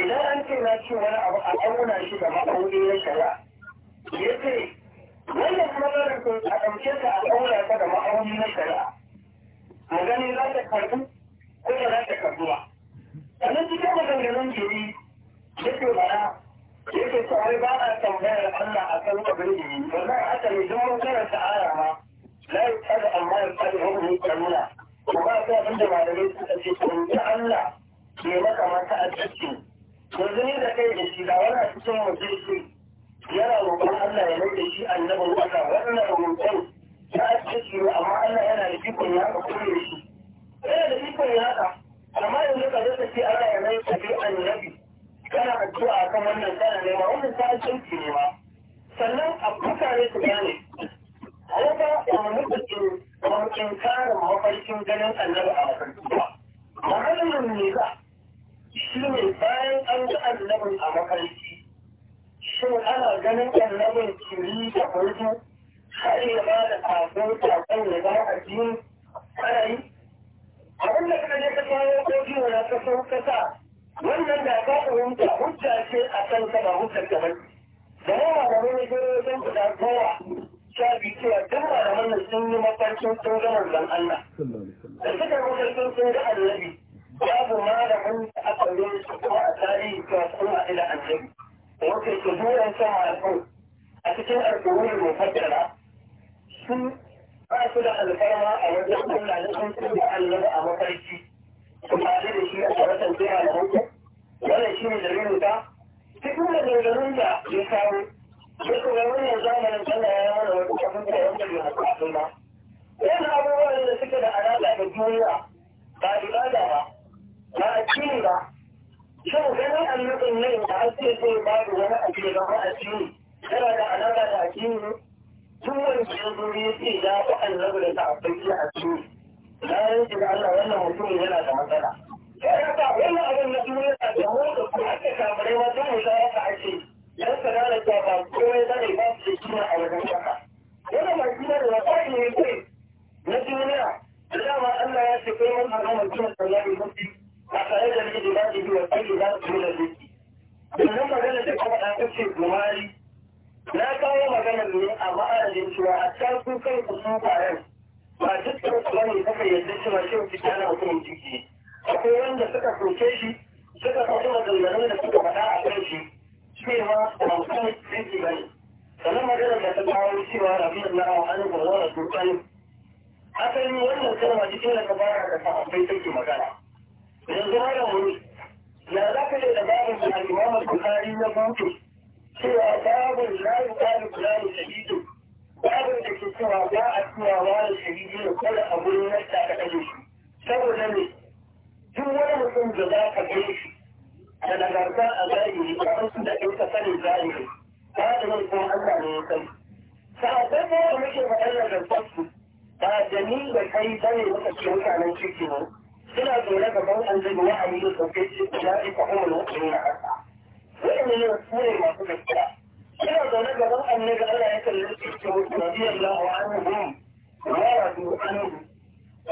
Speaker 1: idan an ce na ce wani abu a auna shi da ma'auni na shari'a ya ce wannan matsalar kun a ɗauke ta a auna ta da ma'auni na shari'a mu gani za ta karbu ko ba za ta karbu ba sannan cikin maganganun jiri ya ce bara ya ce ta kawai ba a tambayar Allah a kan abin da yi ba za a duk yi zama karanta aya ma la yi tsada amma ya tsada hukumin kanuna ko ba ta abin da malamai suka ce ko Allah ke maka mata a cikin yanzu ni da kai da shi da wani cikin waje shi yana roƙon Allah ya mai da shi annabin Allah wannan roƙon ya ake shi ne, amma Allah yana da ikon ya haka kulle shi yana da ikon ya haka amma yanzu ka zata ce Allah ya mai da kai annabi kana addu'a akan wannan kana nema wannan ta canci ne ma sannan a mutane su gane wata mamukin mamukin kare mafarkin ganin annabi a mafarki ba. Mahallin ne ba shi ne bayan an ga annabin a mafarki shin ana ganin annabin kiri da farko har ya ba da kafin kafin ya ba a jini ana yi abin da kuma ne ka kawo kogi na ka sau kasa wannan da ka fahimta hujja ce a kan ka ba hujjar ka bai da yawa da wani gero zan fita kowa sha biyu cewa duk malaman sun yi mafarkin sun ga manzon Allah da suka mafarkin sun ga annabi babu malamin da aka yi su kuma a tarihi cewa kuma ila annabi wato su zuwan sa malamin a cikin alƙuruni da faddara sun ba su da alfarma a wajen Allah da sun fi da Allah a mafarki su faɗi da shi a tsaratan tsira da hukum wannan shi ne dalilin ta cikin maganganun da ya kawo ya kuma wannan zamanin tana ya mana wani kafin da yanzu bai haɗu a suna. Yana abubuwan da suke da alaƙa da duniya ba ibada ba ba a cini ba shin ganin annabin nan da har sai sai babu wani ake ba a cini yana da alaƙa da addini ne tun wanda ya zo ya ce ya fi annabi da ta akwai a cini na yanke da Allah wannan mutumin yana da matsala ya raka wannan abin na duniya da motsa ko aka kamarai ma tun musa ya ka ake yan sanara ta ba komai zane ba su ke kima a wajen shaka wannan mai kima da wata ne kai na duniya da dama Allah ya ce kai wannan mutumin da ya yi mutum أخرج من عباده والطيبات من الرزق sannan magana da kuma ɗan kace gumari na kawo magana ne a ma'adin cewa a ta ku kai ku sun faran ba dukkan su bane kuka yadda cewa shi ku tana hukumin jiki akwai wanda suka soke shi suka kawo maganganun da suka faɗa a kan shi cewa ba hukumin jiki ba ne sannan magana da ta kawo cewa rabi Allah wa hannun gwarwa da tukai asali wannan kalma cikin da ka fara da sahabbai take magana yanzu malam wuri ya za ka yi da babin da al'imam bukari na buɗe cewa babin la yi tsari kula da shahidu babin da ke cewa ba a cewa ba da shahidu da kwada a wurin yadda aka ɗaje shi saboda ne duk wani mutum da za ka gani shi da nagarta a zahiri ba wasu da ɗauka sanin zahiri ba da nan kuma Allah ne ya sani sa'adar da muke faɗar da su ba da ni da kai bane muka ce mutanen ciki ne suna zaune gaban annabi wa ali da ke ce ila ika umul mu'minin haka wannan ne sune masu gaskiya suna zaune gaban annabi Allah ya kalle su ce radiyallahu anhum wa radu anhu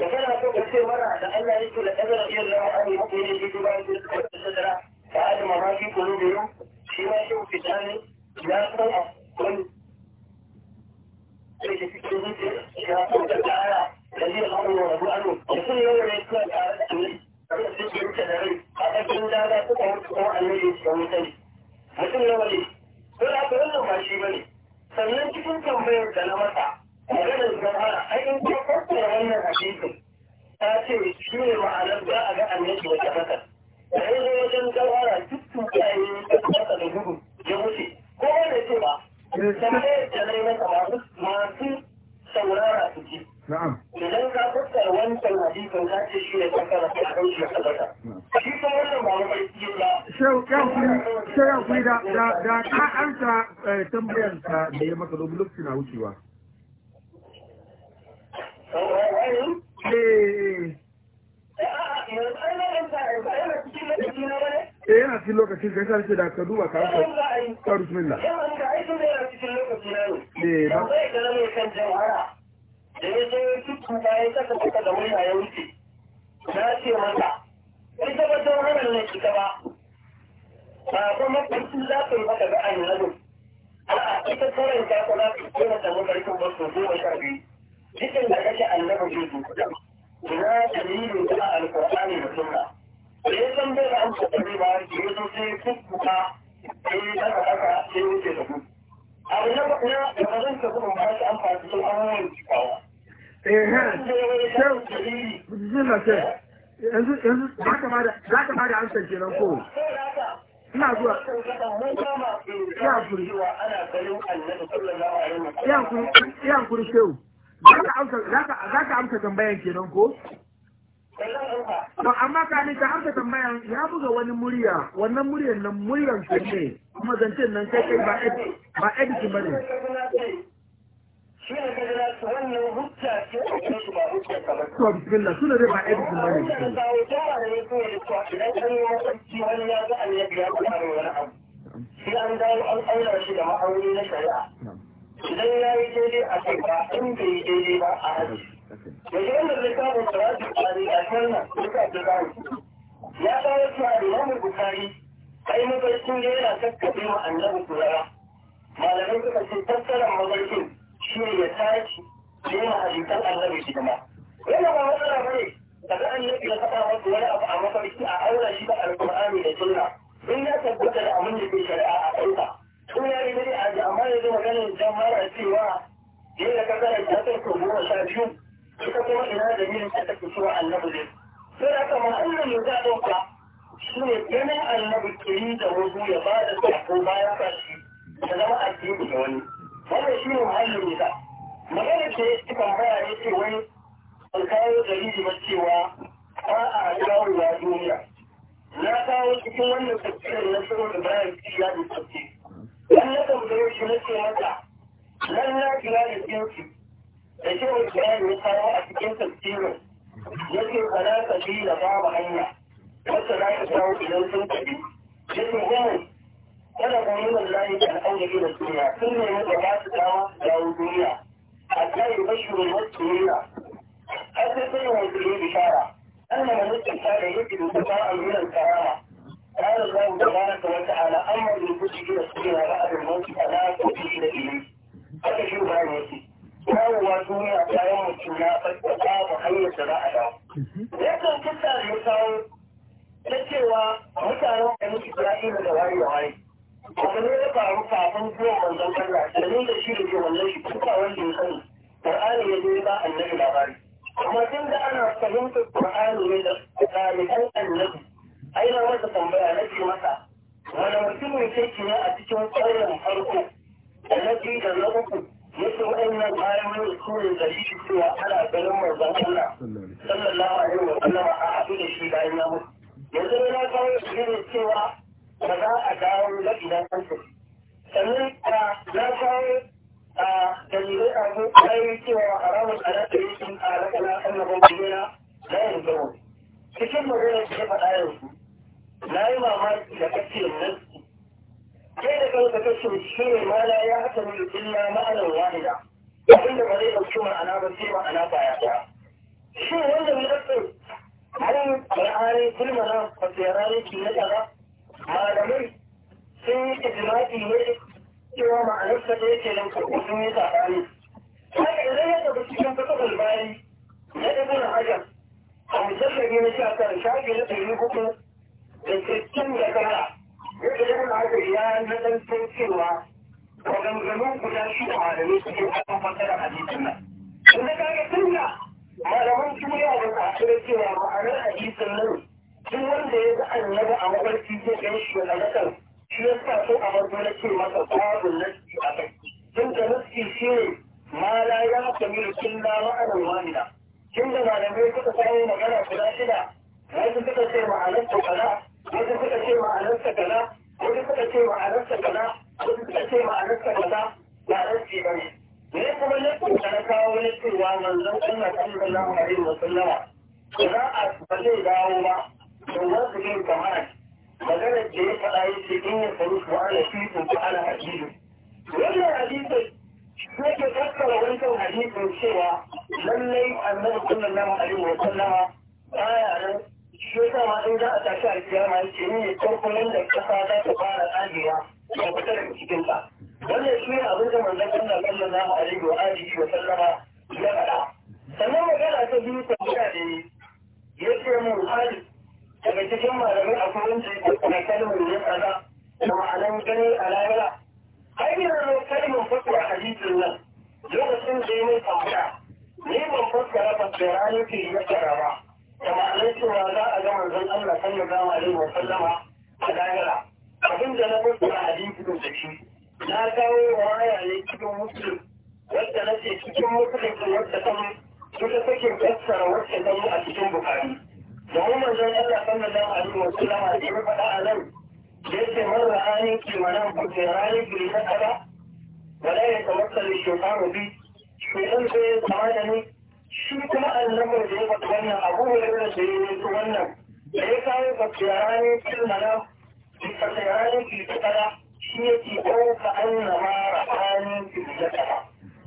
Speaker 1: da kana so ka ce mana da Allah ya ce la kadara radiyallahu anhu mu'minin bi ba da sadara fa alima ma fi qulubihim shi ma shi fitani ya san wani sai ke cikin zuciya ya san da الذي الأمر وهو أمر يكون يوم يكون على الأمر mutum na wani ba bane sannan cikin tambayar da na masa maganar zamara in wannan hadisin ta ce shi ne ma'anar za ga annabi wata haka da ya wajen duk da da gudu ya wuce ko ce ba da na yi masu saurara su na'am idan ka fuskar wancan hadisin ka ce shi ne kankara sai a ɗauki ka bata shi kuma wannan ba mafarki ba sai ya kuri da da ka ansa eh, tambayar ka da ya maka domin lokaci na wucewa Eh, yana cikin lokacin ka sarki da ka duba ka rufe ka rufe milla. Yana cikin lokacin na ne. Eh, ba. Ba zai gana mai kan jama'a. da ya je ya ci tuba ya kasa kasa da murya ya wuce na ce masa in ka batun hana ne ita ba ba kuma mafarki za ka yi maka ga annabin a'a ita kawai ta kuma ko na samu karfin ba su goma sha biyu cikin da kake annabi zai zo ina dalilin da alqur'ani da sunna da ya san bai an kokari ba da ya zo sai kukkuka sai ya saka haka sai ya wuce da ku abu na na da ba zan ka kuma ba shi amfani sun abubuwan cikawa yanzu za ka ba ya kuri ya za ka amsa tambayan kenan ko amma ka ne ka amsa tambayan ya buga wani murya wannan muryan nan muryan ne kuma nan kai kai ba ba ne shi ne wannan hujja ce a su ba kamar su. Tuwa bismillah suna dai ba Wannan ne kuma idan an yi wani ya ga ya wani abu. an dawo shi da ma'auni na shari'a. Idan ya yi daidai a kai ba in bai yi daidai ba a haji. Yanzu zai littafin karatu a ne nan duka da zamu. Ya kawo cewa da yawan bukari ai mafarkin da yana kakkaɓe wa annabi Malamai suka ce tattara mafarkin shi ya tashi ya yi hadisan annabi hidima yana ba matsala ba ne daga annabi ya faɗa masa wani abu a mafarki a aura shi da alƙur'ani da sunna in ya tabbata da abin da ke shari'a a ƙauka. tun ya yi dai a ji amma ya zama ganin jama'a cewa ya da kaza da shafin ko goma sha biyu ita kuma ina da yin ta take cewa annabi ne sai haka muhallin da za a ɗauka shi ne ganin annabi kiri da wasu ya ba da sako bayan kashi ya zama addini da wani wannan shi ne muhallin nisa magana ce ta tambaya ne ce wai an kawo dalili ba cewa ba a dawowa duniya na kawo cikin wannan tafsirin na shirin da bayan ciki ya da tafsiri dan na tambaye shi na ce mata nan na kira da jinsi da shi wani bayani ya kawo a cikin tafsirin ya ce kana sabila babu hanya wacce za ka kawo idan sun tafi ya ce yana goyi wallahi da al'aurabi da duniya sun ne mu da ba su dawo su dawo duniya Allah ya bashi mai wasu yana har sai sun yi wasu yi bishara a من استمتع يجد انتفاعا من الكرامة قال الله تبارك وتعالى أما من كتب يسير بعد الموت فلا تبيل إليه haka shi ba ne yake dawowa duniya bayan mutum ya fassata mu hanyar da za a dawo yakan kusa da ya kawo ta cewa mutanen da isra'ila da waye da waye abu ne ya faru kafin zuwa manzon Allah da ni da shi da ke wannan shi kuka wanda ya sani Qur'ani ya zo ba annabi labari kuma tun da ana fahimtar Qur'ani ne da ɗaliban annabi ai na masa tambaya na ce masa wani mutumin kirki ne a cikin ƙauyen farko da na da na uku yake wa'annan ayoyin su ne dalili cewa ana ganin manzon Allah sallallahu alaihi wa sallam a haɗu da shi bayan ya mutu yanzu na kawo shi ne cewa ba za a dawo na idan an tafi sannan na kawo dalilai a zo yi cewa haramun alaƙa yi sun alaƙa na annaban kujera na yin zama cikin maganar da ya faɗa yanzu na yi mamaki da kake nan kai da kanka ka ce shi ne mala ya haka mu illa ma'anar wahida abinda ba zai ɗauki ma'ana ba sai ma'ana ya ɗaya shi wanda mu ɗauke mun al'ari kulmana fasiyarari ki na ɗara malamai sun yi ijimaki ne cewa ma'anarsa da yake nan karɓo sun yi tsakani haka idan ya tafi cikin fasahar bayan na ibn hajar a mujallabi na sha tara shafi na ɗari hudu da cikin da tara ya ibn hajar ya naɗanto cewa maganganun guda shi da malamai suke kan fasara jikin nan inda kaga tunda malaman duniya ba su cewa ma'anar hadisin nan duk wanda ya ga annabi a mafarki zai gan shi a nakan shi ya sa so a farko na ce masa babu nasi a kai tun da nasi shi ne ma la ya kamilu illa ma'anar wahida tun da malamai suka samu magana guda shida wasu suka ce ma'anarsa kaza wasu suka ce ma'anarsa kaza wasu suka ce ma'anarsa kaza wasu suka ce ma'anarsa kaza ba nasi ba ne ne kuma ne kuma na kawo ne cewa manzon Allah sallallahu alaihi wa sallama ba za a ba zai dawo ba domin su yin kamar maganar da ya faɗa ya ce in ya faru su ana fi su ko hadisi wannan hadisi ne ke tattara wancan hadisin cewa lallai annabi sallallahu alaihi wa sallama baya nan shi yasa ma in za a tashi a kiyama ya ce ni ne farkon wanda kasa za ta fara tsagewa ya fita daga cikin ta wannan shi ne abin da manzon Allah sallallahu alaihi wa alihi wa sallama ya faɗa sannan magana ta biyu ta da ya ce mu hadisi daga cikin malamai akwai wanda ya kalmar ne kaza da ma'anan gani a lahira ai ina mai kalmar a hadisin nan lokacin da ya mai tambaya ni ban fasara ba da ranar ke yi nasara ba da ma'anar cewa za a ga manzon Allah sallallahu alaihi wa sallama a lahira abin da na a hadisin da shi na kawo waya ne cikin musulun wadda na ce cikin musulun wadda ta take fassara wacce ta a cikin bukari domin manzon Allah sallallahu alaihi wa sallam da ya faɗa a nan da yace man ra'ani kimanan kujerani bi na kada wala ya tawakkal shaytanu bi shaytan sai ya da ni shi kuma annabi da ya faɗa wannan abu ne da ya yi wannan da ya kawo kujerani kimanan kujerani bi na kada shi yake ɗauka an na ma ra'ani bi na kada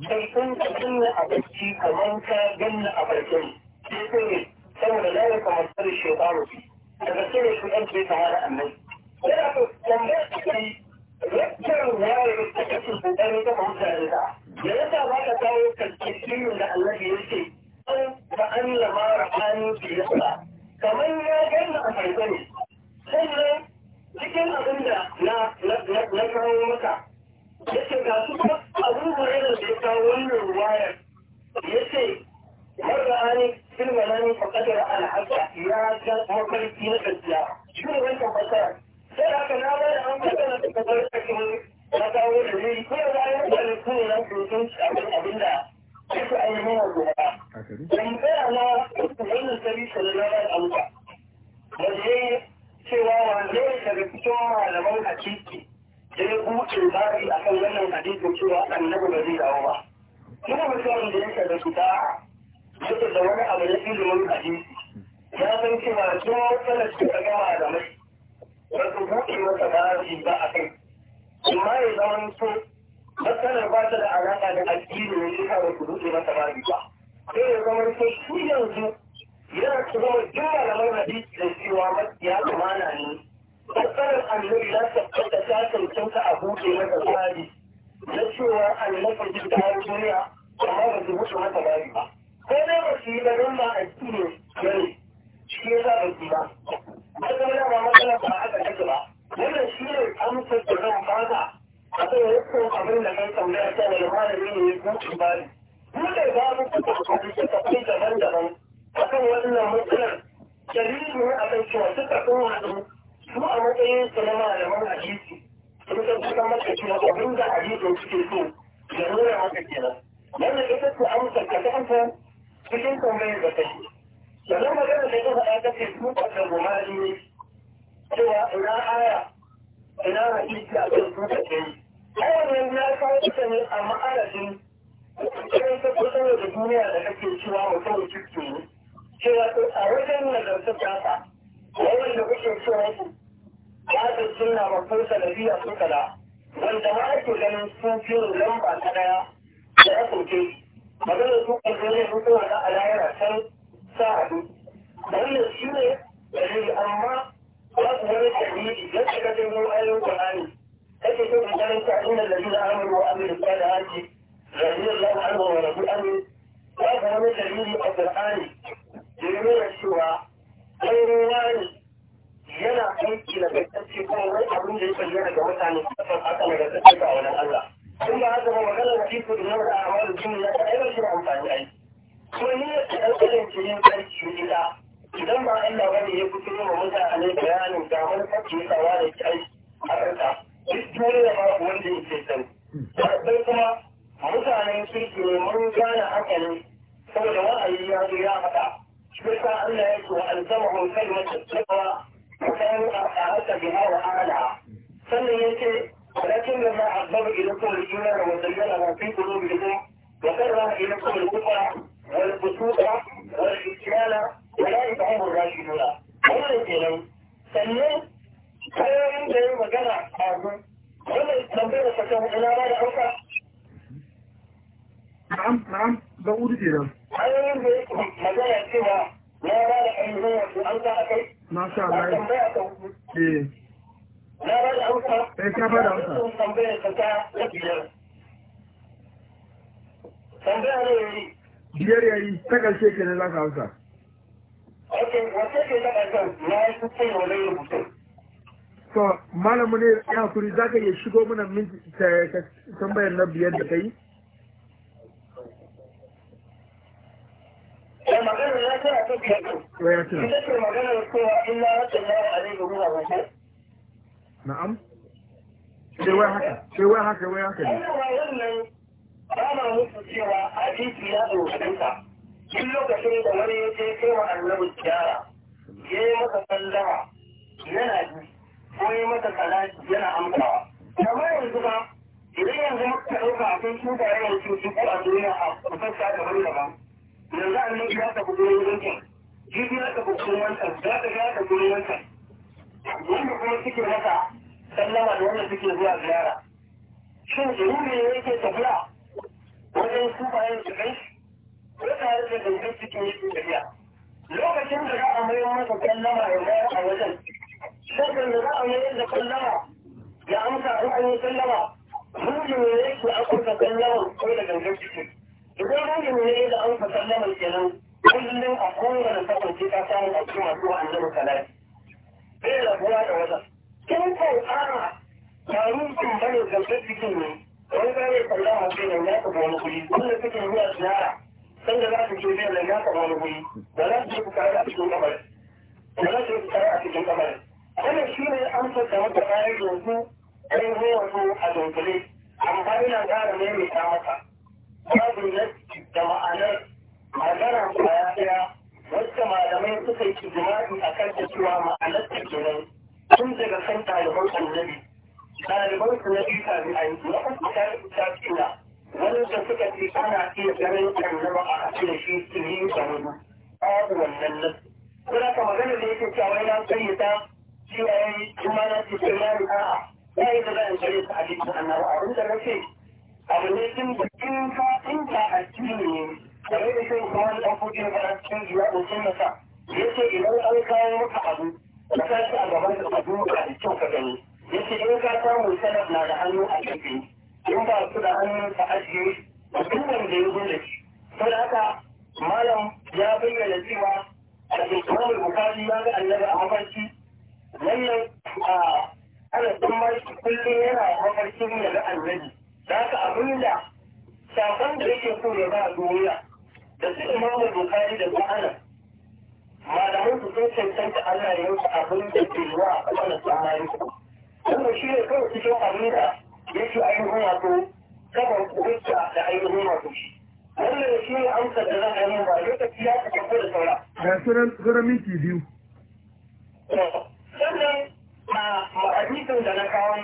Speaker 1: sai kun ka ganna a bacci kamar ka ganna a barkin yi. saboda la yi kamata da shekaru daga sai shi an ce ta hada annabi yana to tambayar da kai rakkar waye da kake kokarin ka mutane da ya yasa ba ka kawo kalkitinin da Allah ya ce an ba an lama rahani bi yasa kamar ya ganna a farko ne sannan cikin abin da na kawo maka yace ga su abin da ya kawo wannan wayar ya ce. من رآني في المنام فقد ya الحق يا جل مكرتي نسجيا شو وين تفكر sai haka na bada an fara da kasar cikin matawo da ne ko da ya da ne ko na cikin abin abin da ake ayi mana gobe dan kana na wannan sabi sallallahu alaihi wasallam waje cewa wanda shiga cikin malaman hakiki da ya buce bari akan wannan hadisi cewa annabi ba zai dawo ba kuma mutumin da ya shiga kita yake da wani abu na ilimin hadisi ya san cewa tun matsalar ce ta gama da mai ba su buɗe masa baji ba a kai amma ya zama so matsalar ba ta da alaƙa da addini ne shi ba su buɗe masa baji ba sai ya zama so shi yanzu yana su zama duk malaman hadisi da cewa ya kamana ne matsalar annabi ya tabbata ta cancanta a buɗe masa baji na cewa annabi ta duniya amma ba su buɗe masa baji ba ko ne ba su yi ba don ba a cikin gani shi ya sa ba su ba ba ta mana ba matsala ba aka take ba wannan shi ne amsar da zan fata a kan yankin abin da kan tambaya ta da malami ne ya buɗe ba ne buɗe ba mu kuka a cikin kafin daban-daban a kan wannan matsalar dalilin ne a kan cewa suka sun haɗu su a matsayin su na malaman hadisi sun san kusan maka cewa abin da hadisin suke so Ya nuna maka kenan wannan ita ce amsar ka ta amsar cikin tambayar da kai yanzu magana da duka ya kace tutar da gumari ne cewa ina aya ina hadisi a kan tutar da yi kowane ya kawo ita ne a ma'arajin cikin ta kusurwa da duniya da kake cewa mutum cikin ne cewa a wajen nazarta tasa wanda kuke cewa ya da sunna mafin salafiya suka da wanda ma ake ganin sun fi lamba ta daya da ya kuke maganar su ƙarfin laifin suna da alayar can sa haɗu wannan shi ne da dalili amma babu wani dalili na shiga jirgin ayoyin ƙwarani kake so in karanta inda dalilin amuru wa amuru ba da haji dalilin lau amuru wa rabu amuru babu wani dalili a ƙwarani da ya nuna cewa ɗan wani yana aiki na gaskance kuma wani abin da ya bayyana daga mutane kasar haka na gaskance ga wani Allah. in haka ba maganar fiko da yawan amal jini ya ta aiki da amfani ai ko ni ta ɗaukar ce yin sarki idan ba Allah ne ya fito wa mutane bayanin ga wani sarki ya tsawa da kai a kanta duk duniya ba wanda ya ce sani sai kuma mutanen kirki ne mun gane haka ne saboda wa'ayi ya zo ya faɗa shi sa Allah ya ce wa alzamahum kalimatu taqwa wa kanu a'ata biha wa ala sannan ce. ولكن لما حبب إليكم الإيمان وزينه في قلوبكم وكره إليكم الكفر والفسوق والإسلام أولئك هم الراشدون wannan kenan sannan hanyoyin da ya magana a gu wannan tambayar ta kan ina ba da auka na'am na'am ba udu kenan hanyoyin da ya magana cewa na ba da ainihin wasu an Na ba da da hausa? Eh, ka ba da Hausa? da hausa? Ya ta da biyar. Ya ne yayi. Biyar Ya ta karshe hausa? za ka da hausa? wace ce da hausa? Na yi da wani Ya ba da hausa? ya Ya za ka iya shigo mana minti tambayar na biyar da ta yi? da eh, hausa? ya hausa? ta ba da hausa? Ya ba da hausa? Ya ba da hausa? Ya ba da hausa? na'am sai wai haka sai wai haka wai haka ne ba ma musu cewa hadisi ya doganta tun lokacin da wani ya ce kai wa annabi gyara ya yi masa sallama yana ji ko ya masa salati yana amsawa kamar yanzu ba idan yanzu muka ɗauka akwai tsubaye da ko a duniya a kusassa daban daban yanzu annabi ya tafi gurin yankin jibi ya tafi gurin wancan za ka ga ya tafi gurin wancan wanda kuma suke masa sallama da wanda suke zuwa ziyara shin yi ne yake tafiya wajen sufayen su kai ko tare da dangar suke yi tafiya lokacin da za a mayar masa sallama ya bayar a wajen lokacin da za a mayar da sallama ya amsa an an yi sallama jirumi ne yake amsa sallama ko da dangar suke idan jirumi ne da amsa sallama kenan kullum a kowane sakon ce ka samu a cikin masu wa'annan salati bai rabuwa da wajen kin kan ana tarin kin bane gangar jikin ne wani gane kalla a kai nan ya taɓa wani kuɗi wanda suke zuwa ziyara sanda za su je biyan nan ya taɓa wani kuɗi da za su je ku a cikin kamar ba za su je a cikin kamar wannan shi ne an sassa mata bayan yanzu ɗan zuwa su a dunkule amma ina ƙara maimaita mata babu na da ma'anar magana kwaya ɗaya wacce malamai suka yi jima'i a kan da cewa ma'anarta kenan tun daga kan ɗaliban annabi ɗaliban su na biyu yanzu, na uku ta tsira wanda suka ce ana iya ganin annaba a haɗu da shi su yi da wani babu wannan nan kuna ka magana da yake cewa yana karyata shi ya yi kuma na ce sai ya yi a'a ya yi da za a ta a jikin annaba abin da na ce abu ne tun da in ka in ka addini ne kamar da sai kuma wani ɗan ya ce idan an kawo maka abu a gaban da kyau ya ce in ka samu na da hannu a gefe in ba su da hannu ka ajiye da duk wanda ya shi saboda haka ya bayyana a ya ga a wannan a yana mafarkin ya ga da yake so ya ba duniya da su imamu bukari da ba'ana malaman su sun cancanta Allah ya yi abin da ke zuwa a wannan samari kuma shi ne kawai cikin abin da ya yake ainihin wato kaban kuwita da ainihin wato shi wannan da shi ne amsar da za a yi ba lokaci ya fi da saura. da sauran minti biyu. sannan a hadisin da na kawo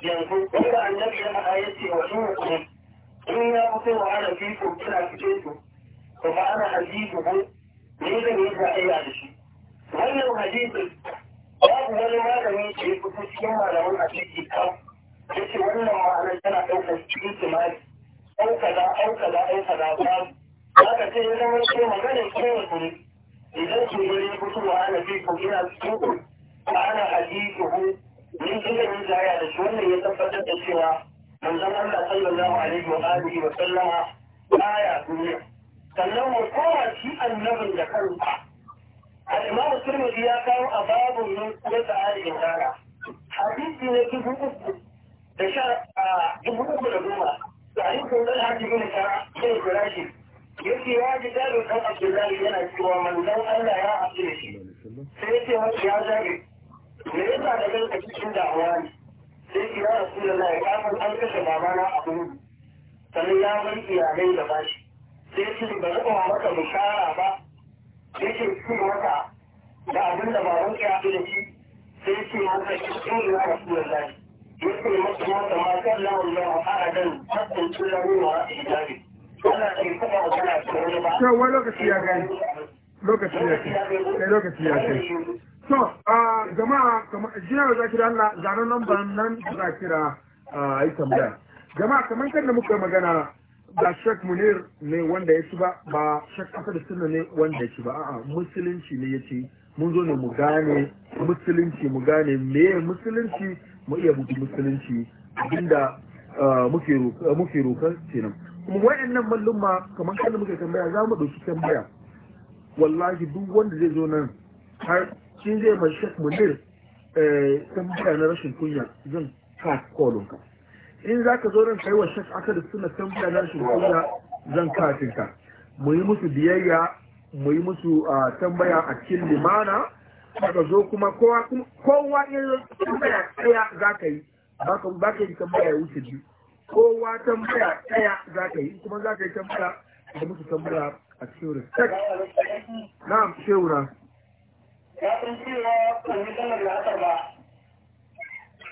Speaker 1: yanzu wanda annabi ya faɗa ya ce wa shi ne in ya fito wa ana fito suna fice su to fa ana hadithu ko ne da ne da ayya da shi wannan hadithu babu wani malami da ya fito cikin malaman a ciki kan ya ce wannan ma'anar tana ɗaukar cikin timari au kaza au kaza au kaza ba haka sai ya zama ce magana kowa kuma idan ke gari fito wa ana fi ko ina cikin ku ba ana hadithu ko ne da ne da ayya da shi wannan ya tabbatar da cewa manzon Allah sallallahu alaihi wa alihi wa sallama baya duniya sannan mu kowa shi annabin da kanka. al'imamu imamu turmudi ya kawo a babun min kuma da ali imrana hadisi ne dubu uku da sha dubu uku da goma da hadisin da hajji bin shara bin kurashi yake ya ji dalil dan abdullahi yana cewa manzon Allah ya haɗu shi sai yake wani ya zage me yasa da kanka cikin damuwa ne sai ki ya ya kafin an kashe babana a gudu sannan ya bar iyalai da bashi sai ce ba zaba wa maka bishara ba sai ce ci maka da abin da baban ka yafi da shi sai ce maka ki in ya rasu da zai ya ce maka masa ma sallahu alaihi wa adan hakkin kullahu wa ijabi wannan ke kuma magana ce wani ba to wani lokaci ya gani
Speaker 2: lokaci ya kai lokaci ya kai eh,
Speaker 1: to jama'a kamar jiya za kira Allah zanen nan ban nan za kira a yi tambaya jama'a kamar kan da muka magana ba shek munir ne wanda ya ci ba ba shek asad suna ne wanda ya ci ba a'a musulunci ne ya ci mun zo ne mu gane musulunci mu gane me musulunci mu iya buki musulunci abinda ah, muke roƙar kenan kuma wayannan mallumma kamar kan muke tambaya za mu ɗauki tambaya wallahi duk wanda zai zo nan har shi zai ma shek munir eh, tambaya na rashin kunya zan ka kolonka in za ka zo ran kai wa shek aka da suna tambaya na shi zan kafin ka mu yi musu biyayya mu yi musu tambaya a cikin limana ka zo kuma kowa ya zo tambaya tsaya za ka yi ba ka yi tambaya ya wuce biyu kowa tambaya tsaya za ka yi kuma za ka yi tambaya da musu tambaya a cikin respect na shehuna ya san cewa ba mu da ba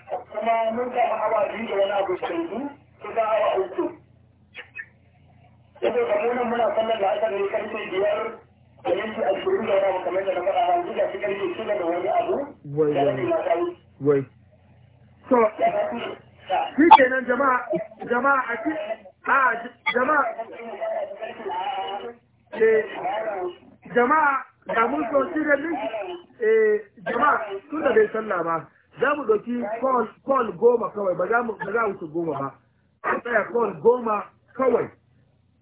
Speaker 1: kuma mun samu hawa biyu da wani abu shaidu kusa hawa uku yadda da munan muna sallar da aka gani karfe biyar da a shirin da wani abu kamar da na faɗa ran jiya shi karfe shida da wani abu da wai so shi kenan jama'a jama'a a ci a jama'a eh, jama'a ga mun so shi da eh, jama'a tun da bai sallah ba za mu ɗauki call goma kawai ba za mu wuce goma ba an tsaya call goma kawai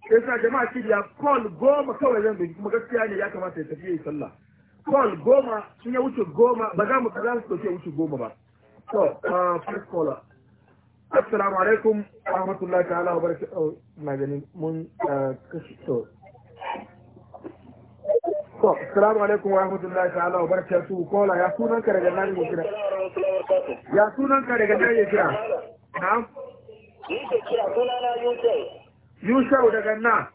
Speaker 1: sai sa jama'a ce ya call goma kawai zan ɗauki kuma gaskiya ne ya kamata ya tafi yi sallah call goma sun ya wuce goma ba za mu za mu ɗauki wuce goma ba to uh, first caller assalamu alaikum wa rahmatullahi ta'ala wa barakatuh oh, na ganin mun uh, kashi to to assalamu alaikum wa rahmatullahi ta'ala wa kola ya sunan ka daga nan kira ya sunan ka daga nan kira na'am ni ke kira sunana yusuf yusuf daga nan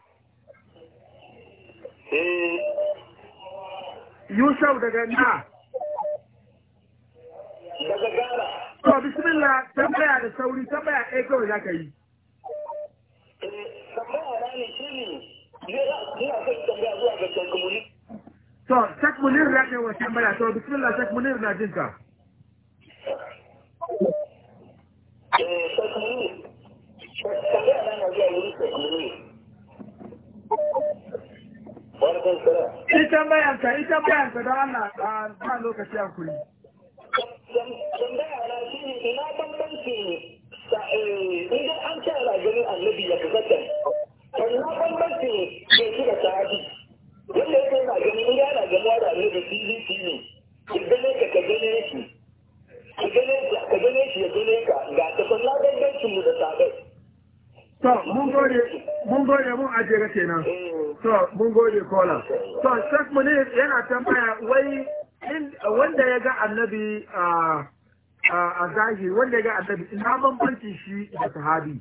Speaker 1: eh yusuf daga nan daga Ghana. To bismillah tambaya da sauri tambaya ɗaya kawai za ka yi. Eh, tambaya na ne shi ne ne za a tambaya zuwa ga can to shek munir ya kai wa tambaya to bismillah shek munir na jin ka Ita bayanka, ita bayanka don Allah ba lokaci a kuri. Tambaya na shi ne ina bambanci eh, idan an ce rajinin annabi ya fi zaton, wannan bambanci ne ke shi da sahabi. wanda ya kai na gani in yana gamuwa da ne da cdc ne ka gane ka ka gane shi ka gane ka gane shi ya gane ka ga ta sallah dangancin mu da sabai to mun gode mun gode mun aje ga kenan eh. to mun gode kola to shek mu ne yana tambaya wai wanda ya ga annabi ah, ah, a zahiri wanda ya ga annabi ina bambanci shi da sahabi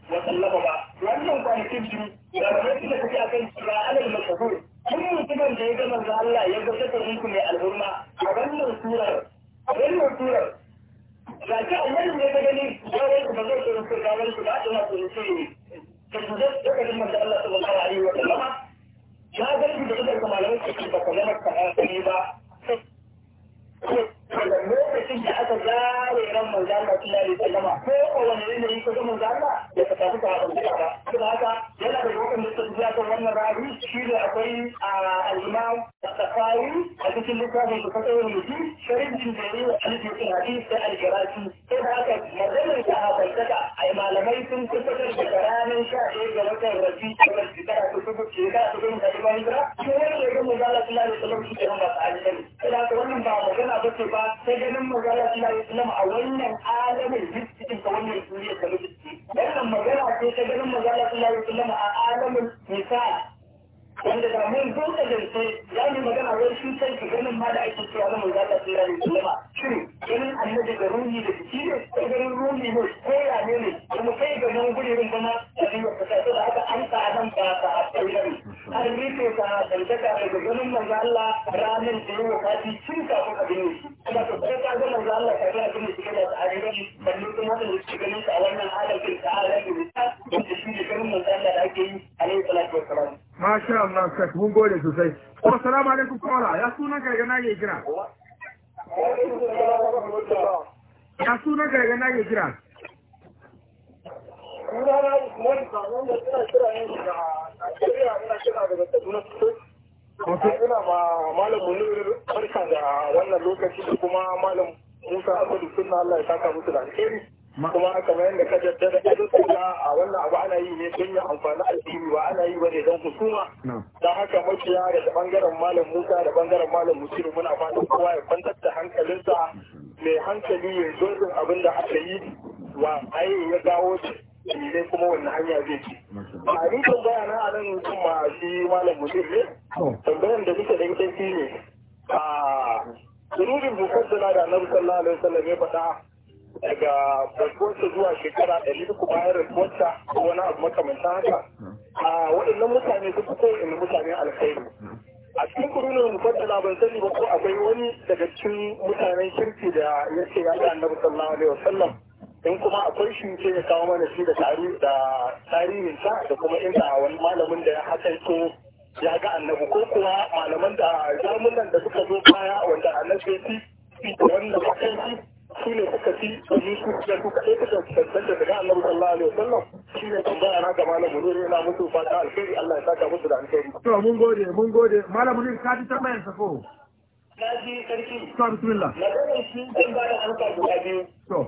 Speaker 1: wasallama ba wannan kwanakin biyu da kamar da kake a kan kira alal mashahur kun mutumin da ya ga manzo Allah ya ga saka muku mai alhurma a wannan surar a wannan surar ga ta annabi ne ta ni ya wai ku zai ku rubuta ga wani ku ba ta ku ne ka ku da daga da manzo Allah sallallahu alaihi wa sallama ya ga da da malamai ke ba kamar ba wanda lokacin da aka zare ran manzo Allah sallallahu alaihi wasallam ko a wani yanayi ko ga manzo Allah da ka tafi ka ba kuma haka yana da lokacin da suka ji wannan rawi shi da akwai al-Imam Safawi a cikin littafin da kasa yin mutu sharin jin da yayi al-Jibrin hadis da al-Garasi sai da haka maganar da aka saka ai malamai sun kusantar da ranar sha ɗaya ga watan Rabi da shekara ta dubu shekara ta dubu da Imam Hijira shi wanda ya ga manzo Allah sallallahu alaihi wasallam shi ke ba ta aljanna sai haka wannan ba magana ba ce ba ba ta ganin magana suna yi suna a wannan alamin jikin ta wannan duniyar ta lokaci wannan magana ce ta ganin magana suna yi suna a alamin misali wanda da mun buɗe zance za mu magana wai shi sai ki ganin ma da ake cewa na mai zata tsira ne kuma shi irin annabi da ruhi da jiki ne ko ganin ruhi ne ko ya ne ne kuma kai ga nan gurin kuma da ni ka sa da haka an ka nan ba ka a tsira ne har ni ce ka danta ka daga ganin manzo Allah ranan da yau ka ci cin ka ko ka dinne kuma to sai ka ga manzo Allah ka ga abin da yake da tsari ne ni kuma da shi ganin ka a wannan halin da ta halin da shi ganin manzo Allah da ake yi alaihi salatu wassalam Masha Allah, sai mun gode sosai. Assalamu alaikum kola, ya suna ka na ke kira. Ya suna ka na ke kira. Okay. Ina ma malam ne barka da wannan lokaci kuma malam Musa Abdul Sunna Allah ya saka musu da alheri. kuma kamar yadda ka jaddada ayyuka a wannan abu ana yi ne don ya amfani addini ba ana yi bane don hukuma ta haka makiya daga bangaren malam musa da bangaren malam musiru muna fatan kowa ya kwantar da hankalinsa mai hankali ya zo abin da aka yi wa ayi ya dawo ne kuma wani hanya zai ci. A ni tambaya na anan ma shi malam mutum ne, oh. tambayan da duka da ita shi ne. A zunubin bukaddala da annabi sallallahu alaihi wasallam ya faɗa daga babbansa zuwa shekara ɗari uku bayan rasuwarsa ko wani abu makamanta haka a waɗannan mutane su fito in mutane alkhairi a cikin kurunan na ban sani ba ko akwai wani daga cikin mutanen kirki da ya ce ya annabi sallallahu alaihi wasallam in kuma akwai shi ce ya kawo mana shi da tarihin sa da kuma inda wani malamin da ya hakanto ya ga annabi ko kuwa malaman da zamunan da suka zo baya wanda annabi ya fi da wannan hakanci su ne suka fi domin su da su kaɗai suka cancanta daga annabi sallallahu alaihi wasallam shi ne tambaya na ga malam munir yana musu fata alheri Allah ya saka musu da alheri to mun gode mun gode malam munir ka ji tambayar sa ko na ji sarki to bismillah magana shi zan ba da amsa guda biyu to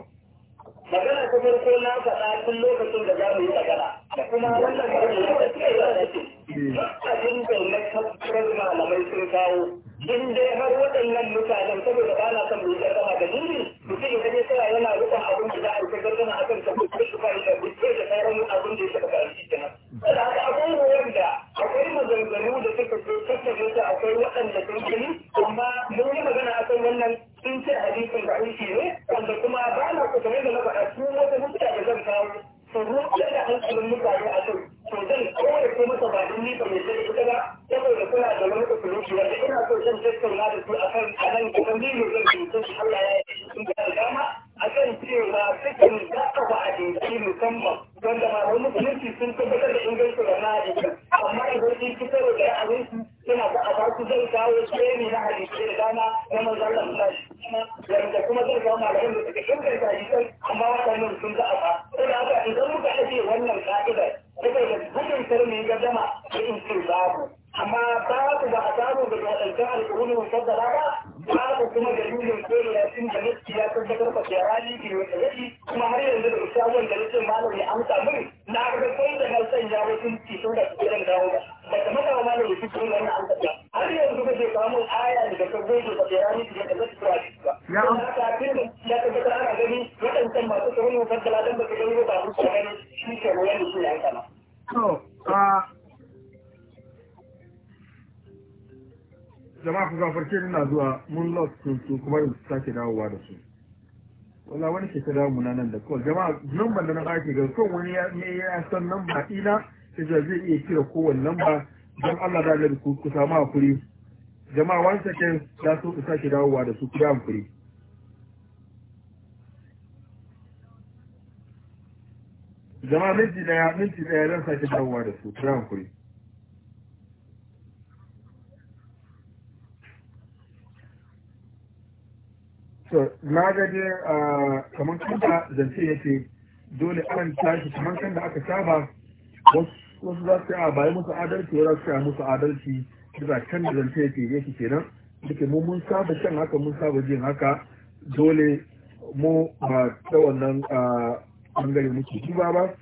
Speaker 1: magana ta farko na faɗa tun lokacin da za mu yi magana da kuma wannan magana ya ce ya ce ba abin da na tabbatar malamai sun kawo in dai har waɗannan mutanen saboda ba na son mu yi da nuni mutum idan ya tsaya yana rufin abin da za a rufe a kan ka ko kai ba da buke da sauran abin da ya saka alji kenan saboda haka akwai da akwai maganganu da suka zo tattabe su akwai waɗanda sun gani amma mun yi magana a kan wannan sun ce hadisin da aiki ne wanda kuma ba na kusurai da na faɗa su wata mutane zan kawo su ruɗe da hankalin mutane a kai to zan kawai ko masa ba don nika mai sai ita ba saboda kuna da wani da kuma shi wanda ina so zan tattauna da su akan nan kuma ni ne zan tuntu shi Allah ya yi sun da dama akan cewa cikin dakkaba a dinki musamman wanda malamin musulunci sun tabbatar da ingancin da na hadisi amma idan sun fi karo da ra'ayin su suna ba su zai kawo tsere na hadisi da dama na manzon Allah wanda kuma zai kawo malamin da suka inganta hadisan amma waɗannan sun ga aba. Saboda haka idan muka ajiye wannan ka'idar Mukan tare ne ga dama sai in ce babu. Amma babu ba a samu da waɗancan alƙawarin musaddara ba, babu kuma ya koyayacin da naski ya tabbatar ba ke rani ke wata yaki kuma har yanzu da shawon da nake malam ya amsa mun? na ga kai da na sanya wasu cikin da ke dawo ba. daga makawa ne da cikin wani abubuwa har yanzu ba zai samu aya daga sabbin da ba da rani da da zai tura ba ya an ka tun da ya ka ta ana gani wadannan masu tsoron mufaddala dan ba su gani ba su gani shi ke wani da shi ya yi kama. jama'a ku gafarce ina zuwa mun lost su kuma yanzu sake dawowa da su wala wani ke shekara mu nan da kawai jama'a nan ban da na ake ga son wani ya san numba ba ina sai zai iya kira kowanne lamba don Allah da Allah ku samu hakuri jama'a wani sakin ya so ku sake dawowa da su ku da hakuri jama'a minti daya minti daya zan sake dawowa da su ku da so na gaje kamar kuma zance yake dole an tashi kamar kan da aka saba wasu wasu za su a bai musu adalci wasu za su a musu adalci za can da zance yake yake kenan da mu mun saba shan haka mun saba jin haka dole mu ba ta wannan bangare muke duba ba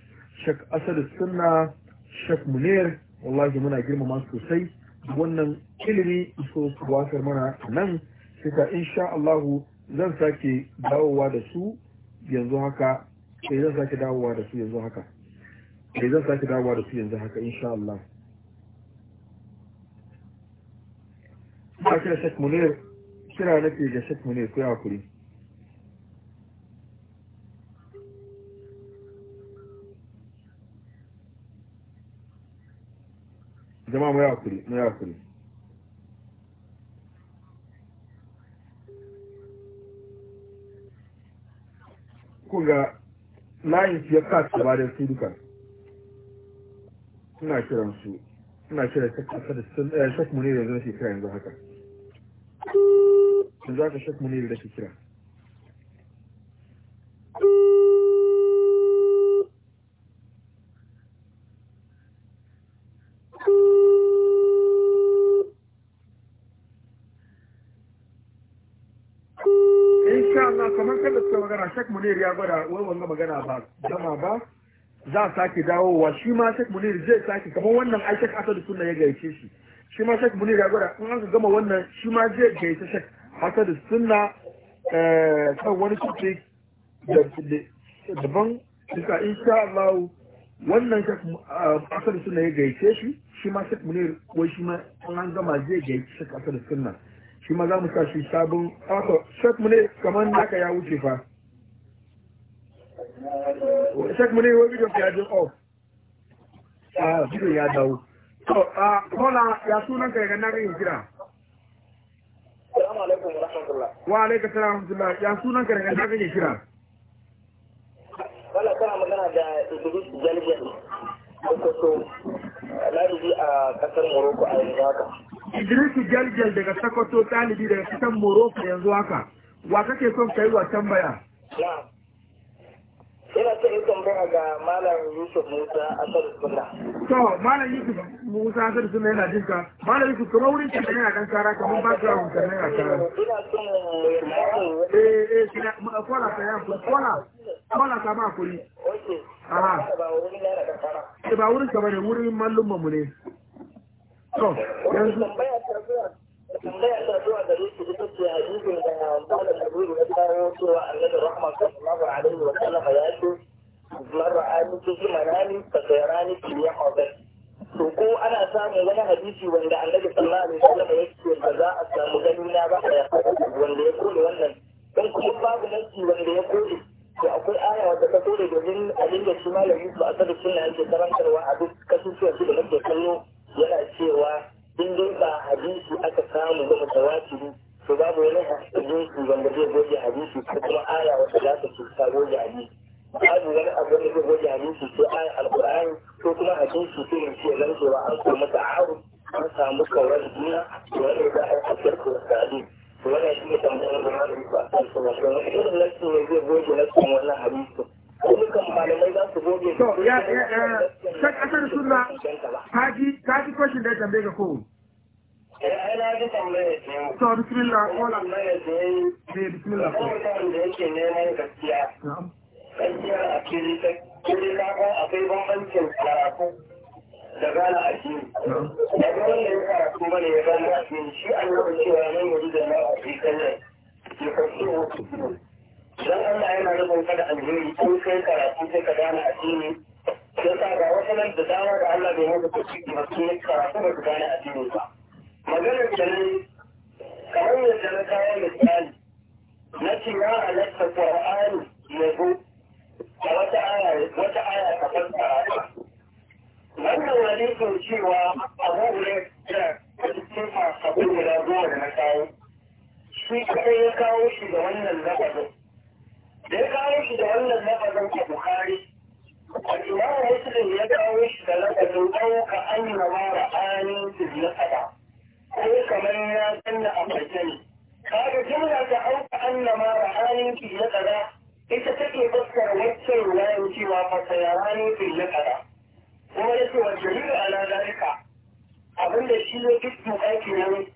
Speaker 1: shak asar sunna shak munir wallahi muna girmama sosai wannan ilimi so su wasar mana nan sai ka insha Allah zan sake dawowa da su yanzu haka sai eh, zan sake dawowa da su yanzu haka sai zan sake dawowa da su yanzu haka insha Allah ba kira shek munir kira nake ga shek munir ku hakuri jama'a mu hakuri mu hakuri kun ga layin fiye kasa ba da su duka ina kiran su ina kira ta da sun ɗaya shak munir yanzu nake kira yanzu haka sun za ka shak munir da ke kira Insha Allah kamar kada suka magana shak munir ya gwada wani wanga magana ba dama ba za a sake dawowa shi ma Sheikh Munir zai sake kamar wannan ai Sheikh Asad Sunna ya gaice shi shi ma Sheikh Munir ya gwada in an gama wannan shi ma zai gaice Sheikh Asad Sunna eh, kan wani topic daban bisa insha Allah wannan Sheikh eh, Asad Sunna ya gaice shi shi ma Sheikh Munir wai shi ma in an gama zai gaice Sheikh Asad Sunna shi ma za mu sa shi sabon Sheikh Munir kamar naka ya wuce fa Sheikh Muni ní bidiyon ya je off. Ah, bidiyon ya dawo. To, ah, kola ya sunan ka ga na yin kira. Assalamu alaikum wa rahmatullah. Wa alaikum assalam wa Ya sunan na kira. Wala a yanzu haka. daga talibi daga kasar Morocco yanzu haka. Wa kake son kai tambaya? ina ta yi tambaya ga malam yusuf musa a sarfuna to malam yusuf musa a sarfuna yana jin ka malam yusuf kuma wurin ka yana kan kara kamar ba ka wuta yana kara ina son eh eh kina ma kola ta ya kola kola ta ma kuri okay aha ba wurin yana da kara eh, ba wurin ka ne wurin mallumman mu ne to yanzu ta tambaya ta gano cewa annabi rahma sallallahu alaihi wa sallam ya ce mar'ani fi manani fa sayrani fi yaqabat to ko ana samun wani hadisi wanda annabi sallallahu alaihi wa sallam ya ce ba za a samu gani na ba ya wanda ya kore wannan dan kuma babu nasi wanda ya kore to akwai aya wadda ta kore domin abin da shi malamin su a sabbin sunna yake karantarwa a duk kasusuwa su da nake kallo yana cewa in dai ba hadisi aka samu da mutawatiri to babu wani hadisi wanda zai goge hadisi ko kuma aya wata za ta ce ta goge hadisi babu wani abu da zai goge hadisi ko aya alqur'ani ko kuma hadisi ko in ce zan cewa an samu ta'awun, an samu kauran juna to wanda za a yi hakiyar ko sa'adi to wannan shi ne tambayar da malami ba a sanar da wani irin lafi ne zai goge lafin wannan hadisi dukkan malamai za su goge. To, ya, ya, ya, ta ƙasar suna, kaji, kaji kwashin da ya tambaye ga kowane. To bismillah ko nan da da yake eh, neman gaskiya. Gaskiya a kiri ta kiri ta akwai karatu da gana a karatu bane ya gana a shi shi cewa da a Allah yana nufin kai karatu sai ka a shi ne. da dama da Allah bai mutu ko ciki ba sun karatu ba su gane addini ba. maganar da ne kamar yadda na kawo misali na ce ya halatta ƙwar'ani ya zo a wata aya wata aya ka fasta a wannan hadisin cewa abu ne da cikin abu guda zuwa da na kawo shi kai ya kawo shi da wannan lafazin da ya kawo shi da wannan lafazin a bukari الإمام مسلم يدعو an لفظ أو ba رآني إذ نسبه ko kamar ya san da a bayyane kaga jimla ta auka annama rahanin ki ya tsara ita take fuskar wacce ruwayan cewa fasayarani fil lakara kuma yake wa jami'u ala zalika abinda shi ya tuttu aiki ne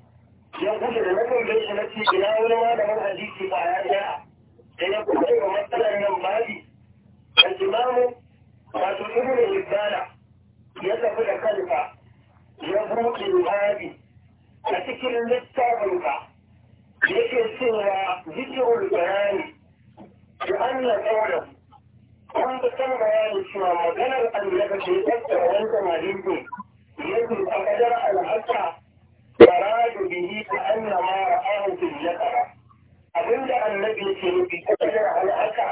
Speaker 1: ya gudu da nakan bai shi nace ina wani malamin hadisi ba ya ya da ya kuma ga matsalar nan babi al-imamu wato ibnu hibbana ya tafi da kalfa ya buɗe babi a cikin littafin ka yake cewa zikirul bayani da Allah kaura an da san bayani cewa maganar annabi ke tattara wancan hadisi yake a kadar al-haqa yaradu bihi ka anna ma ra'ahu fil yaqra abinda annabi ke nufi ta kadar al-haqa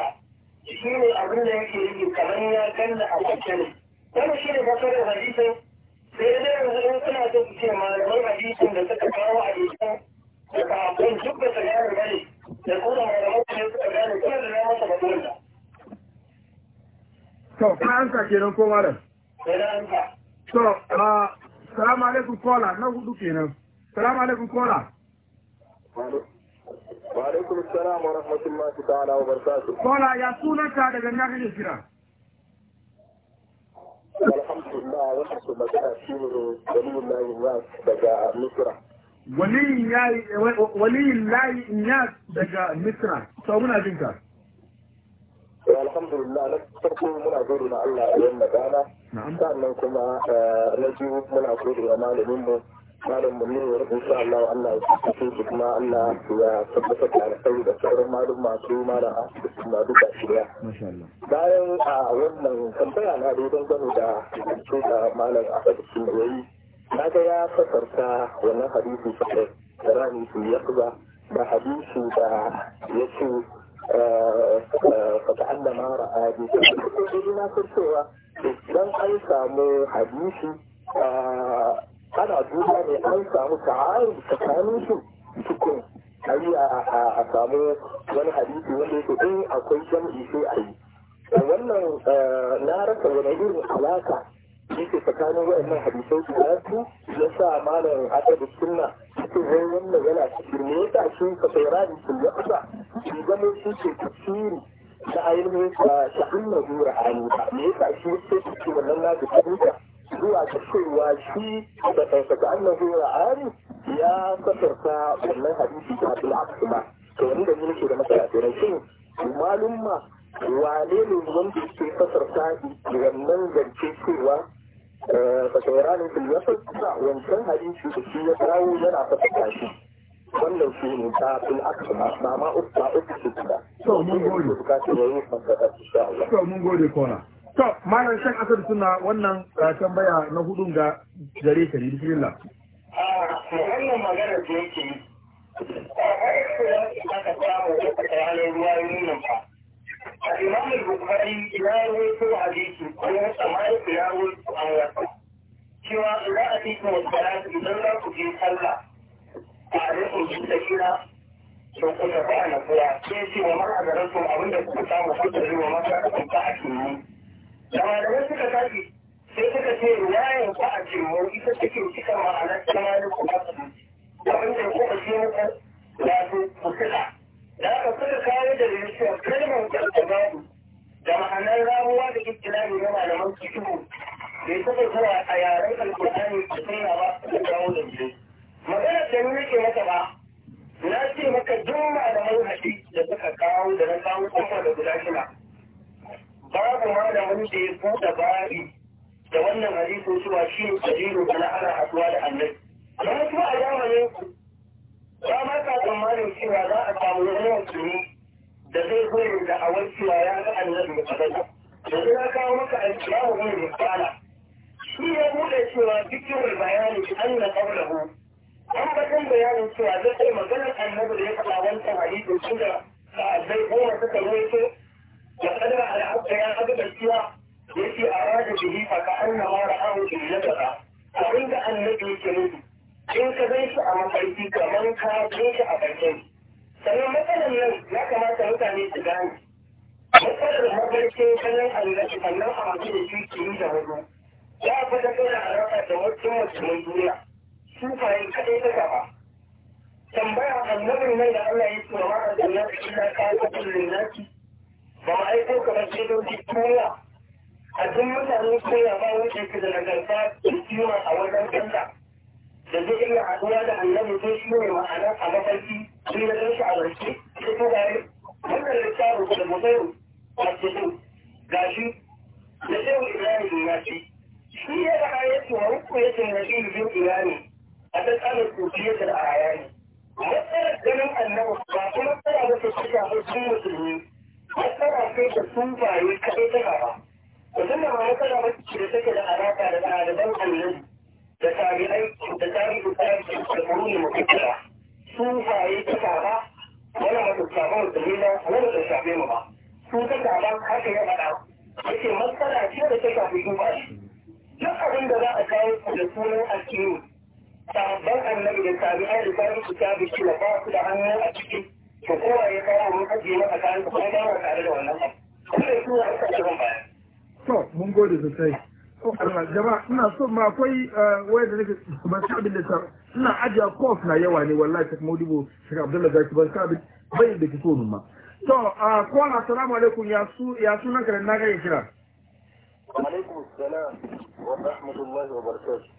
Speaker 1: shine abinda yake nufi kamar ya ganna a cikin Kuma shi ne fasarar hadisin sai dai yanzu in suna so su ce malaman hadisin da suka kawo a hadisin daga abin duk da sanyar gani da kuma malaman da suka gane kuma da zama masa batun da. To, ka kenan ko malam? Sai hanka. To, salamu alaikum kola na hudu kenan. Salamu alaikum kola. Wa alaikum salam wa rahmatullahi ta'ala wa barakatuh. Kola ya sunanka daga nan kake kira. alhamdulillah wannan su magana wani ne dalilin layin ya daga misra daga sau muna jin ka eh, alhamdulillah na farko muna gode na Allah a yan magana sannan kuma eh, na biyu muna gode wa malamin mu malam munir insha Allah Allah ya kuma Allah ya tabbatar da alƙawari da sauran malum masu asibiti ma duka shirya bayan a wannan tambaya na dai don gano da rubutu da malam asibiti da yayi na ga ya fasarta wannan hadisi da rani su ya kuba da hadisi da ya ce eh, eh, san cewa idan an samu hadisi ana duba ne an samu ta'aruf tsakanin su tukun ayi a samu wani hadisi wanda yake in eh, akwai jam'i sai a yi wannan eh, na rasa wani irin alaka yake tsakanin waɗannan hadisai ya su ya sa malam adabu sunna yake wai eh, wannan yana cikin ne yasa shi ka saurari su ya kusa su zama shi ke tafsiri na ainihin sha'in na zura hannu me yasa shi yake cikin wannan na da zuwa ta cewa shi da ɗaukaka a ra'ari ya kasarta wannan hadisi da abdul ba to wani da mulki da masara to shin malum ma wane ne wanda ke kasarta wannan zance cewa fasauranin ya kusa wancan hadisi da shi ya kawo yana kasarta shi wannan shi ne ta fil aksuma ba ma uku ba uku su kuma. To mun gode. To mun gode kona. To, malam shan asar suna wannan eh, baya na hudun ga gare shari bisimila. Wannan magana ce yake yi. Kwakwai ko ya ce za ka samu lokacin halin ruwa yi nunan fa. A imanin bukari ya yi ko a jiki ko ya wuce mahaifu ya wuce an wata. Cewa za a fito wa tsara idan za ku je sallah a rikin ta gina. To kuma ba na kuwa, ke ce wa mara garin abin da kuka samu kuka yi wa mata da kuka a kimanin. da malamai suka tashi sai suka ce ruwayan ba a ce mu ita take cika ma'anar ta maliku ba su abin da kuma shi muku wato fusuka da aka suka kawo da rinsuwa kalmar kyauta babu da ma'anar ramuwa da ikilami na malaman kitubu bai taɓa zuwa a yaren alkur'ani a sunna ba da kawo da biyu maganar da ni nake maka ba na ce maka duk malaman hadisi da suka kawo da na kawo kuma da guda shida babu malamin da ya buɗe bari da wannan hadisi cewa shi ne da na ana haɗuwa da annabi amma kuma a zamanin ku ba ma ka tsammanin cewa za a samu wani musulmi da zai zo da awar cewa ya ga annabi a gaba yanzu na kawo maka alkiyamu ne da kwana shi ya buɗe cewa cikin bayani an na ƙaunahu an batun bayanin cewa zai kai maganar annabi da ya faɗa wancan hadisi tun da zai goma suka ruwaito فقد على حتى يا أبد السيرة يأتي أراد به فكأنما رآه في النجرة أريد أن نبي in ka zai shi a mafarki kamar ka zai shi a farkin sannan matsalar nan ya kamata mutane su gane matsalar mafarkin kallon annabi sannan a mace da shi ke yi da wani ya fi da kai da alaƙa da wasu duniya su fahim kaɗai ta gaba tambaya annabin nan da Allah ya ce wa ma'a da nasu ina kawo kullum nasi ba ma aiko kamar shaidoji duniya a duk mutane koya ba wuce ka da nagarta da a wajen kanta da zai iya haɗuwa da annabi sai shi ne ma'ana a mafarki shi da ɗan shi a barci shi ko gare wannan littafin da musayu a cikin gashi da shehu ibrahim ya ce shi ya da ayatu wa hukku ya ce nabi bin ibrahim a ta tsarin da a ayani matsalar ganin annabi ba kuma tsara da ta shiga har sun musulmi ai kana kai da tsuntsaye kaɗai tana ba mutum da mama tana mace da take da alaƙa da ɗaliban annabi da tabi'ai da tarihi tarihi da kuruni mutukkira tsuntsaye ta kaba wani mutum kaba mutum na wani da shafe mu ba su ta kaba haka ya faɗa yake matsala ce da ta shafi duba shi duk abin da za a kawo da sunan addini sahabban annabi da tabi'ai da tarihi tarihi da ba su da hannu a ciki to kowa ya kawo mun kaje maka kayan ka kuma ba tare da wannan ba kuma su ya ka gaban baya to mun gode sosai Allah jama'a ina so ma akwai eh, waya da nake ban sa abin da ta ina ajiya kof na yawa ne wallahi ta kuma dubu shi Abdullahi zaki ban sa abin bai da kike nun ma to ko eh, salamu alaikum ya su ya sunan ka da na ga kira alaikum salam wa rahmatullahi wa barakatuh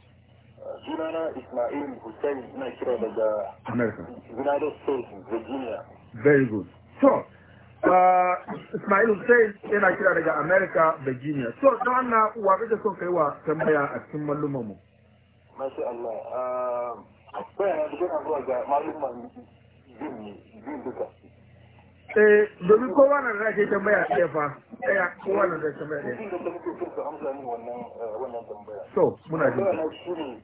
Speaker 1: sunana Ismail Hussein na kira daga America. United States, Virginia. Very good. So, uh, Ismail Hussein yana kira daga America, Virginia. So, don na uwa kake son kai wa tambaya a cikin malluman mu? Masha Allah. Uh, bayan da gona zuwa ga malluman jin ne, jin duka. Eh, domin kowa na da ke tambaya ɗaya fa, ɗaya kowa na da tambaya ɗaya. Jin da ta mutu turka amsa ni uh, wannan tambaya. So, muna jin. Kowa na shi ne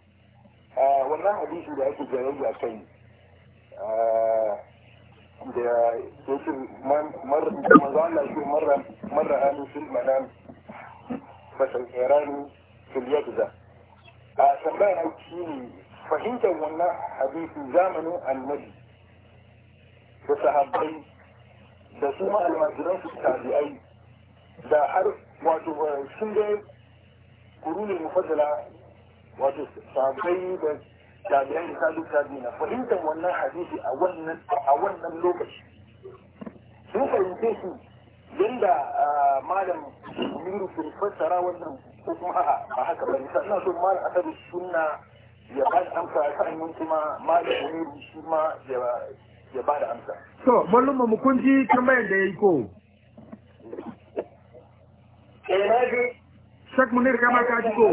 Speaker 1: wannan hadisi da ake jayayya kai da yake manzo Allah shi marra marra hanu fil manam fasairani fil yadda a tambayar shi ne fahimtar wannan hadisi zamanin annabi da sahabbai da su ma'almajiran su tabi'ai da har wato sun ga kurunin mufaddala wato sabai da jami'an da kalu na fahimtar wannan hadisi a wannan a wannan lokaci sun fahimce shi yadda malam miru ke fassara wannan ko kuma a'a ba haka ba sannan so malam asabi sunna ya ba da amsa yin kuma malam miru shi ma ya ba da amsa to mallum mu kun ji tambayar da yayi ko eh na ji Shek Munir kama ka ji ko?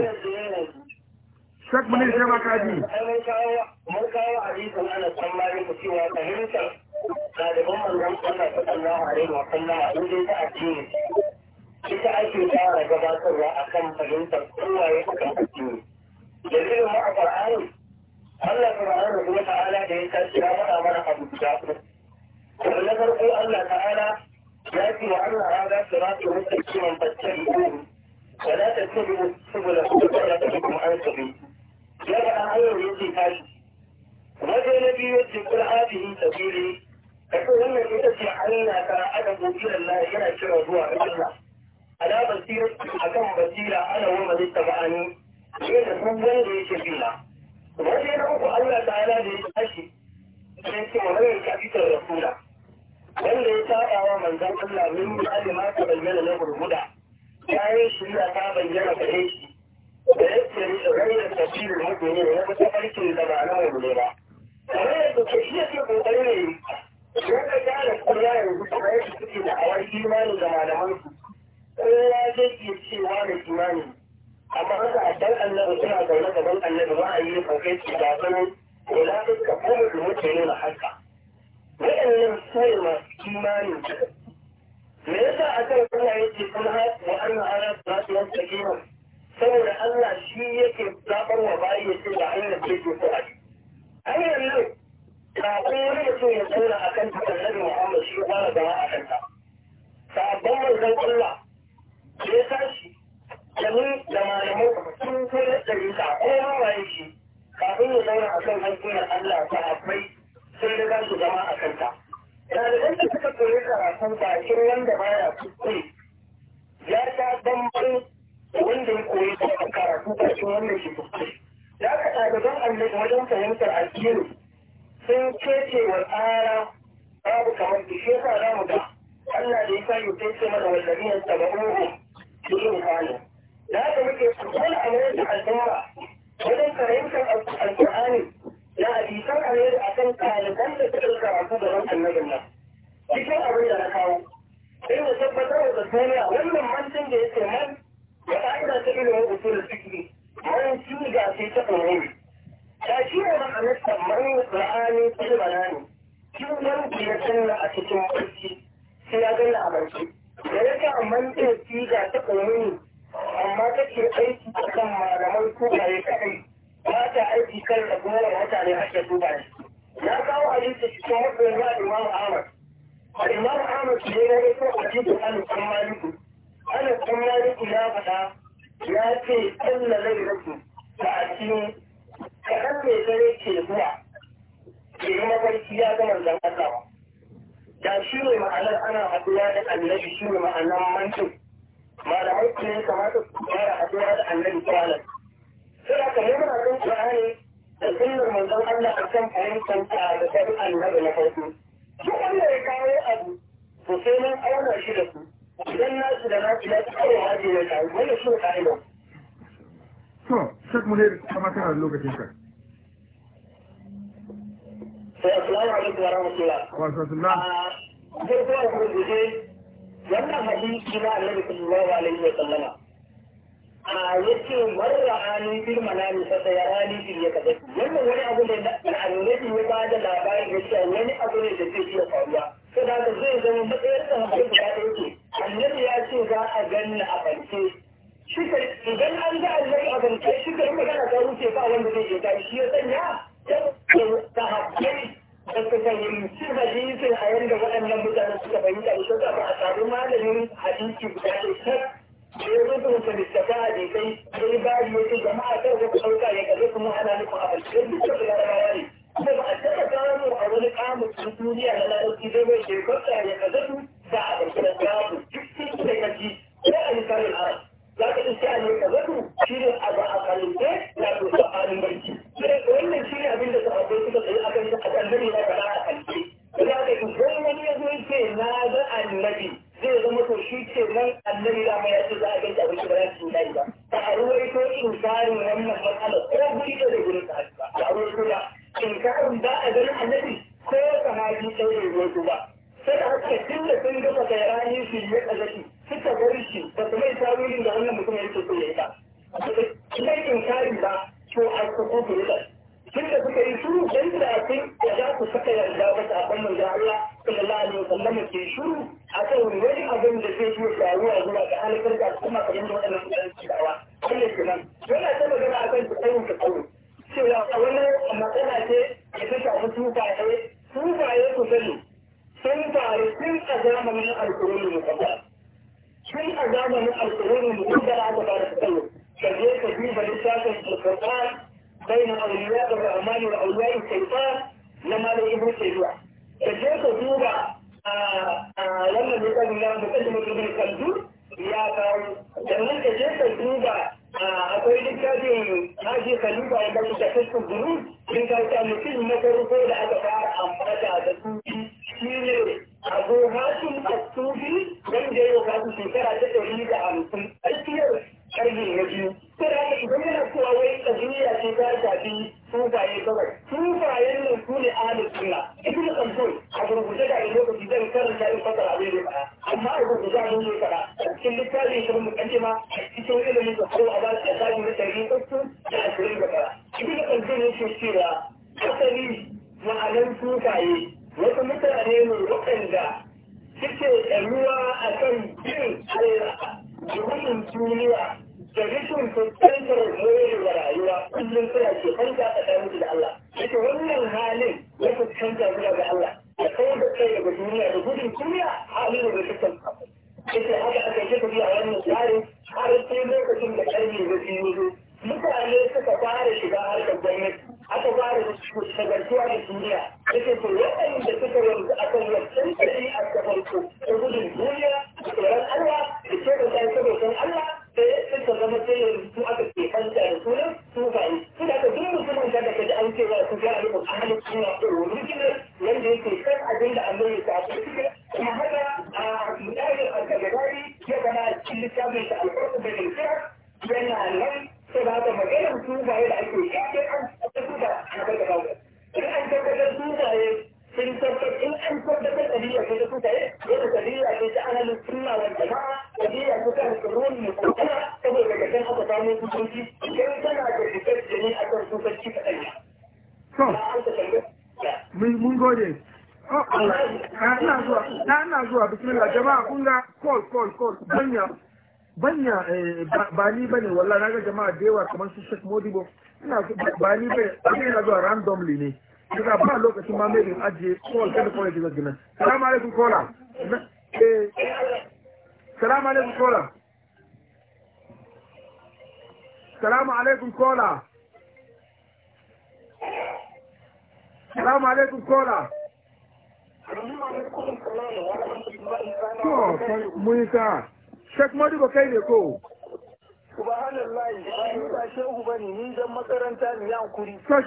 Speaker 1: shak mun sai ba ka ji mun kawo mun kawo hadisin ana tsammanin ku cewa fahimtar ɗaliban manzon Allah sallallahu alaihi wa in dai ta addini ita ake fara gabatarwa akan fahimtar kowaye akan addini dalilin ma a Qur'ani Allah subhanahu wa ta'ala da ya tashi ya faɗa mana abu guda uku na farko Allah ta'ala ya ce wa Allah hada siratu mustaqiman fattabi'uhu ولا تتبعوا السبل فتفرق بكم عن سبيله ya da an ayyau ya ce tashi waje na biyu ya ce kula hadihi sabili ka ce wannan ita ce hanya ta ana gobe Allah yana kira zuwa ga Allah ala basira akan basira ana wa mai tabani yana duk wanda yake bila waje na uku Allah ta'ala da ya tashi sai ce wa mai kafitar rasula wanda ya saba wa manzon Allah min bi alima ta bayyana gurguda. Ya yayin shirya ta bayyana gare shi da yake raina tafiyar mutane ne ya fi aikin da ba na mu ba. Kamar yadda shi yake kokari ne wanda gane kowa yanzu kuma yadda suke da awar imani da malamansu. Kowa zai iya cewa da imani. Amma haka a dan annabi suna zaune gaban annabi ba a yi kokai ce da ko wala ka kuma da mutane na haka. Wa'annan sai masu imani me yasa a kan kuma yake kun haɗu wa'annan ana su rasu wasu saboda Allah shi yake zaɓar wa bayi ya ce da hanyar da yake so a yi. Hanyar nan, kafin wani mutum ya tsora a kan ta annabi Muhammad shi ya fara zama a kanta. Sabon manzon Allah ya tashi jami da malamai sun kula da rika ko hawaye shi kafin ya zauna a kan hankulan Allah ta akwai sun riga su zama a kanta. Ɗaliban da suka koyi karatun bakin wanda baya kuskure ya ta bambam wanda ya koyi da karatu cikin wannan shekaru ya ka don annabi wajen fahimtar addini sun kece wa tsara babu kamar da shi yasa za mu ga Allah da ya sa yi kece mana wallabi ya tsaba uku cikin hali. Ya ka muke su kula a wajen al'umma wajen fahimtar al'umma.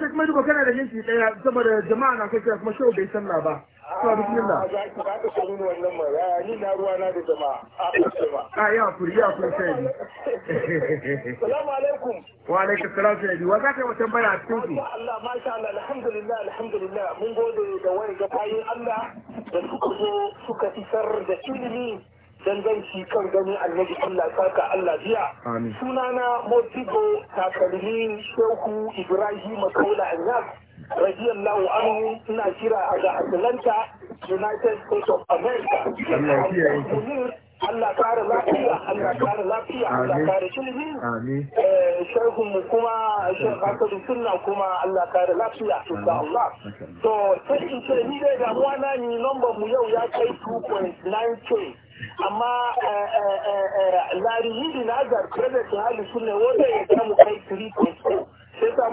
Speaker 1: sai kuma duba kana da minti daya saboda jama'a na kai kuma shehu bai sanna ba
Speaker 2: to bismillah
Speaker 1: ba ka wannan ma ya ni na ruwa na da jama'a a ya kuri ya sai ni alaikum wa alaikum salam sai wa zaka wata tambaya a cikin su Allah Allah alhamdulillah alhamdulillah mun gode da wani ga Allah da suka zo suka da ilimi danganci kan gani annabi Allah saka Allah biya sunana Motibo takalmi Shehu Ibrahim Kaula Anyas radiyallahu anhu ina kira a ga Atlanta United States of America Allah kare lafiya Allah kare lafiya Allah kare
Speaker 2: ilimi
Speaker 1: eh, shehu mu kuma shehun Hassan Sunna kuma Allah kare lafiya insha Allah to sai in ce ni dai damuwa na ni number mu yau ya kai 2.9k amma eh, eh, eh, larihi na ga kredit na hali ne wanda ya samu kai 3.4 sai ne da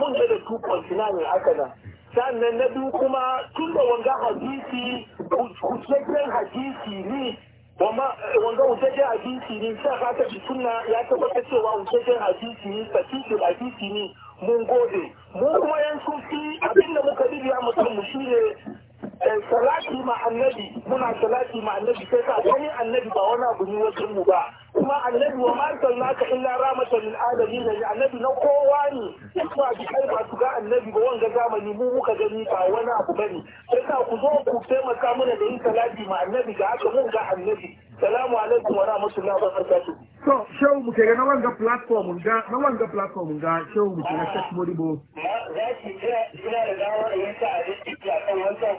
Speaker 1: 2.9 haka nan sannan na biyu kuma tun da wanga hadisi kusurken hadisi ne wanga wujajen hadisi ne sa ka ta suna ya ta cewa wujajen hadisi ne fasikin hadisi ne mun gode mu kuma yan sufi abinda muka bibiya mutum mu ne. Eh, salati ma annabi muna salati ma annabi sai ka gani annabi ba wani abu ne wajen mu ba kuma annabi wa marsan naka illa rahmatan lil alamin ne annabi na kowa ne kuma a kai ba su ga annabi ba wanga zamani mu muka gani ba wani abu bane sai ka ku zo ku taimaka mana da yin salati ma annabi ga haka mun ga annabi salamu alaikum wa rahmatullahi wa barakatuh to shehu muke ga na wanga platform ga na wanga platform ga shehu muke ga Sheikh Modibo ya ci kira da dawo da yasa a cikin kan wannan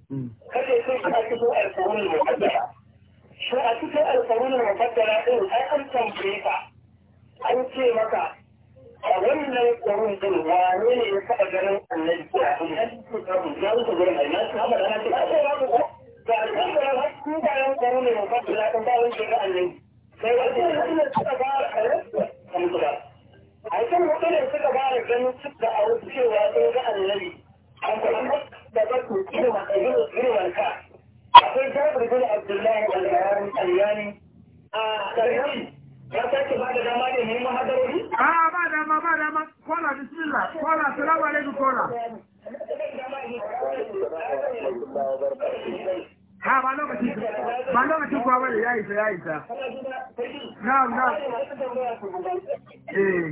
Speaker 1: kada sai shi a cikin alƙawarin mukaddara shi a cikin alƙawarin mukaddara ɗin ai an tambaye ka an ce maka a wannan ƙwarin ɗin wane ne ya taɓa ganin annabi ko a ɗin ya wuce gurin ai na su da na ce a ce ba ku ko ga alƙawarin hakkin bayan ƙwarin mukaddara ɗin ba wani ga annabi sai wajen da suka ba a ba. a kan mutane suka fara ganin ganin da a wasu cewa sun ga annabi an Akwai كلمة كلمة أقول جابر بن عبد الله الألياني أخرجني ya sake ba da dama da neman hadarori? A ba dama ba dama kola bismillah kola salamu alaikum kola. Ha ba lokaci ba lokaci kuwa ya isa ya isa. Na na. Eh.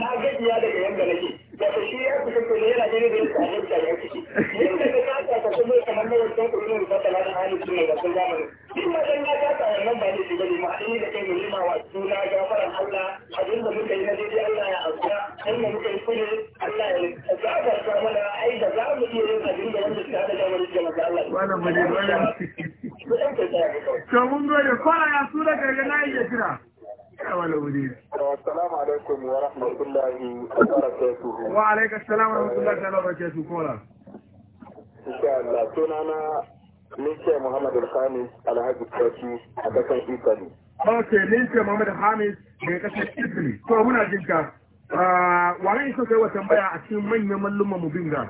Speaker 2: na gajiya daga yanda nake
Speaker 1: wato shi ya kusa kuma yana gani da yake annabi da ya kusa yanda da ka ta ta mai kamar na wannan ta tana da hali kuma da sun zamani shi ma sa ya ta wannan ba ne shi bane ma ni da kai ne ma wa juna Allah abin da muka yi na daidai Allah ya azza inda muka yi kuma Allah ya gafarta mana ai da za mu iya yin abin da wanda ta da wani jama'a Allah wannan mu ne wannan to mun gode fara ya sura gargana ya kira السلام عليكم ورحمة الله وبركاته وعليك السلام ورحمة الله وبركاته كولا إن شاء الله تنانا ليك محمد الخامس على هذا الكاتي أتكن إيطالي أوكي ليك محمد الخامس لكتن إيطالي تو هنا جنكا وعليه سوكي وتنبيع أتين من يملم مبينغا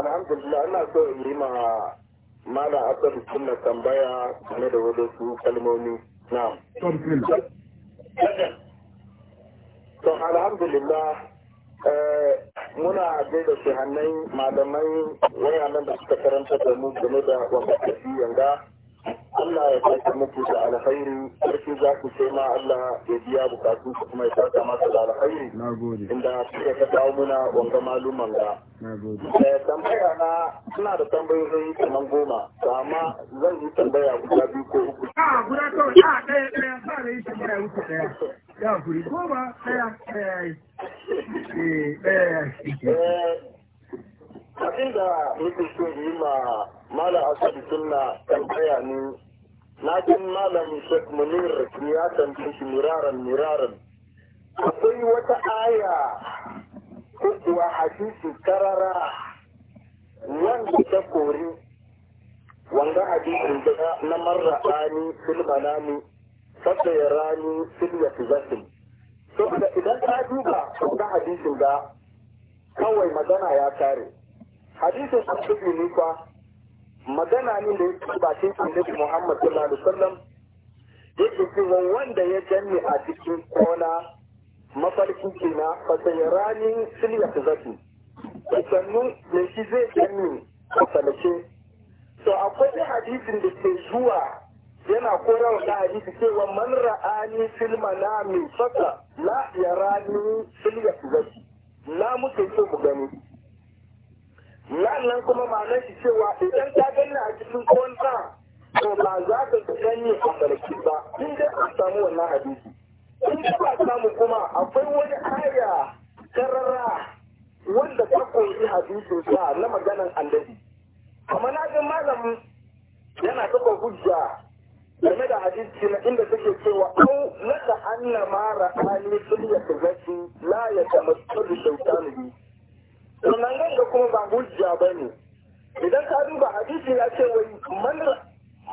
Speaker 1: الحمد لله أنا سوء لما ماذا
Speaker 2: أصدق كنا تنبيع game da wadansu kalmomi na'am to bismillah
Speaker 1: to alhamdulillah eh, muna gaida shehannai malamai wayanan da suka karanta da mu game da wannan tafiyan Allah ya saka muku da alkhairi sarki za ku sai ma Allah ya biya bukatu ku kuma ya saka maka da alkhairi inda kuka ka kawo muna wanga maluman ga eh tambaya na suna da tambayoyi kaman goma amma zan yi tambaya guda biyu ko uku a ah, guda kawai a ah, ɗaya ɗaya ba da yi tambaya uku ɗaya ya guri goma ɗaya ɗaya eh, ɗaya eh, abin da nake so yi ma malam asadu sunna tambaya ne na jin malam shek munir ya tambaye shi miraran miraran akwai wata aya ko kuwa hadisi karara wanda ta kori wanga hadisin da na marra ani fil manami fadda ya rani fil yatizatin saboda idan ka duba wanga hadisin da kawai magana ya kare hadisin ne Musa magana ne da yake bakin annabi Muhammad sallallahu alaihi wasallam yake cewa wanda ya janni a cikin kona mafarki kenan fa sai ranin silya ta zaki sannan ne shi zai janni a falace to akwai hadisin da ke zuwa yana kora wa da hadisi cewa man ra'ani fil manami fa la yarani silya ta zaki la muke so mu gani wannan kuma ma'anar shi cewa idan ta ganni a cikin kwanta to ba za ka gani a farki ba in dai an samu wannan hadisi in dai ba samu kuma akwai wani aya karara wanda ta koyi hadisin sa na maganan annabi amma na ga malamin yana saka hujja game da hadisi na inda take cewa au laka annama ra'ani sun ya tazaki la ya tamassalu shaytanu sannan nan da kuma ba hujja ba ne idan ka duba hadisi ya ce wai manra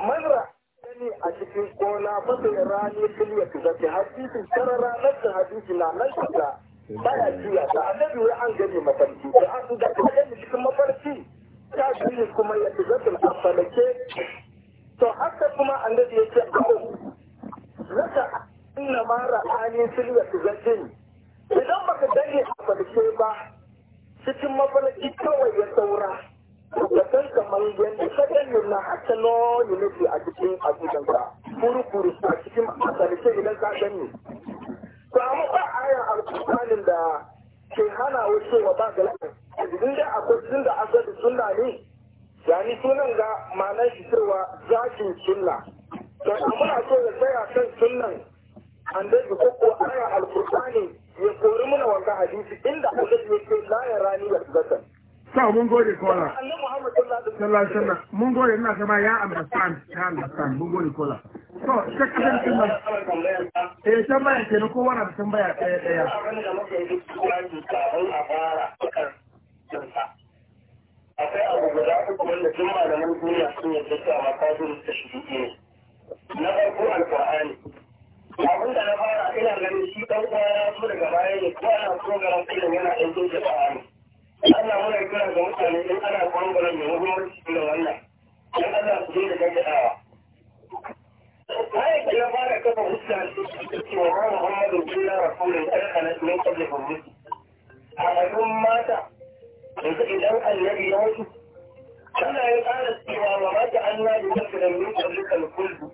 Speaker 1: manra gani a cikin gona fasa rani fil ya zafi hadisi ranar da hadisi na nan ba ya juya ta annabi wai an gani mafarki da an da ka gani cikin mafarki ta shine kuma ya zafi a falake to haka kuma annabi ya ce au zaka inna ma ra'ani fil ya zafi idan baka gani a falake ba cikin mafarki kawai ya saura lokacin kamar yadda kadan yi na haka no unity a cikin azujanka kuru-kuru a cikin asalishe idan ka gani to amma ba yin alƙur'anin da ke hana wa cewa ba ga lafiya da akwai sun da asali sunna ne ni sunan ga ma'anar shi cewa zakin sunna to amma a so ya tsaya kan sunan? an da ko a ayan alƙur'ani ya kori mana wanda hadisi inda Allah ya ce la ya rani ya zata sa mun gode kola sallallahu alaihi mun gode ina kama ya understand ya understand mun gode kola
Speaker 2: to sai kasan kuma
Speaker 1: eh tambaya ke ko wannan da tambaya daya daya akwai abu guda uku wanda malaman duniya sun yadda cewa ta shi ne na farko alqur'ani abin da na fara ina ganin shi ɗan uwa daga baya ne ko ana program yana ɗan doke ba ne kira ga mutane in ana program mai muhimmanci wannan da fara kafa hujja cewa ma Muhammadu a mata yanzu idan annabi ya mutu Allah ya cewa wa ma ta'anna bi kafirin min qabli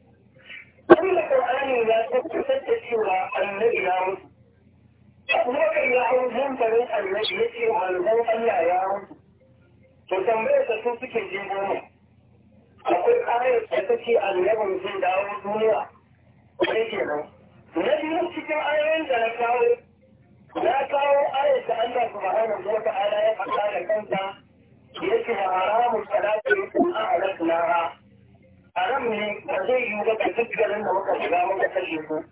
Speaker 1: wannan ƙar'ani ya tabbatar da cewa annabi ya mutu abubakar ya hau hankalin annabi ya allah ya mutu akwai da ta annabin dawo na biyu cikin ayoyin na kawo na kawo ayar ya faɗa da kanta yake haramun salatin a haram ne ba zai yi ba duk garin da muka shiga muka kashe ku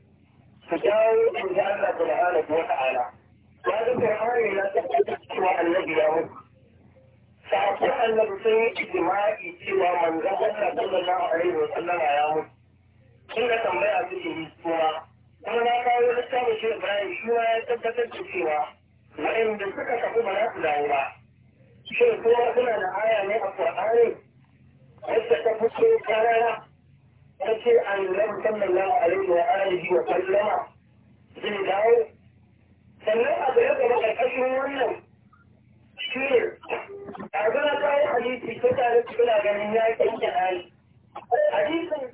Speaker 1: su dawo in ji Allah subhanahu wa ta'ala ya ga Qur'ani na tabbata cewa annabi ya mutu sa'atin annabi sun yi ijma'i cewa manzon Allah sallallahu alaihi wa sallama ya mutu Kin da tambaya suke yi kuma kuma na kawo littafin shi Ibrahim shi ma ya tabbatar da cewa waɗanda suka tafi ba za su dawo ba shin kuma suna da aya ne a Qur'ani yadda ta fito karara ta ce annabi sallallahu alaihi wa alihi wa sallama zai dawo sannan abu ya gaba ƙarƙashin wannan shi ne a gana kawo hadisi ta tare su suna ganin ya kyanke hali hadisin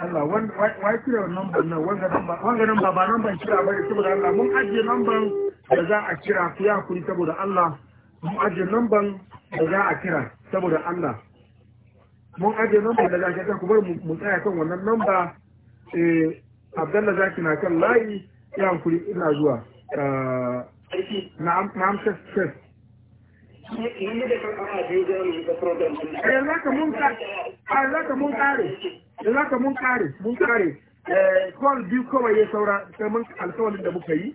Speaker 1: Allah wai kira wannan ban nan wanga nan ba wanga nan ba ba nan ban kira bane saboda Allah mun ajiye nan da za a kira ku ya kuri saboda Allah mun aje namban da za a kira saboda Allah mun aje namban da za a kira ku bar mu tsaya kan wannan namba eh Abdalla zaki na kan layi ya kuri ina zuwa eh, na'am na'am sai sai yanzu ka mun kare yanzu eh, ka mun kare ka mun kare mun kare kawai eh, biyu kawai ya saura kamar alkawarin da muka yi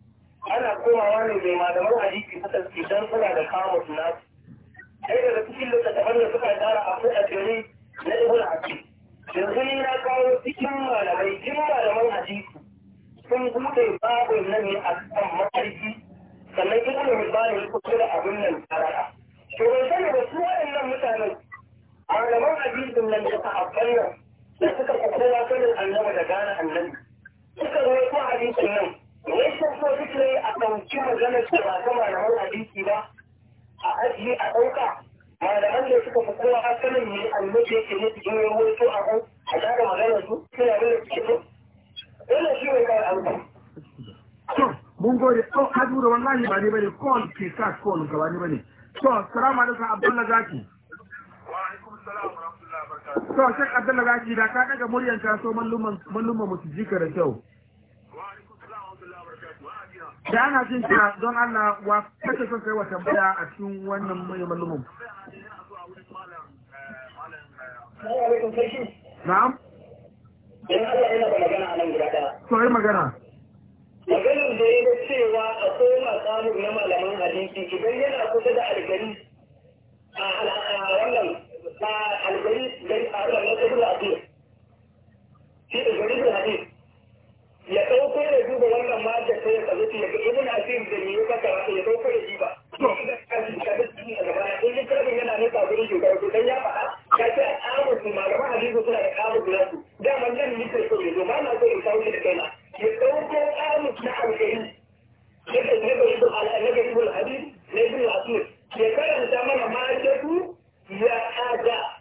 Speaker 1: ana komawa ne mai malaman hadisi suka ce don suna da kamus nasu Sai daga cikin littattafan da suka tara akwai a tare na ibn hakim yanzu ni na kawo cikin malamai cikin malaman hadisi sun bude babu nan ne a kan mafarki sannan ibn hibban ya kusa da abin nan tarara to ban sani ba su waɗannan mutanen malaman hadisin nan da sahabban nan da suka fi kowa sanin annabi da maganar da ba da malaman abinci ba a ajiye a ɗauka malaman da suka fi kowa sanin ne a annabi yake ne cikin yawon to a kan a tara magana su suna nuna cikin su wannan shi ne kawai alƙa. mun gode ko kadura wallahi ba ne bane call ke sa call ka ba ne bane to assalamu alaikum abdullahi zaki wa alaikum salam wa to shek abdullahi zaki da ka daga muryan ka so malluman malluma mu ji ka
Speaker 2: da ana jin ta
Speaker 1: don Allah wa kake son kai wa tambaya a cikin wannan mai mallumin na'am Sorry magana. a nan magana. Maganin da ya ga cewa akwai masu na malaman hadisi idan yana kusa da algari a wannan algari gari a wannan kasar da ake. Shi da gari da hadisi. ya ɗauko da duba wannan mata sai ya kazo ya ga ibn asir da ya ya ɗauko da diba to da kashi gaba yana ne gurin shugaba to ya faɗa ka ce a kawo su malaman hadisi suna da kawo guda su da man nan ni sai ne na da kaina ya ɗauko na ya ka ne ibn al-nabi ibn hadis na ibn asir ya karanta mana majatu ya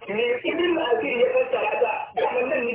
Speaker 1: ne ibn asir ya fassara ta da man nan ni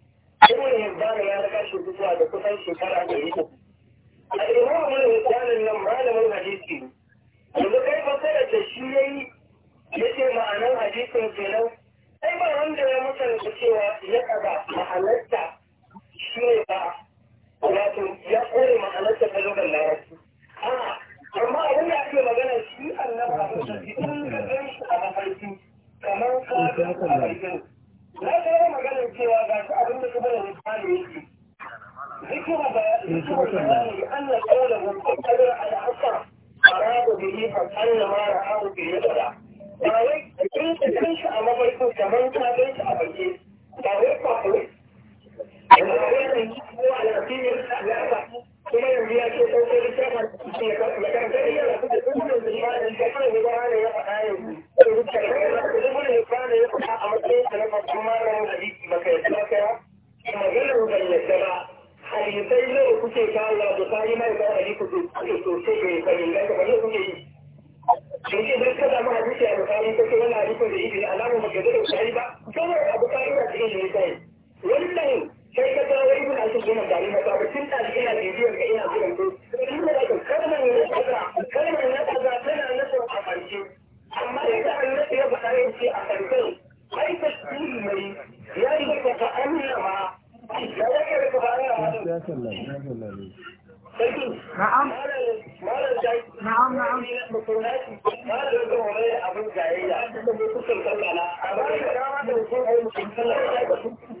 Speaker 1: ibn hibban ya raka shi da kusan shekara da uku al-imam al-hibban nan malamin hadisi yanzu kai shi yayi yace ma'anar hadisin kenan ai ba wanda ya mutunta cewa ya kaza shi ne ba ya kore mahalarta ta larabci amma abin da ake magana shi annabi a a kamar ka ga na ga yi maganar cewa ga shi abin da kuma da misali yake zikiru ba zikiru da ne an na kawo da hukumar al'asar a rabu da yi fa da na mara abu da ya tsada ba wai in ka kan shi a mafarkin kamar ta gan shi a baje ba wai kwakwai da wai da yi ko a lafiyar da ya kuma yanzu ya ce ɗauko littafin cikin ya karanta da yana da kuma ya ya faɗa yanzu ya gane ya faɗa a matsayin da na faɗa malamin hadisi baka yadda ka ya
Speaker 2: maganar ban yadda ba
Speaker 1: hadisai nawa kuke kawo da bukari mai kawo hadisi da kuke sosai ya fahimta kamar kuke yi kada ma hadisi a bukari ta ce wani hadisi da ibi da bukari ba kawai a bukari ne wannan sai ka ga wani ibn asir yana gari na ba tun da yana bibiyar ka ina jiran ko in da ka kalmar ne kaza kalmar na kaza tana nasa a farce amma yadda annabi ya faɗa ya ce a farce ai tasbihi mai ya yi ka ta annama ya yake ka ta annama ya sallallahu ya sallallahu na'am na'am na'am na'am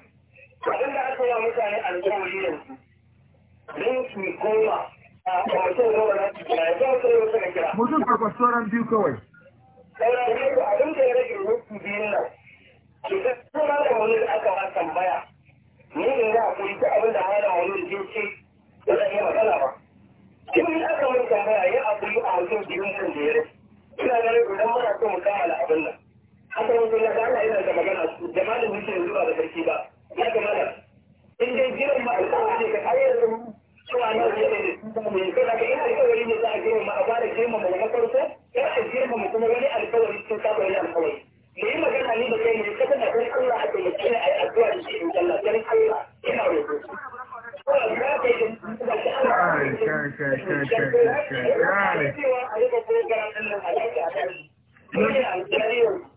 Speaker 1: abin da aka yi wa mutane alƙawari yanzu linki goma a mutum goma na kira. ya zama sai wata da kira. Mutum takwas sauran biyu kawai. Sauran biyu da abin da ya rage linki biyun nan. Ke kuma da wani da aka ba tambaya. Ni in ga akwai duk abin da malam wani da ce ba zan iya magana ba. Kin yi aka mun tambaya ya akwai a mutum biyun kan da ya rage. Ina ganin idan muna so mu kammala abin nan. Haka mun zo na ga ana ina da magana su jama'a da mutum yanzu ba da sarki ba. ya kamata in dai jiran ma alƙawari ne ka kayar da cewa na zai da su mu yi kai in alƙawari ne za a girma ma a fara girma ma na farko ya a girma mu kuma wani alkawari sun saba wani alƙawari da yi magana ni da kai ne ka tana kai Allah a kai ni a yi addu'a da shi in Allah kai Allah ina roƙo kai k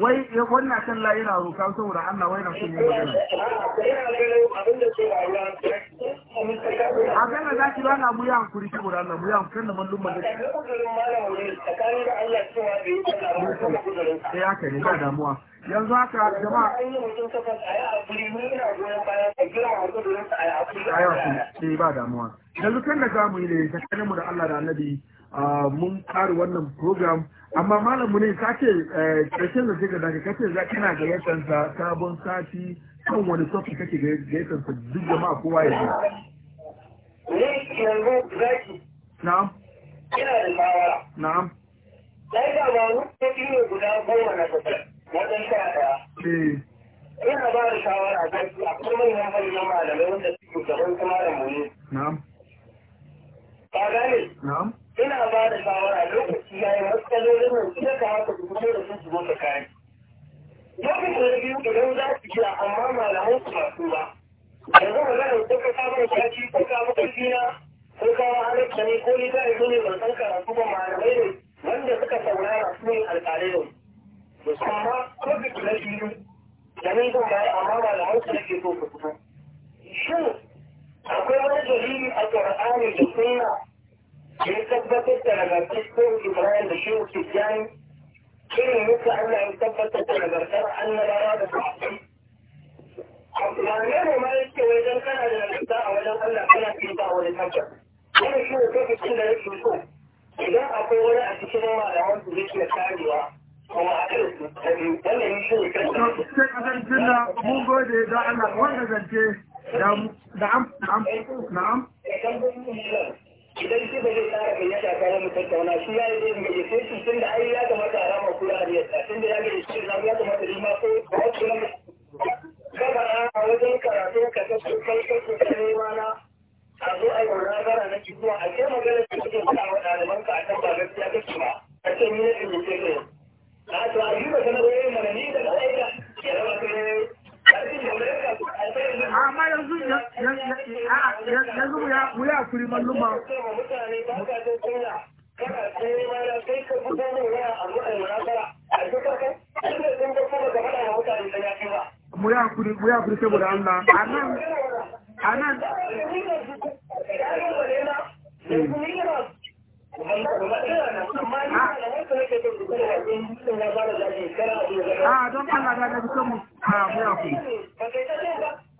Speaker 1: wai ya wannan kan la yana roƙa saboda Allah wai na so ne magana a kan da zaki ba na mu ya hankuri saboda Allah mu ya hankuri da mallum da shi ya eh, kai ba damuwa yanzu haka jama'a an yi mutum kafas a yi hakuri mun ina goyon bayan a gina hakuri a yi hakuri a yi hakuri ba damuwa yanzu kan da za mu yi ne tsakaninmu da Allah da Annabi Ah, mun ƙara wannan program amma malamu ne ka ce ƙarshen eh, da suka dace ka ce za kana gayyatar sa sabon sati kan wani topic kake gayyatar sa duk jama'a kowa ya ji ni yanzu zaki na'am ina da shawara na'am sai da ba mu tafi ne guda goma na kusa wajen sha ɗaya eh ina ba da shawara zaki akwai manyan na malamai wanda suke gaban kamar mu ne na'am ka gane na'am ina ba da shawara lokaci ya yi matsalolin nan su ka haka su fito da su su mota kare. Mafi da biyu idan za su jira amma malaman su masu ba. Yanzu magana ko ka samu da shaki ko ka maka ko ka halatta ne ko ni za a ne ban san karatu ba malamai ne wanda suka saurara su ne alƙalai ne. Amma mafi kula biyu da ni zan bayar amma malaman su ke so su fito. Shin akwai wani dalili a Ƙar'ani da suna ya tabbatar da nagartattun Ibrahim da Shehu Tijjani, irin yadda Allah ya tabbatar da nagartar annabawa da sahabbai. Wane ne ma yake wajen kana da nagarta a wajen Allah kana fita a wani tabbas. Wani shi ne kafin da yake so. Idan akwai wani a cikin malaman su yake karewa, mun gode da Allah wanda zance da na'am na'am na'am idan shi ba zai tsara gayyata kawo mu tattauna shi ya yi zai gayyace shi tun da ai ya kamata a rama kula a riyarsa tun da ya gayyace shi ya kamata shi ma ko ba wasu Ka gabara a wajen karatu ka kasu kai kasu ta nema na a zo a yi munazara na kituwa a ce magana da kake faɗa wa ɗaliban ka a kan ba gaskiya kake ba a ce ni na gayyace ka yau. a to a yi ba sanar da yin mana ni da aika ya rama kai amma yanzu yanzu mu ya kuri malluma mu ya kuri mu ya kuri saboda Allah anan anan A ah, don Allah da na ah, fi son mu a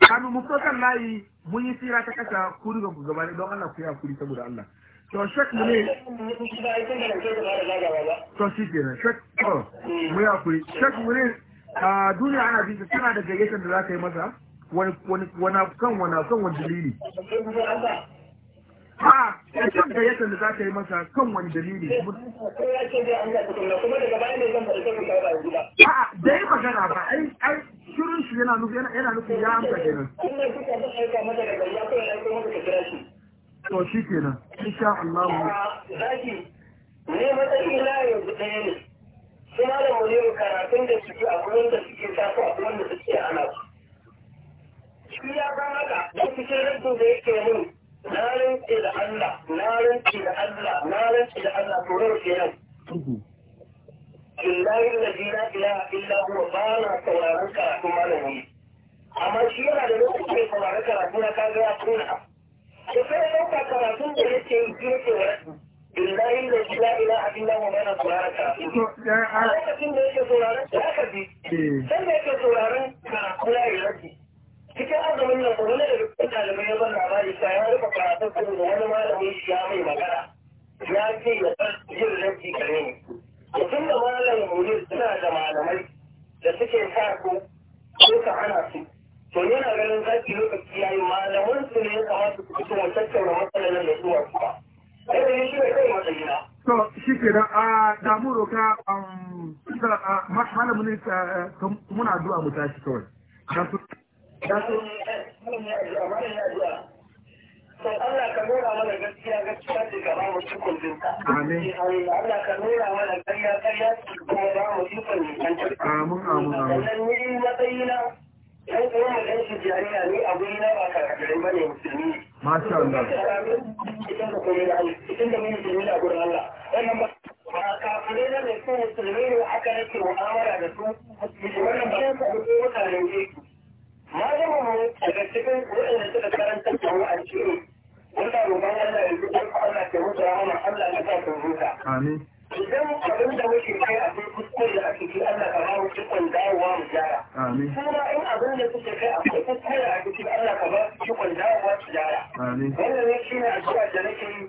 Speaker 1: kafin mu kan layi mun yi tsira ta kasa ku riga ku gaba don Allah ku yi hakuri saboda Allah to shek mu ne to shi ke kenan shek to mu yi hakuri shek mu ne a duniya ana bisa tana da gayyatar da za ka yi masa wani wani kan wani kan wani dalili a kan gayyatar da za ka yi masa kan wani dalili a da yi magana ba ai ai shirin shi yana nufi yana nufi ya amsa kenan to shi kenan insha Allah zaki ne matsayi na yanzu ɗaya ne sai malam mu karatun da suke a gurin da suke tafi a gurin da suke ana shi ya san haka don cikin rabin da yake mun na rinke da Allah na rinke da Allah na rinke da Allah to rarke
Speaker 2: nan
Speaker 1: billahi allazi la ilaha illa huwa ba na sauraron karatu malami amma shi yana da lokacin da sauraron karatu na kaga ya tuna to sai ya dauka karatun da yake yi shi yake wa billahi allazi la ilaha illa huwa ba na sauraron karatu lokacin da yake sauraron ya ka bi eh. sai da yake sauraron karatu ya yi rabi cikin azumin nan wani da dukkan dalibai ya ban labari ta ya rufe karatun saboda wani malami shi ya mai magana ya ce ya san jin rabi kare ne mutum da malam gobe suna da malamai da suke sa su ko ka hana su to yana ganin zaki lokaci ya yi su ne ya kamata su fito mu tattauna matsalar da zuwa kuma yadda ya shi da kai matsayina. to shi ke da a damu roka malamin muna addu'a mu tashi kawai. Ya so. Ya so. Ya so. Ya Allah ka nuna mana gaskiya gaskiya ce gaba mu ci kundinta. Amin. Eh, Allah ka nuna mana ƙarya ƙarya ce kuma ba mu ci ta Amin amin amin. Sannan ni matsayina ɗan uwan mu ɗan shijiyariya ni a guri na ba karakarai ba ne musulmi. Masha Allah. Cikin da kuma da cikin da musulmi a gurin Allah. Wannan ba kafirai na mai son musulmi ne aka yake mu'amala da su. Wannan ba ya faɗi ko mutanen jeji. Malamin mu daga cikin waɗanda suka karanta kyau a wa'ancin Muna roƙon Allah ya ji ɗan Allah ta huta mana Allah na sa ta huta. Amin. Idan abin da muke kai a cikin kuskure da ake ci Allah ka bawa cikon dawowa mu gyara. Amin. Kuma in abin da suke kai a cikin kuskure da ake ci Allah ka bawa cikon dawowa mu gyara. Amin. Wannan ne shi ne addu'a da nake yi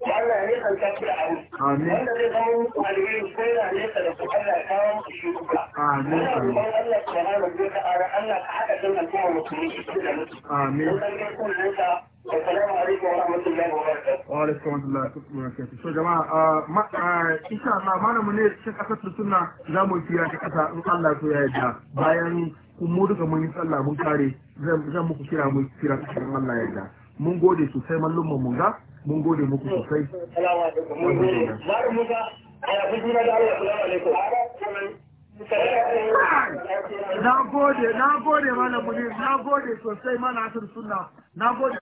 Speaker 1: Allah ya nisan tafi da aure. Wanda zai zama muku Amin. nesa da ku Allah ya kawo muku shi kuka. Amin. Amin. Allah ta hana zai ka Amin. Allah ka haɗa Amin. al'umma musulmi shi da mutu. Amin. Wannan zai kun nesa. Amin. alaikum wa rahmatullahi wa barakatuh. Amin. alaikum wa rahmatullahi So jama'a uh, Amin. Uh, Allah malamu ne cikin kasar sunna za mu fiya ta kasa in Allah so ya yarda bayan kun Amin. duka mun yi sallah mun kare zan muku kira mu kira Amin. Allah ya yarda. mun gode sosai mallumman mun ga mun gode muku sosai
Speaker 2: na gode na gode malam na
Speaker 1: gode sosai mana asir suna
Speaker 2: na gode